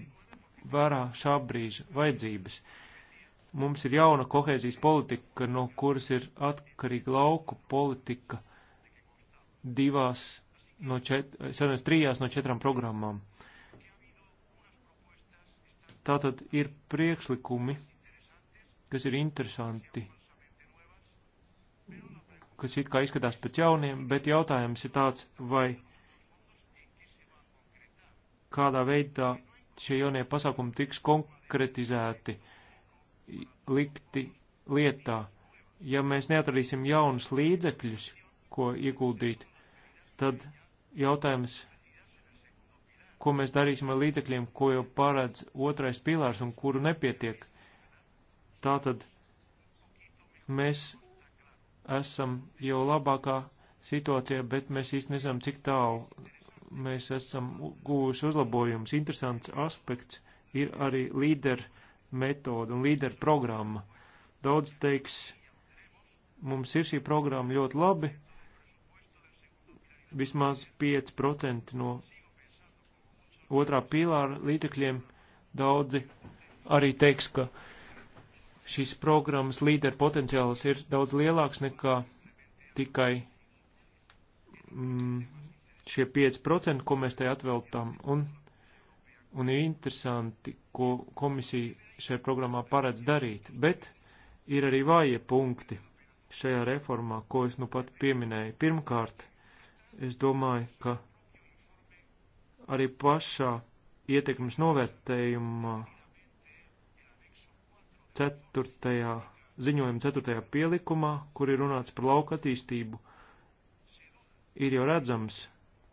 vērā šā brīža vajadzības. Mums ir jauna kohēzijas politika, no kuras ir atkarīga lauku politika divās no čet, sanās, trijās no četrām programmām. Tātad ir priekšlikumi, kas ir interesanti, kas it kā izskatās pēc jauniem, bet jautājums ir tāds, vai kādā veidā šie jaunie pasākumi tiks konkretizēti, likti lietā. Ja mēs neatradīsim jaunus līdzekļus, ko ieguldīt, tad jautājums, ko mēs darīsim ar līdzekļiem, ko jau paredz otrais pilārs un kuru nepietiek. Tātad mēs esam jau labākā situācijā, bet mēs īsti nezinām, cik tālu mēs esam guvuši uzlabojumus. Interesants aspekts ir arī līderu metoda un līderu programma. Daudz teiks, mums ir šī programma ļoti labi, vismaz 5% no otrā pīlāra līdzekļiem daudzi arī teiks, ka šīs programmas līderu potenciāls ir daudz lielāks nekā tikai mm, šie 5%, ko mēs tai atveltam, un, un ir interesanti, ko komisija šajā programmā paredz darīt, bet ir arī vāja punkti šajā reformā, ko es nu pat pieminēju. Pirmkārt, es domāju, ka arī pašā ietekmes novērtējumā ceturtajā ziņojuma ceturtajā pielikumā, kur ir runāts par lauka attīstību, ir jau redzams,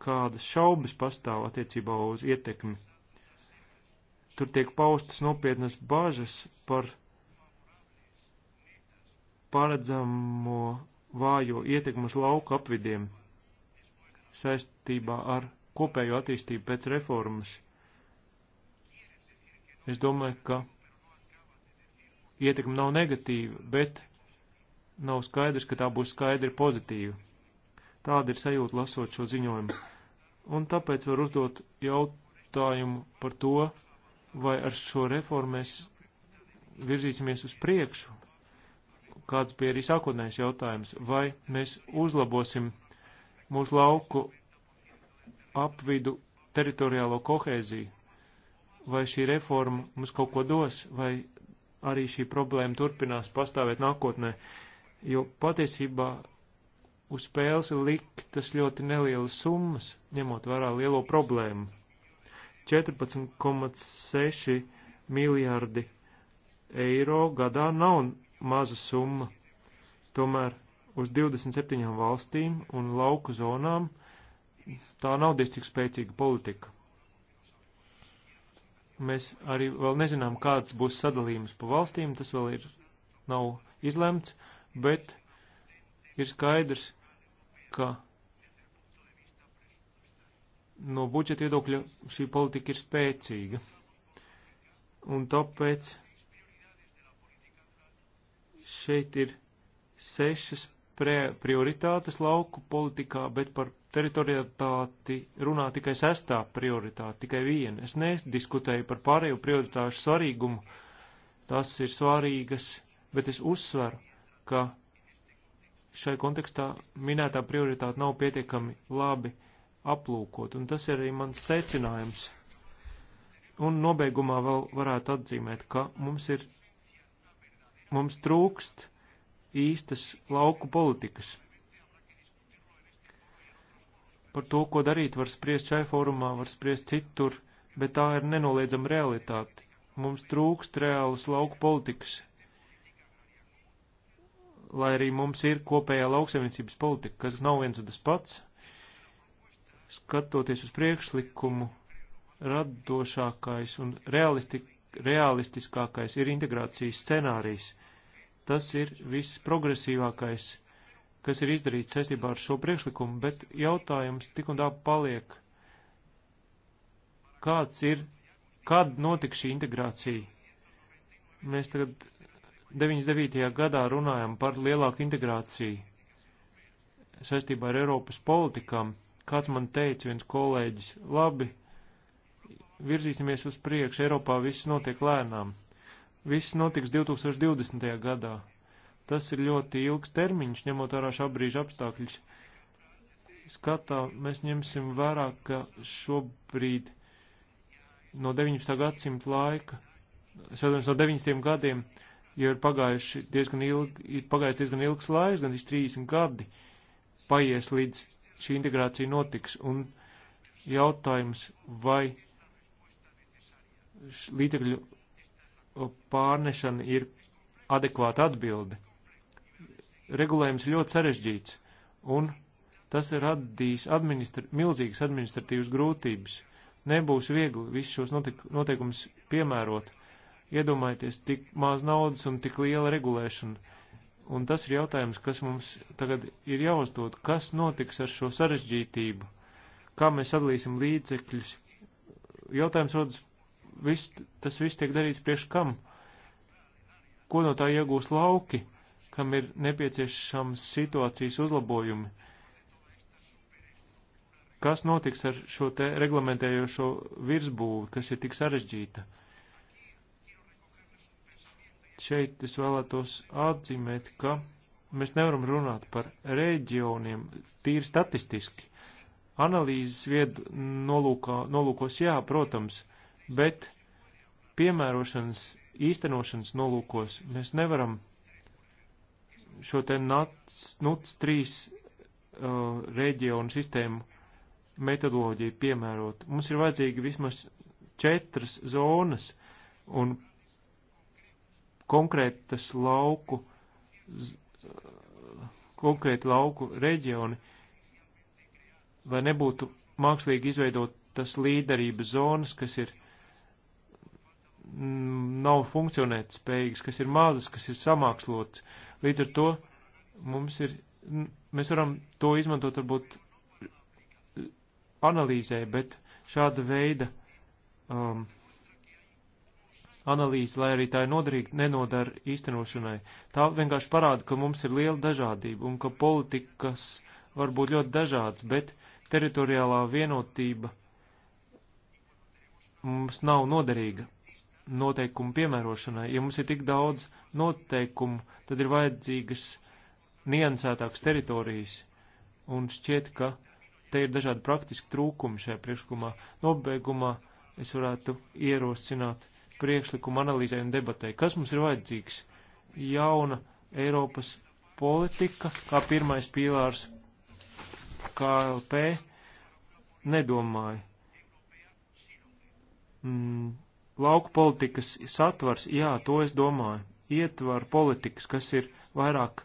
kādas šaubas pastāv attiecībā uz ietekmi. Tur tiek paustas nopietnas bažas par paredzamo vājo ietekmu uz lauku apvidiem saistībā ar kopējo attīstību pēc reformas. Es domāju, ka ietekme nav negatīva, bet nav skaidrs, ka tā būs skaidri pozitīva. Tāda ir sajūta lasot šo ziņojumu un tāpēc var uzdot jautājumu par to, vai ar šo reformu mēs virzīsimies uz priekšu, kāds bija arī sākotnējais jautājums, vai mēs uzlabosim mūsu lauku apvidu teritoriālo kohēziju, vai šī reforma mums kaut ko dos, vai arī šī problēma turpinās pastāvēt nākotnē, jo patiesībā uz spēles liktas ļoti nelielas summas, ņemot vērā lielo problēmu. 14,6 miljardi eiro gadā nav maza summa, tomēr uz 27 valstīm un lauku zonām tā nav diezcik spēcīga politika. Mēs arī vēl nezinām, kāds būs sadalījums pa valstīm, tas vēl ir nav izlemts, bet ir skaidrs, ka no nu, budžeta viedokļa e šī politika ir spēcīga. Un tāpēc šeit ir sešas prioritātes lauku politikā, bet par teritorialitāti runā tikai sestā prioritāte, tikai viena. Es nediskutēju par pārējo prioritāšu svarīgumu, tas ir svarīgas, bet es uzsveru, ka šai kontekstā minētā prioritāte nav pietiekami labi aplūkot, un tas ir arī mans secinājums. Un nobeigumā vēl varētu atzīmēt, ka mums ir, mums trūkst īstas lauku politikas. Par to, ko darīt, var spriest šai fórumā, var spriest citur, bet tā ir nenoliedzama realitāte. Mums trūkst reālas lauku politikas, lai arī mums ir kopējā lauksaimniecības politika, kas nav viens un tas pats, skatoties uz priekšlikumu, radošākais un realistik, realistiskākais ir integrācijas scenārijs. Tas ir viss progresīvākais, kas ir izdarīts saistībā ar šo priekšlikumu, bet jautājums tik un tā paliek. Kāds ir, kad notiks šī integrācija? Mēs tagad 99. gadā runājam par lielāku integrāciju saistībā ar Eiropas politikām, kāds man teica viens kolēģis, labi, virzīsimies uz priekšu, Eiropā viss notiek lēnām. Viss notiks 2020. gadā. Tas ir ļoti ilgs termiņš, ņemot vērā šā brīža apstākļus. Skatā mēs ņemsim vērā, ka šobrīd no 19. gadsimta laika, es atvainojos no 90. gadiem, uh, jau ir pagājuši diezgan ilgi, ir pagājis diezgan ilgs laiks, gan iz 30 gadi paies līdz šī integrācija notiks, un jautājums, vai līdzekļu pārnešana ir adekvāta atbilde. Regulējums ļoti sarežģīts, un tas radīs administra milzīgas administratīvas grūtības. Nebūs viegli visus šos notiek noteikumus piemērot Iedomājieties, tik maz naudas un tik liela regulēšana. Un tas ir jautājums, kas mums tagad ir jāuzdod, kas notiks ar šo sarežģītību, kā mēs sadalīsim līdzekļus. Jautājums rodas, vis, tas viss tiek darīts priekš kam? Ko no tā iegūs lauki, kam ir nepieciešams situācijas uzlabojumi? Kas notiks ar šo te reglamentējošo virsbūvi, kas ir tik sarežģīta? šeit es vēlētos atzīmēt, ka mēs nevaram runāt par reģioniem tīri statistiski. Analīzes viedu nolūkā, nolūkos jā, protams, bet piemērošanas, īstenošanas nolūkos mēs nevaram šo te NAC, NUC 3 uh, reģionu sistēmu metodoloģiju piemērot. Mums ir vajadzīgi vismaz četras zonas, un konkrētas lauku, konkrēti lauku reģioni, vai nebūtu mākslīgi izveidot tas līderības zonas, kas ir mm, nav funkcionēt spējīgas, kas ir mazas, kas ir samākslotas. Līdz ar to mums ir, mēs varam to izmantot varbūt analīzē, bet šāda veida um, analīze, lai arī tā ir noderīga, nenodara īstenošanai. Tā vienkārši parāda, ka mums ir liela dažādība un ka politikas var būt ļoti dažādas, bet teritoriālā vienotība mums nav noderīga noteikumu piemērošanai. Ja mums ir tik daudz noteikumu, tad ir vajadzīgas niansētākas teritorijas, un šķiet, ka te ir dažādi praktiski trūkumi šajā priekšlikumā. Nobeigumā es varētu ierosināt priekšlikumu analīzē un debatē. Kas mums ir vajadzīgs? Jauna Eiropas politika, kā pirmais pīlārs KLP, nedomāju. Mm, lauku politikas satvars, jā, to es domāju. Ietvar politikas, kas ir vairāk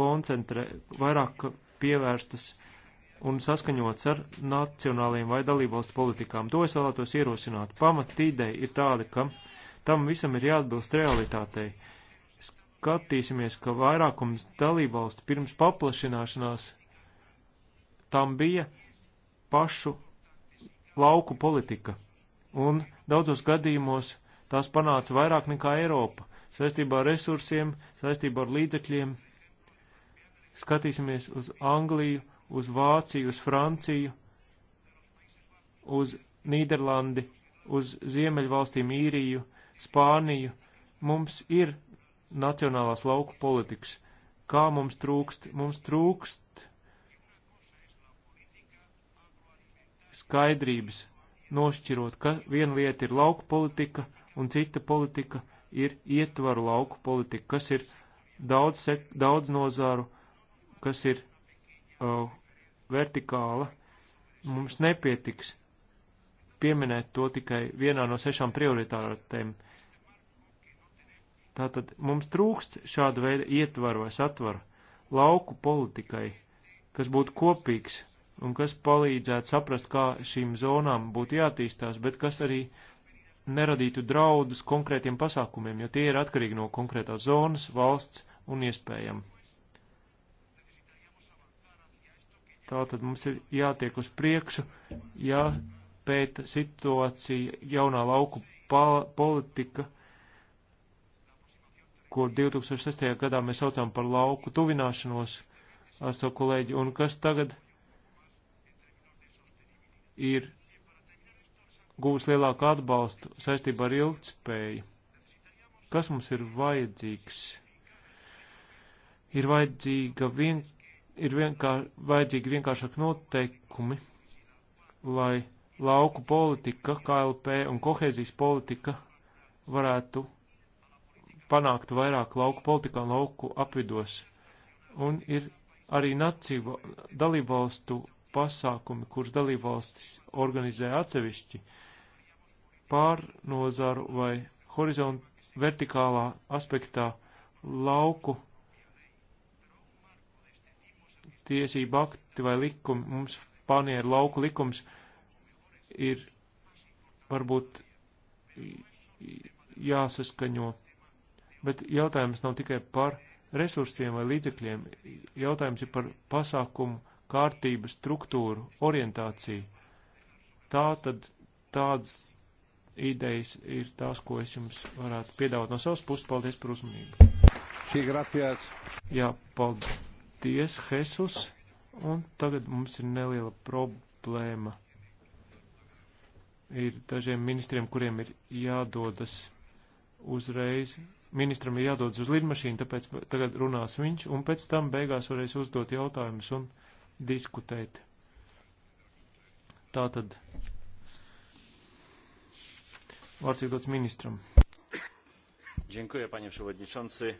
koncentrē, vairāk pievērstas uh, un saskaņots ar nacionālajiem vai dalībvalstu politikām. To es vēlētos ierosināt. Pamatīdeja ir tāda, ka tam visam ir jāatbilst realitātei. Skatīsimies, ka vairākums dalībvalstu pirms paplašināšanās tam bija pašu lauku politika, un daudzos gadījumos tās panāca vairāk nekā Eiropa, saistībā ar resursiem, saistībā ar līdzekļiem. Skatīsimies uz Angliju, uz Vāciju, uz Franciju, uz Nīderlandi, uz Ziemeļvalstīm īriju, Spāniju. Mums ir nacionālās lauku politikas. Kā mums trūkst? Mums trūkst skaidrības nošķirot, ka viena lieta ir lauku politika un cita politika ir ietvaru lauku politika, kas ir daudz, daudz nozāru, kas ir uh, vertikāla mums nepietiks pieminēt to tikai vienā no sešām prioritārotēm. Tātad mums trūkst šāda veida ietvaru vai satvaru lauku politikai, kas būtu kopīgs un kas palīdzētu saprast, kā šīm zonām būtu jātīstās, bet kas arī neradītu draudus konkrētiem pasākumiem, jo tie ir atkarīgi no konkrētās zonas, valsts un iespējami. Tātad mums ir jātiek uz priekšu, jāpēta situācija, jaunā lauku politika, ko 2006. gadā mēs saucām par lauku tuvināšanos ar savu kolēģi, un kas tagad ir gūs lielāku atbalstu saistībā ar ilgtspēju. Kas mums ir vajadzīgs? Ir vajadzīga vienkārši ir vienkār, vajadzīgi vienkāršāk noteikumi, lai lauku politika, KLP un kohēzijas politika varētu panākt vairāk lauku politikā un lauku apvidos. Un ir arī nacīva dalībvalstu pasākumi, kurus dalībvalstis organizē atsevišķi pārnozaru vai horizontu vertikālā aspektā lauku tiesību akti vai likumi, mums Spānija ir lauku likums, ir varbūt jāsaskaņo. Bet jautājums nav tikai par resursiem vai līdzekļiem, jautājums ir par pasākumu kārtību, struktūru, orientāciju. Tā tad tādas idejas ir tās, ko es jums varētu piedāvāt no savas puses. Paldies par uzmanību. Gracias. Jā, paldies. Paldies, Hesus! Un tagad mums ir neliela problēma. Ir dažiem ministriem, kuriem ir jādodas uzreiz. Ministram ir jādodas uz lidmašīnu, tāpēc tagad runās viņš, un pēc tam beigās varēs uzdot jautājumus un diskutēt. Tātad vārds ir dots ministram. Dziękuję, panie przewodniczący.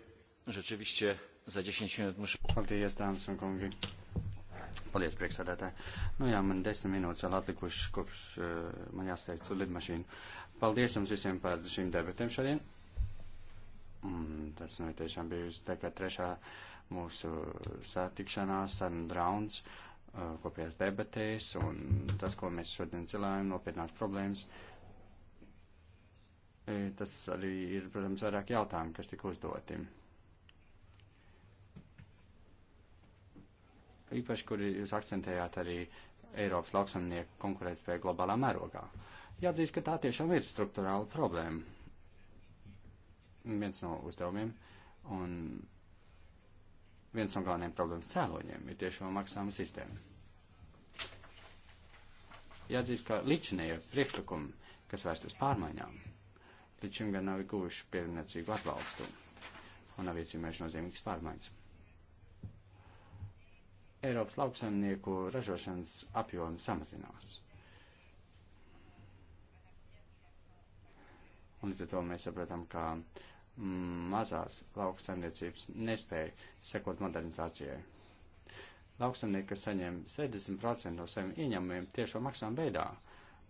Rzeczywiście za 10 minūt mums. Paldies, dāmas un kungi. Paldies, priekšsēdētāji. Nu jā, man desmit minūtes vēl atlikušas, kopš uh, man jāsteidz uz lidmašīnu. Paldies jums visiem par šīm debatēm šodien. Mm, tas nu tiešām bija tā kā trešā mūsu satikšanās, sarunu rauns, uh, eh, kopējās debatēs, un tas, ko mēs šodien cilājam, nopietnās problēmas. Eh, tas arī ir, protams, vairāk jautājumu, kas tika uzdoti. īpaši, kur jūs akcentējāt arī Eiropas lauksamnieku konkurētspēju globālā mērogā. Jāatzīst, ka tā tiešām ir struktūrāla problēma. Viens no uzdevumiem un viens no galvenajiem problēmas cēloņiem ir tiešo maksājuma sistēma. Jāatzīst, ka līdšanie priekšlikumi, kas vērst uz pārmaiņām, līdz šim gan nav guvuši pierunācīgu atbalstu un nav iecīmējuši nozīmīgas pārmaiņas. Eiropas lauksaimnieku ražošanas apjomi samazinās. Un līdz ar to mēs saprotam, ka mm, mazās lauksaimniecības nespēja sekot modernizācijai. Lauksaimnieki, kas saņem 70% no saviem ieņēmumiem tiešo maksām veidā,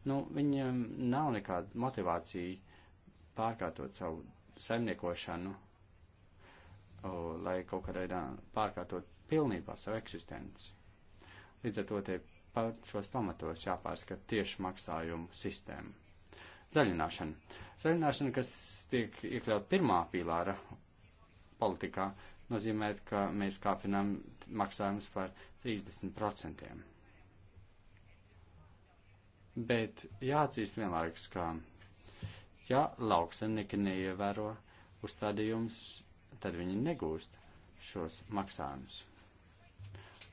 nu, viņiem nav nekāda motivācija pārkārtot savu saimniekošanu, o, lai kaut kādā veidā pārkārtot pilnībā savu eksistenci. Līdz ar to te par šos pamatos jāpārskata tieši maksājumu sistēma. Zaļināšana. Zaļināšana, kas tiek iekļaut pirmā pīlāra politikā, nozīmē, ka mēs kāpinām maksājumus par 30%. Bet jāatzīst vienlaikus, ka ja lauksemnieki neievēro uzstādījumus, tad viņi negūst šos maksājumus.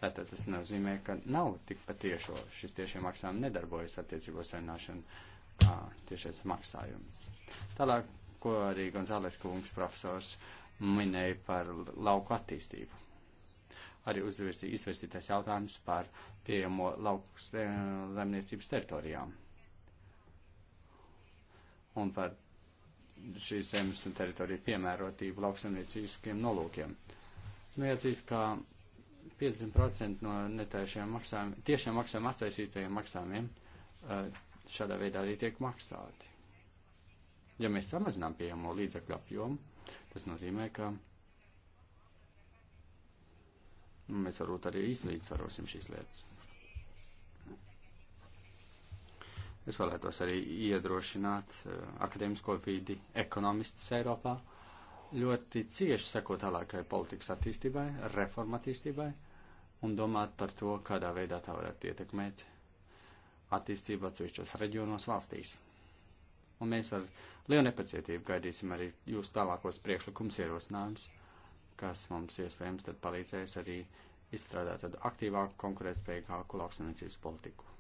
Tātad tas nozīmē, ka nav tik patiešo šis tiešie maksājumi nedarbojas attiecīgo saimnāšanu kā tiešais maksājums. Tālāk, ko arī Gonzāles kungs profesors minēja par lauku attīstību. Arī uzvirsī, izvirsītais jautājums par pieejamo lauku zemniecības teritorijām. Un par šīs zemes un teritoriju piemērotību lauksemnieciskiem nolūkiem. Nu, jācīs, ka 50% no netiešiem maksājumiem, tiešiem maksājumiem attaisītajiem maksājumiem eh, šādā veidā arī tiek maksāti. Ja mēs samazinām pieejamo līdzekļu apjomu, tas nozīmē, ka mēs varbūt arī izlīdzsvarosim šīs lietas. Es vēlētos arī iedrošināt eh, akadēmisko vidi ekonomistus Eiropā ļoti cieši sekot tālākai politikas attīstībai, reforma attīstībai un domāt par to, kādā veidā tā varētu ietekmēt attīstību atsevišķos reģionos valstīs. Un mēs ar lielu nepacietību gaidīsim arī jūs tālākos priekšlikums ierosinājumus, kas mums iespējams tad palīdzēs arī izstrādāt tādu aktīvāku, konkurētspējīgāku lauksaimniecības politiku.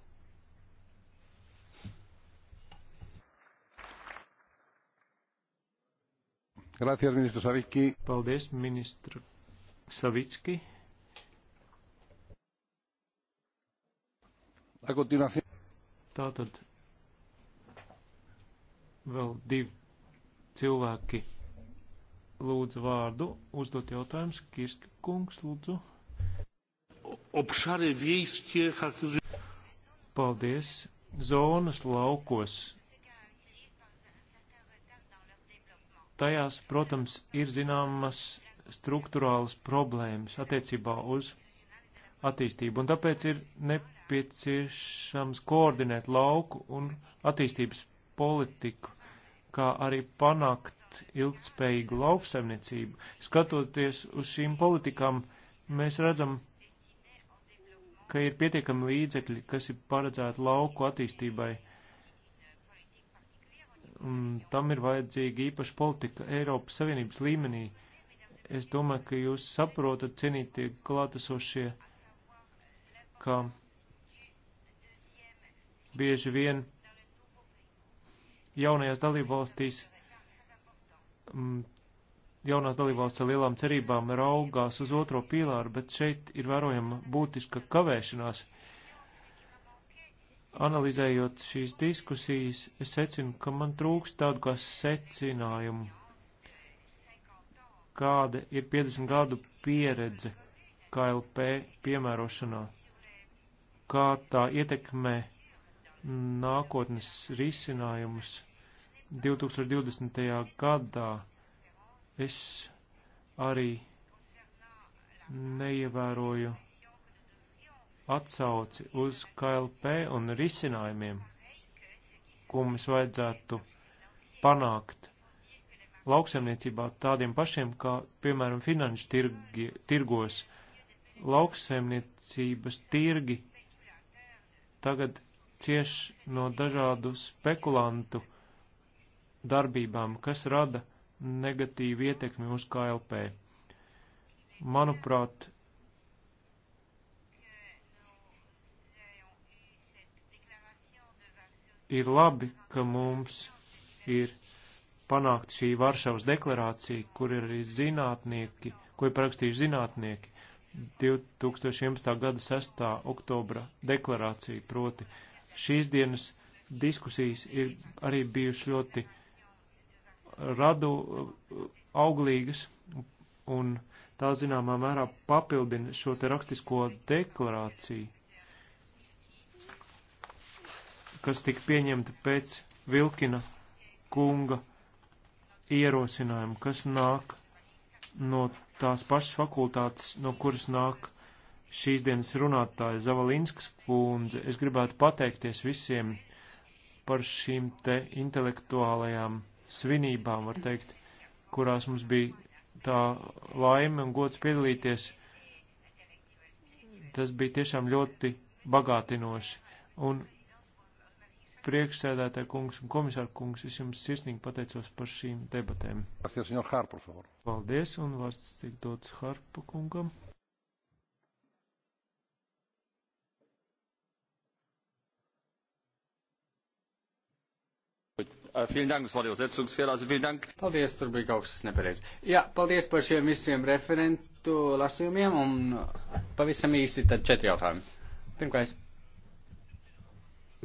Gracias, ministru Savicki. Paldies, ministru Savicki. Tātad vēl divi cilvēki lūdzu vārdu, uzdot jautājums. Kirska kungs, lūdzu. Obšāri viestie charakterizē. Paldies. Zonas laukos. Tajās, protams, ir zināmas struktūrālas problēmas attiecībā uz attīstību, un tāpēc ir nepieciešams koordinēt lauku un attīstības politiku, kā arī panākt ilgtspējīgu lauksaimniecību. Skatoties uz šīm politikām, mēs redzam, ka ir pietiekami līdzekļi, kas ir paredzēti lauku attīstībai. Un tam ir vajadzīga īpaša politika Eiropas Savienības līmenī. Es domāju, ka jūs saprotat, cienītie klātesošie. Uh, ka bieži vien jaunajās dalībvalstīs, mm, jaunās dalībvalsts ar lielām cerībām raugās uz otro pīlāru, bet šeit ir vērojama būtiska kavēšanās. Analizējot šīs diskusijas, es secinu, ka man trūks tādu kā secinājumu, kāda ir 50 gadu pieredze KLP piemērošanā kā tā ietekmē nākotnes risinājumus 2020. gadā. Es arī neievēroju atsauci uz KLP un risinājumiem, ko mums vajadzētu panākt lauksaimniecībā tādiem pašiem, kā, piemēram, finanšu tirgi, tirgos. Lauksaimniecības tirgi tagad cieš no dažādu spekulantu darbībām, kas rada negatīvu ietekmi uz KLP. Manuprāt, ir labi, ka mums ir panākt šī Varšavas deklarācija, kur ir arī zinātnieki, ko ir parakstījuši zinātnieki, 2011. gada 6. oktobra deklarāciju, proti šīs dienas diskusijas ir arī bijušas ļoti radu auglīgas, un tā zināmā mērā papildina šo te rakstisko deklarāciju, kas tika pieņemta pēc Vilkina kunga ierosinājuma, kas nāk no tās pašas fakultātes, no kuras nāk šīs dienas runātāja Zavalinskas kundze. Es gribētu pateikties visiem par šīm te intelektuālajām svinībām, var teikt, kurās mums bija tā laime un gods piedalīties. Tas bija tiešām ļoti bagātinoši. Un priekšsēdētāja kungs un komisāra kungs, es jums sirsnīgi pateicos par šīm debatēm. Paldies, un vārds tiek dots Harpa kungam. Paldies, tur bija kaut kas nepareizi. Jā, paldies par šiem visiem referentu lasījumiem un pavisam īsi tad četri jautājumi. Pirmkārt,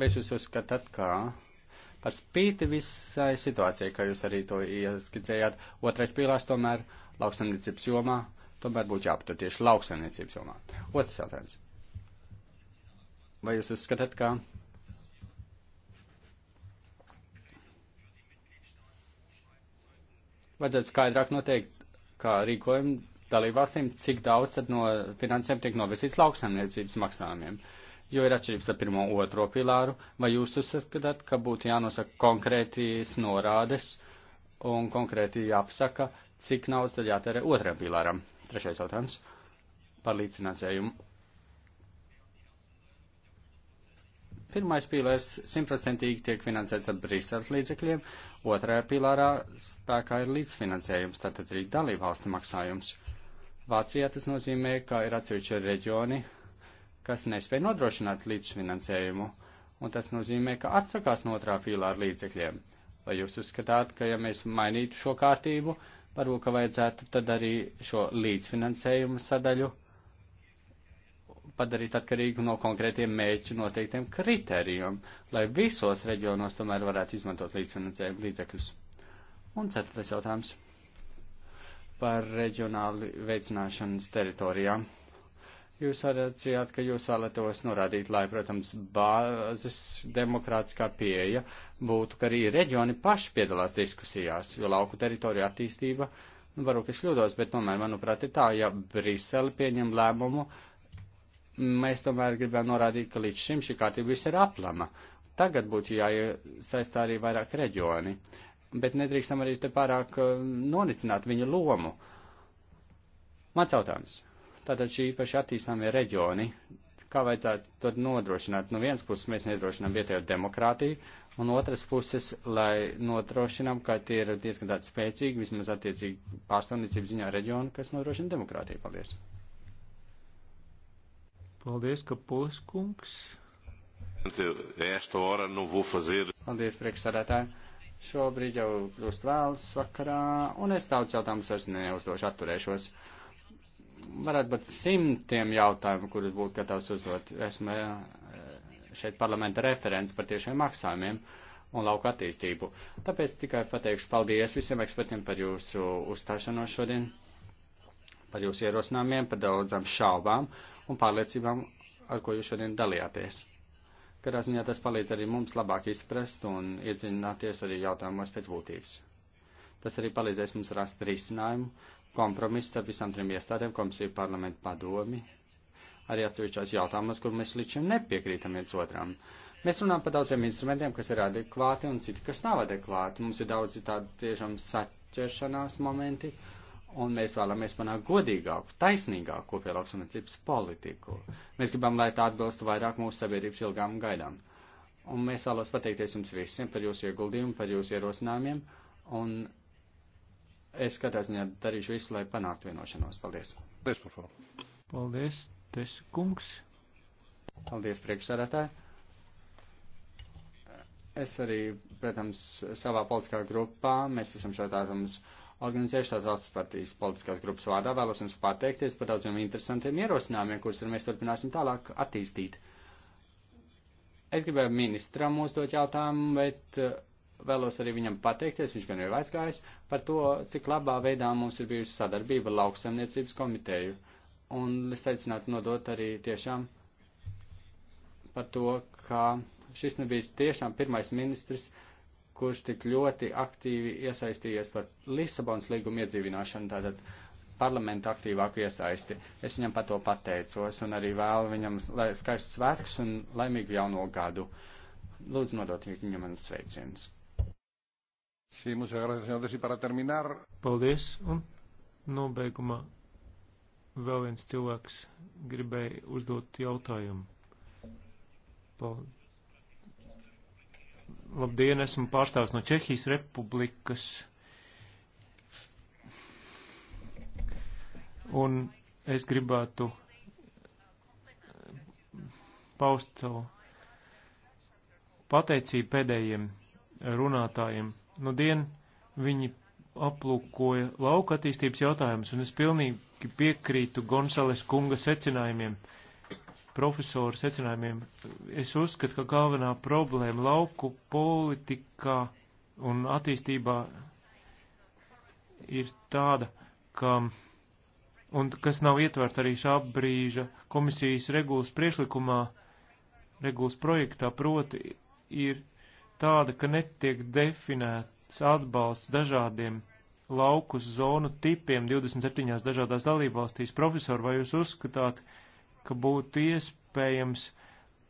Bet jūs uzskatāt, ka par spīti visai situācijai, kā jūs arī to ieskicējāt, otrais pīlārs tomēr lauksaimniecības jomā, tomēr būtu jāaptur tieši lauksaimniecības jomā. Otrs jautājums. Vai jūs uzskatāt, ka vajadzētu skaidrāk noteikt, kā rīkojumi dalībvalstīm, cik daudz tad no finansēm tiek novirzīts lauksaimniecības maksājumiem? Uh, jo ir atšķirības ar pirmo un otro pilāru, vai jūs uzskatāt, ka būtu jānosaka konkrētīs norādes un konkrēti jāapsaka, cik naudas tad jātērē otrajam pilāram? Trešais jautājums par līdzfinansējumu. Pirmais pīlārs simtprocentīgi tiek finansēts ar Brīseles līdzekļiem, otrajā pīlārā spēkā ir līdzfinansējums, tātad arī dalībvalstu maksājums. Vācijā tas nozīmē, ka ir atsevišķi reģioni, kas nespēja nodrošināt līdzfinansējumu, un tas nozīmē, ka atsakās no otrā filā ar līdzekļiem. Vai jūs uzskatāt, ka ja mēs mainītu šo kārtību, varbūt, ka vajadzētu tad arī šo līdzfinansējumu sadaļu padarīt atkarīgu no konkrētiem mēķu noteiktiem kritērijiem, lai visos reģionos tomēr varētu izmantot līdzfinansējumu līdzekļus. Un ceturtais jautājums par reģionāli veicināšanas teritorijām. Jūs sacījāt, ka jūs vēlētos norādīt, lai, protams, bāzes demokrātiskā pieeja būtu, ka arī reģioni paši piedalās diskusijās, jo lauku teritorija attīstība, nu, varbūt es kļūdos, bet tomēr, manuprāt, ir tā, ja Brisele pieņem lēmumu, mēs tomēr gribam norādīt, ka līdz šim šī kārtība viss ir aplama. Tagad būtu jāiesaistā arī vairāk reģioni, bet nedrīkstam arī te pārāk eh, nonicināt viņa lomu. Mans jautājums. Tātad šī īpaši attīstāmie reģioni, kā vajadzētu tad nodrošināt, no vienas puses mēs nodrošinām vietējo demokrātiju, un otras puses, lai nodrošinām, ka tie ir diezgan tādi spēcīgi, vismaz attiecīgi pārstāvniecības ziņā reģioni, kas nodrošina demokrātiju. Paldies! Paldies, ka puskungs. Paldies, priekšsādātāji. Šobrīd jau kļūst vēls vakarā, un es daudz jautājumus vairs neuzdošu, atturēšos varētu būt simtiem jautājumu, kurus būtu gatavs uzdot. Esmu eh, šeit parlamenta referents par tiešiem maksājumiem un lauka attīstību. Tāpēc tikai pateikšu paldies visiem ekspertiem par jūsu uzstāšanos šodien, par jūsu ierosinājumiem, par daudzām šaubām un pārliecībām, ar ko jūs šodien dalījāties. Katrā ziņā tas palīdz arī mums labāk izprast un iedziļināties arī jautājumos pēc būtības. Tas arī palīdzēs mums rast risinājumu, kompromiss starp visām trim iestādēm, komisiju, parlamentu padomi, arī atsevišķos jautājumos, kur mēs līdz šim nepiekrītam viens otram. Mēs runājam par daudziem instrumentiem, kas ir adekvāti un citi, kas nav adekvāti. Mums ir daudz tādu tiešām saķeršanās momenti, un mēs vēlamies panākt godīgāku, taisnīgāku kopējā lauksamniecības politiku. Mēs gribam, lai tā atbilstu vairāk mūsu sabiedrības ilgām gaidām. Un mēs vēlos pateikties jums visiem par jūsu ieguldījumu, par jūsu ierosinājumiem, un es katrā ziņā darīšu visu, lai panāktu vienošanos. Paldies! Paldies, Paldies Tesa kungs! Paldies, priekšsādātāji! Es arī, protams, savā politiskā grupā, mēs esam šo tātums organizējuši tātums partijas politiskās grupas vārdā, vēlos jums pateikties par daudziem interesantiem ierosinājumiem, kurus mēs turpināsim tālāk attīstīt. Es gribēju ministram uzdot jautājumu, bet vēlos arī viņam pateikties, viņš gan jau ir aizgājis, par to, cik labā veidā mums ir bijusi sadarbība lauksaimniecības komiteju. Un es aicinātu nodot arī tiešām par to, ka šis nebija tiešām pirmais ministrs, kurš tik ļoti aktīvi iesaistījies par Lisabons līgumu iedzīvināšanu, tātad parlamentu aktīvāku iesaisti. Es viņam par to pateicos un arī vēlu viņam skaistu svētkus un laimīgu jauno gadu. Lūdzu, nodot viņam manas sveicienus. Paldies, un nobeigumā vēl viens cilvēks gribēja uzdot jautājumu. Paldies. Labdien, esmu pārstāvs no Čehijas Republikas. Un es gribētu paust savu pateicību pēdējiem runātājiem nu dien viņi aplūkoja lauka attīstības jautājumus, un es pilnīgi piekrītu Gonzales kunga secinājumiem, profesoru secinājumiem. Es uzskatu, ka galvenā problēma lauku politikā un attīstībā ir tāda, ka, un kas nav ietvert arī šā brīža komisijas regulas priešlikumā, regulas projektā, proti ir tāda, ka netiek definēts atbalsts dažādiem laukus zonu tipiem 27 dažādās dalībvalstīs. Profesori, vai jūs uzskatāt, ka būtu iespējams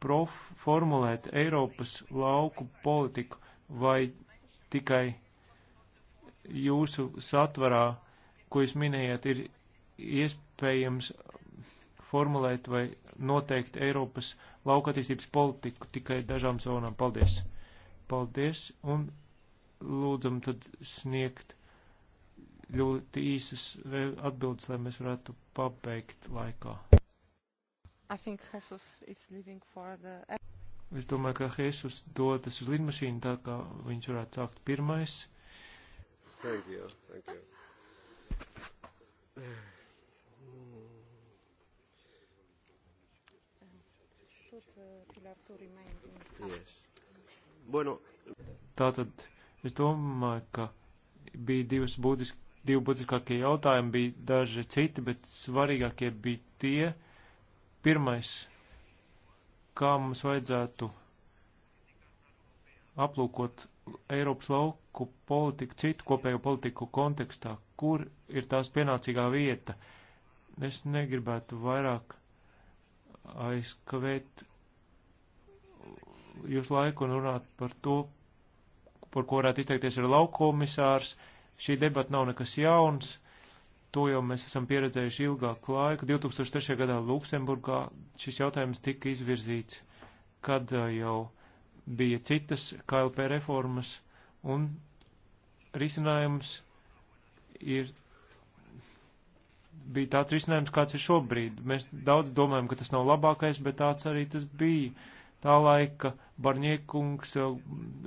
prof formulēt Eiropas lauku politiku vai tikai jūsu satvarā, ko jūs minējāt, ir iespējams formulēt vai noteikt Eiropas lauka attīstības politiku tikai dažām zonām? Paldies! Paldies un lūdzam tad sniegt ļoti īsas atbildes, lai mēs varētu pabeigt laikā. The... Es domāju, ka Jesus dodas uz lidmašīnu, tā kā viņš varētu sākt pirmais. Thank you. Thank you. Should uh, Pilar to remain in? Yes. Bueno. Tātad es domāju, ka bija divas būtiski, divi būtiskākie jautājumi, bija daži citi, bet svarīgākie bija tie. Pirmais, kā mums vajadzētu aplūkot Eiropas lauku politiku, citu kopējo politiku kontekstā, kur ir tās pienācīgā vieta. Es negribētu vairāk aizkavēt jūsu laiku un runāt par to, par ko varētu izteikties ar laukomisārs. Šī debata nav nekas jauns. To jau mēs esam pieredzējuši ilgāku laiku. 2003. gadā Luksemburgā šis jautājums tika izvirzīts, kad uh, jau bija citas KLP reformas un risinājums ir, bija tāds risinājums, kāds ir šobrīd. Mēs daudz domājam, ka tas nav labākais, bet tāds arī tas bija. Uh, tā laika Barņiekungs, eh,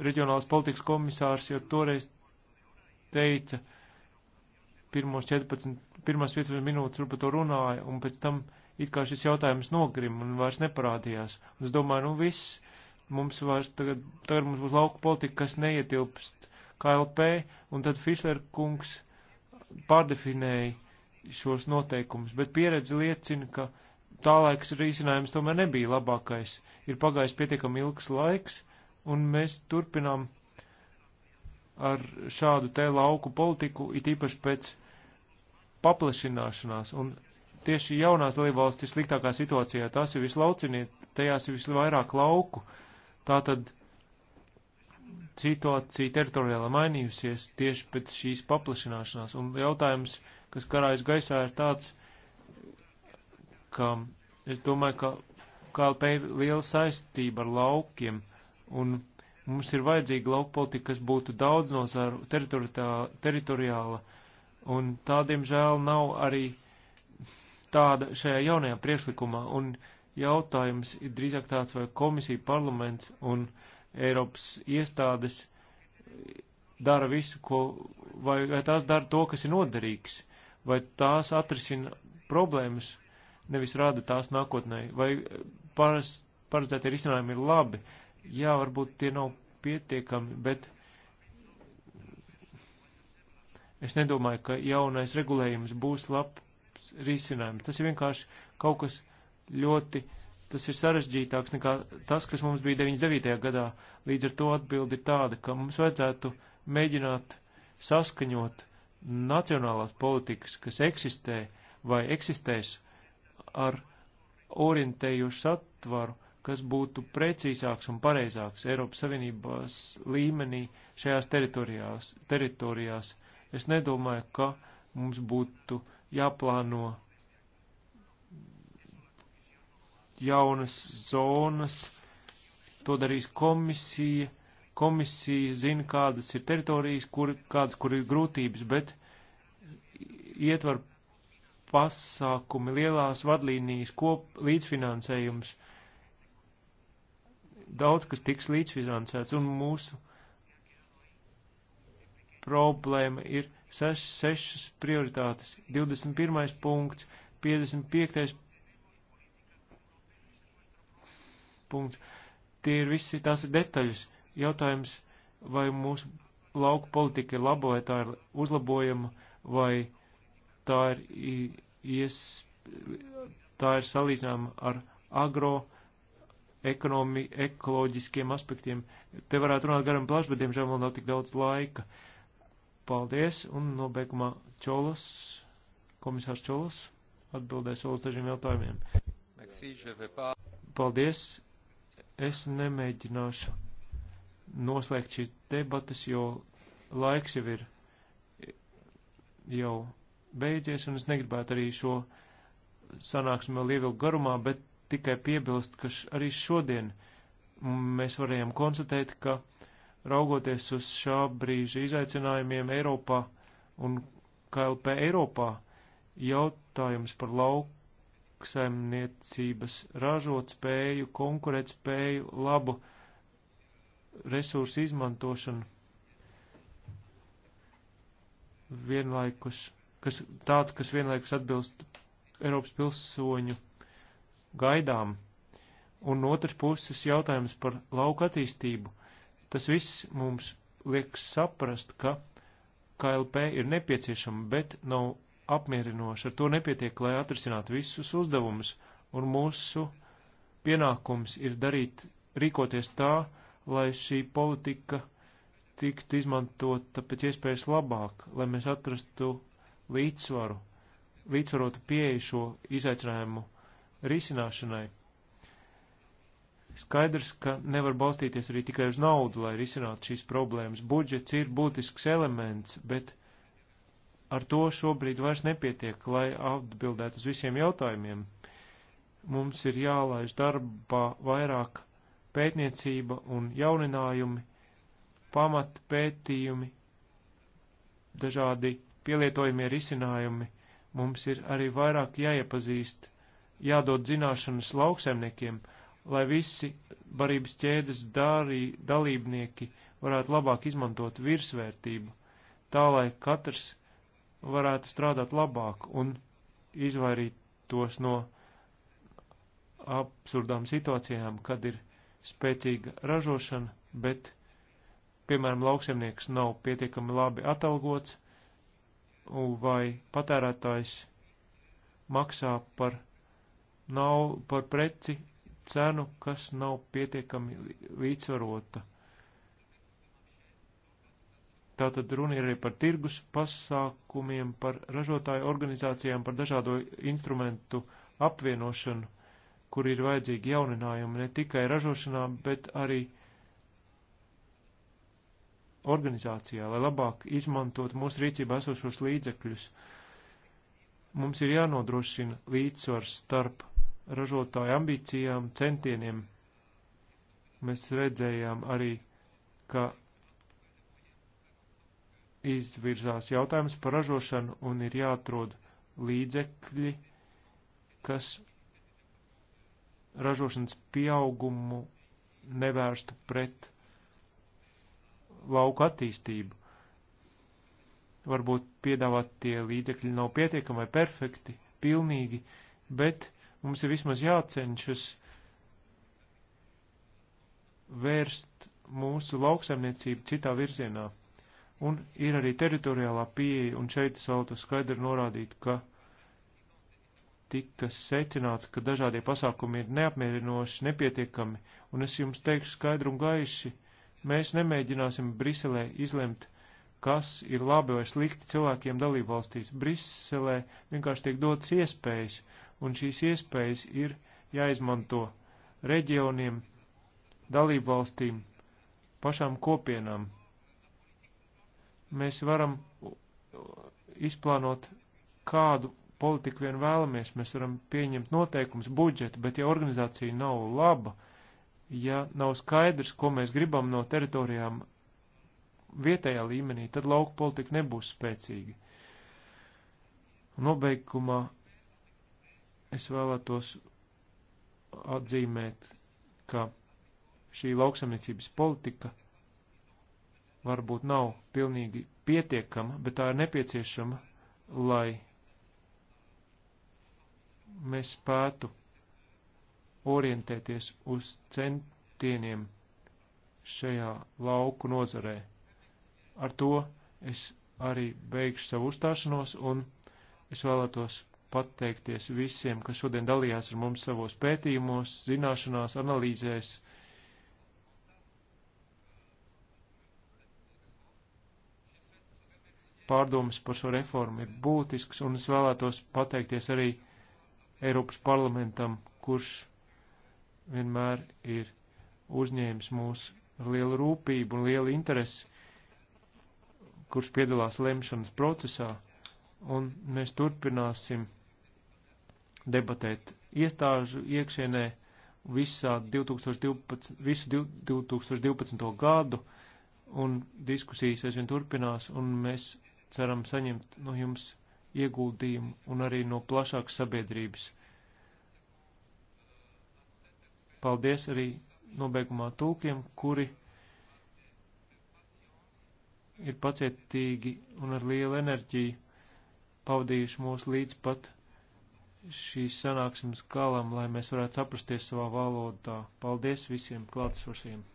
reģionāls politikas komisārs, jau toreiz teica, pirmos 14, pirmās 15 minūtes tur par to runāja, un pēc tam it kā šis jautājums nogrim un vairs neparādījās. Un es domāju, nu viss, mums vairs tagad, tagad mums būs lauka politika, kas neietilpst KLP, un tad Fisler kungs pārdefinēja šos noteikumus, bet pieredze liecina, ka tālākas risinājums tomēr nebija labākais. Ir pagājis pietiekami ilgs laiks, un mēs turpinām ar šādu te lauku politiku, it īpaši pēc paplašināšanās. Un tieši jaunās dalībvalstis ir sliktākā situācijā. Tās ir vislauciniet, tajās ir visvairāk lauku. Tātad situācija teritoriāli mainījusies tieši pēc šīs paplašināšanās. Un jautājums, kas karājas gaisā, ir tāds, ka es domāju, ka KLP ir liela saistība ar laukiem, un mums ir vajadzīga lauka politika, kas būtu daudz nozaru teritoriāla, un tādiem žēl nav arī tāda šajā jaunajā priekšlikumā, un jautājums ir drīzāk tāds, vai komisija, parlaments un Eiropas iestādes dara visu, ko, vai, vai tās dara to, kas ir noderīgs, vai tās atrisina problēmas, nevis rāda tās nākotnē. Vai paredzētie risinājumi ir labi? Jā, varbūt tie nav pietiekami, bet es nedomāju, ka jaunais regulējums būs labs risinājums. Tas ir vienkārši kaut kas ļoti, tas ir sarežģītāks nekā tas, kas mums bija 99. gadā. Līdz ar to atbildi ir tāda, ka mums vajadzētu mēģināt saskaņot nacionālās politikas, kas eksistē vai eksistēs, ar orientējošu satvaru, kas būtu precīzāks un pareizāks Eiropas Savienības līmenī šajās teritorijās. teritorijās. Es nedomāju, ka mums būtu jāplāno jaunas zonas, to darīs komisija. Komisija zina, kādas ir teritorijas, kur, kādas, kur ir grūtības, bet ietver pasākumi, lielās vadlīnijas, kop līdzfinansējums. Daudz, kas tiks līdzfinansēts, un mūsu problēma ir seš, sešas prioritātes. 21. punkts, 55. punkts. Tie ir visi, tās ir detaļas. Jautājums, vai mūsu lauku politika ir laba, vai tā ir uzlabojama, vai tā ir, ies, tā ir salīdzināma ar agro ekonomi, ekoloģiskiem aspektiem. Te varētu runāt garam plaši, bet diemžēl vēl nav tik daudz laika. Paldies, un nobeigumā Čolas, komisārs Čolas, atbildēs vēl uz dažiem jautājumiem. Paldies, es nemēģināšu noslēgt šīs debatas, jo laiks jau ir jau beidzies, un es negribētu arī šo sanāksmi vēl ievilkt garumā, bet tikai piebilst, ka arī šodien mēs varējām konstatēt, ka raugoties uz šā brīža izaicinājumiem Eiropā un KLP Eiropā, jautājums par lauksaimniecības ražot spēju, konkurēt spēju, labu resursu izmantošanu vienlaikus kas tāds, kas vienlaikus atbilst Eiropas pilsoņu gaidām, un no otras puses jautājums par lauka attīstību. Tas viss mums liek saprast, ka KLP ir nepieciešama, bet nav apmierinoša. Ar to nepietiek, lai atrisinātu visus uzdevumus, un mūsu pienākums ir darīt, rīkoties tā, lai šī politika tiktu izmantota pēc iespējas labāk, lai mēs atrastu līdzsvaru, līdzsvarotu pieeju šo izaicinājumu risināšanai. Skaidrs, ka nevar balstīties arī tikai uz naudu, lai risinātu šīs problēmas. Budžets ir būtisks elements, bet ar to šobrīd vairs nepietiek, lai atbildētu uz visiem jautājumiem. Mums ir jālaiž darbā vairāk pētniecība un jauninājumi, pamat pētījumi, dažādi pielietojumie risinājumi, mums ir arī vairāk jāiepazīst, jādod zināšanas lauksaimniekiem, lai visi barības ķēdes dārī, dalībnieki varētu labāk izmantot virsvērtību, tā lai katrs varētu strādāt labāk un izvairītos no absurdām situācijām, kad ir spēcīga ražošana, bet, piemēram, lauksemnieks nav pietiekami labi atalgots, vai patērētājs maksā par, nav, par preci cenu, kas nav pietiekami līdzsvarota. Tātad runa ir arī par tirgus pasākumiem, par ražotāju organizācijām, par dažādo instrumentu apvienošanu, kur ir vajadzīgi jauninājumi ne tikai ražošanā, bet arī uh, organizācijā, lai labāk izmantot mūsu rīcībā esošos līdzekļus. Mums ir jānodrošina līdzsvars starp ražotāju ambīcijām, centieniem. Mēs redzējām arī, ka izvirzās jautājums par ražošanu un ir jāatrod līdzekļi, kas ražošanas pieaugumu nevērstu pret lauku attīstību. Varbūt piedāvāt tie līdzekļi nav pietiekami vai perfekti, pilnīgi, bet mums ir vismaz jācenšas vērst mūsu lauksaimniecību citā virzienā. Un ir arī teritoriālā pieeja, un šeit es vēlētos skaidri norādīt, ka tika secināts, ka dažādie pasākumi ir neapmierinoši, nepietiekami, un es jums teikšu skaidru un gaiši, uh, Mēs nemēģināsim Briselē izlemt, kas ir labi vai slikti cilvēkiem dalībvalstīs. Briselē vienkārši tiek dotas iespējas, un šīs iespējas ir jāizmanto reģioniem, dalībvalstīm, pašām kopienām. Mēs varam izplānot, kādu politiku vien vēlamies. Mēs varam pieņemt noteikums budžetu, bet ja organizācija nav laba, ja nav skaidrs, ko mēs gribam no teritorijām vietējā līmenī, tad lauka politika nebūs spēcīga. Nobeigumā es vēlētos atzīmēt, ka šī lauksamniecības politika varbūt nav pilnīgi pietiekama, bet tā ir nepieciešama, lai mēs spētu orientēties uz centieniem šajā lauku nozarē. Ar to es arī beigšu savu uzstāšanos un es vēlētos pateikties visiem, kas šodien dalījās ar mums savos pētījumos, zināšanās, analīzēs. Pārdomas par šo reformu ir būtisks, un es vēlētos pateikties arī Eiropas parlamentam, kurš vienmēr ir uzņēmis mūs ar lielu rūpību un lielu interesi, kurš piedalās lemšanas procesā, un mēs turpināsim debatēt iestāžu iekšienē visā 2012, visu 2012. gadu, un diskusijas aizvien turpinās, un mēs ceram saņemt no jums ieguldījumu un arī no plašākas sabiedrības. Paldies arī nobeigumā tūkiem, kuri ir pacietīgi un ar lielu enerģiju pavadījuši mūs līdz pat šīs sanāksmes galam, lai mēs varētu saprasties savā valodā. Paldies visiem klātesošiem!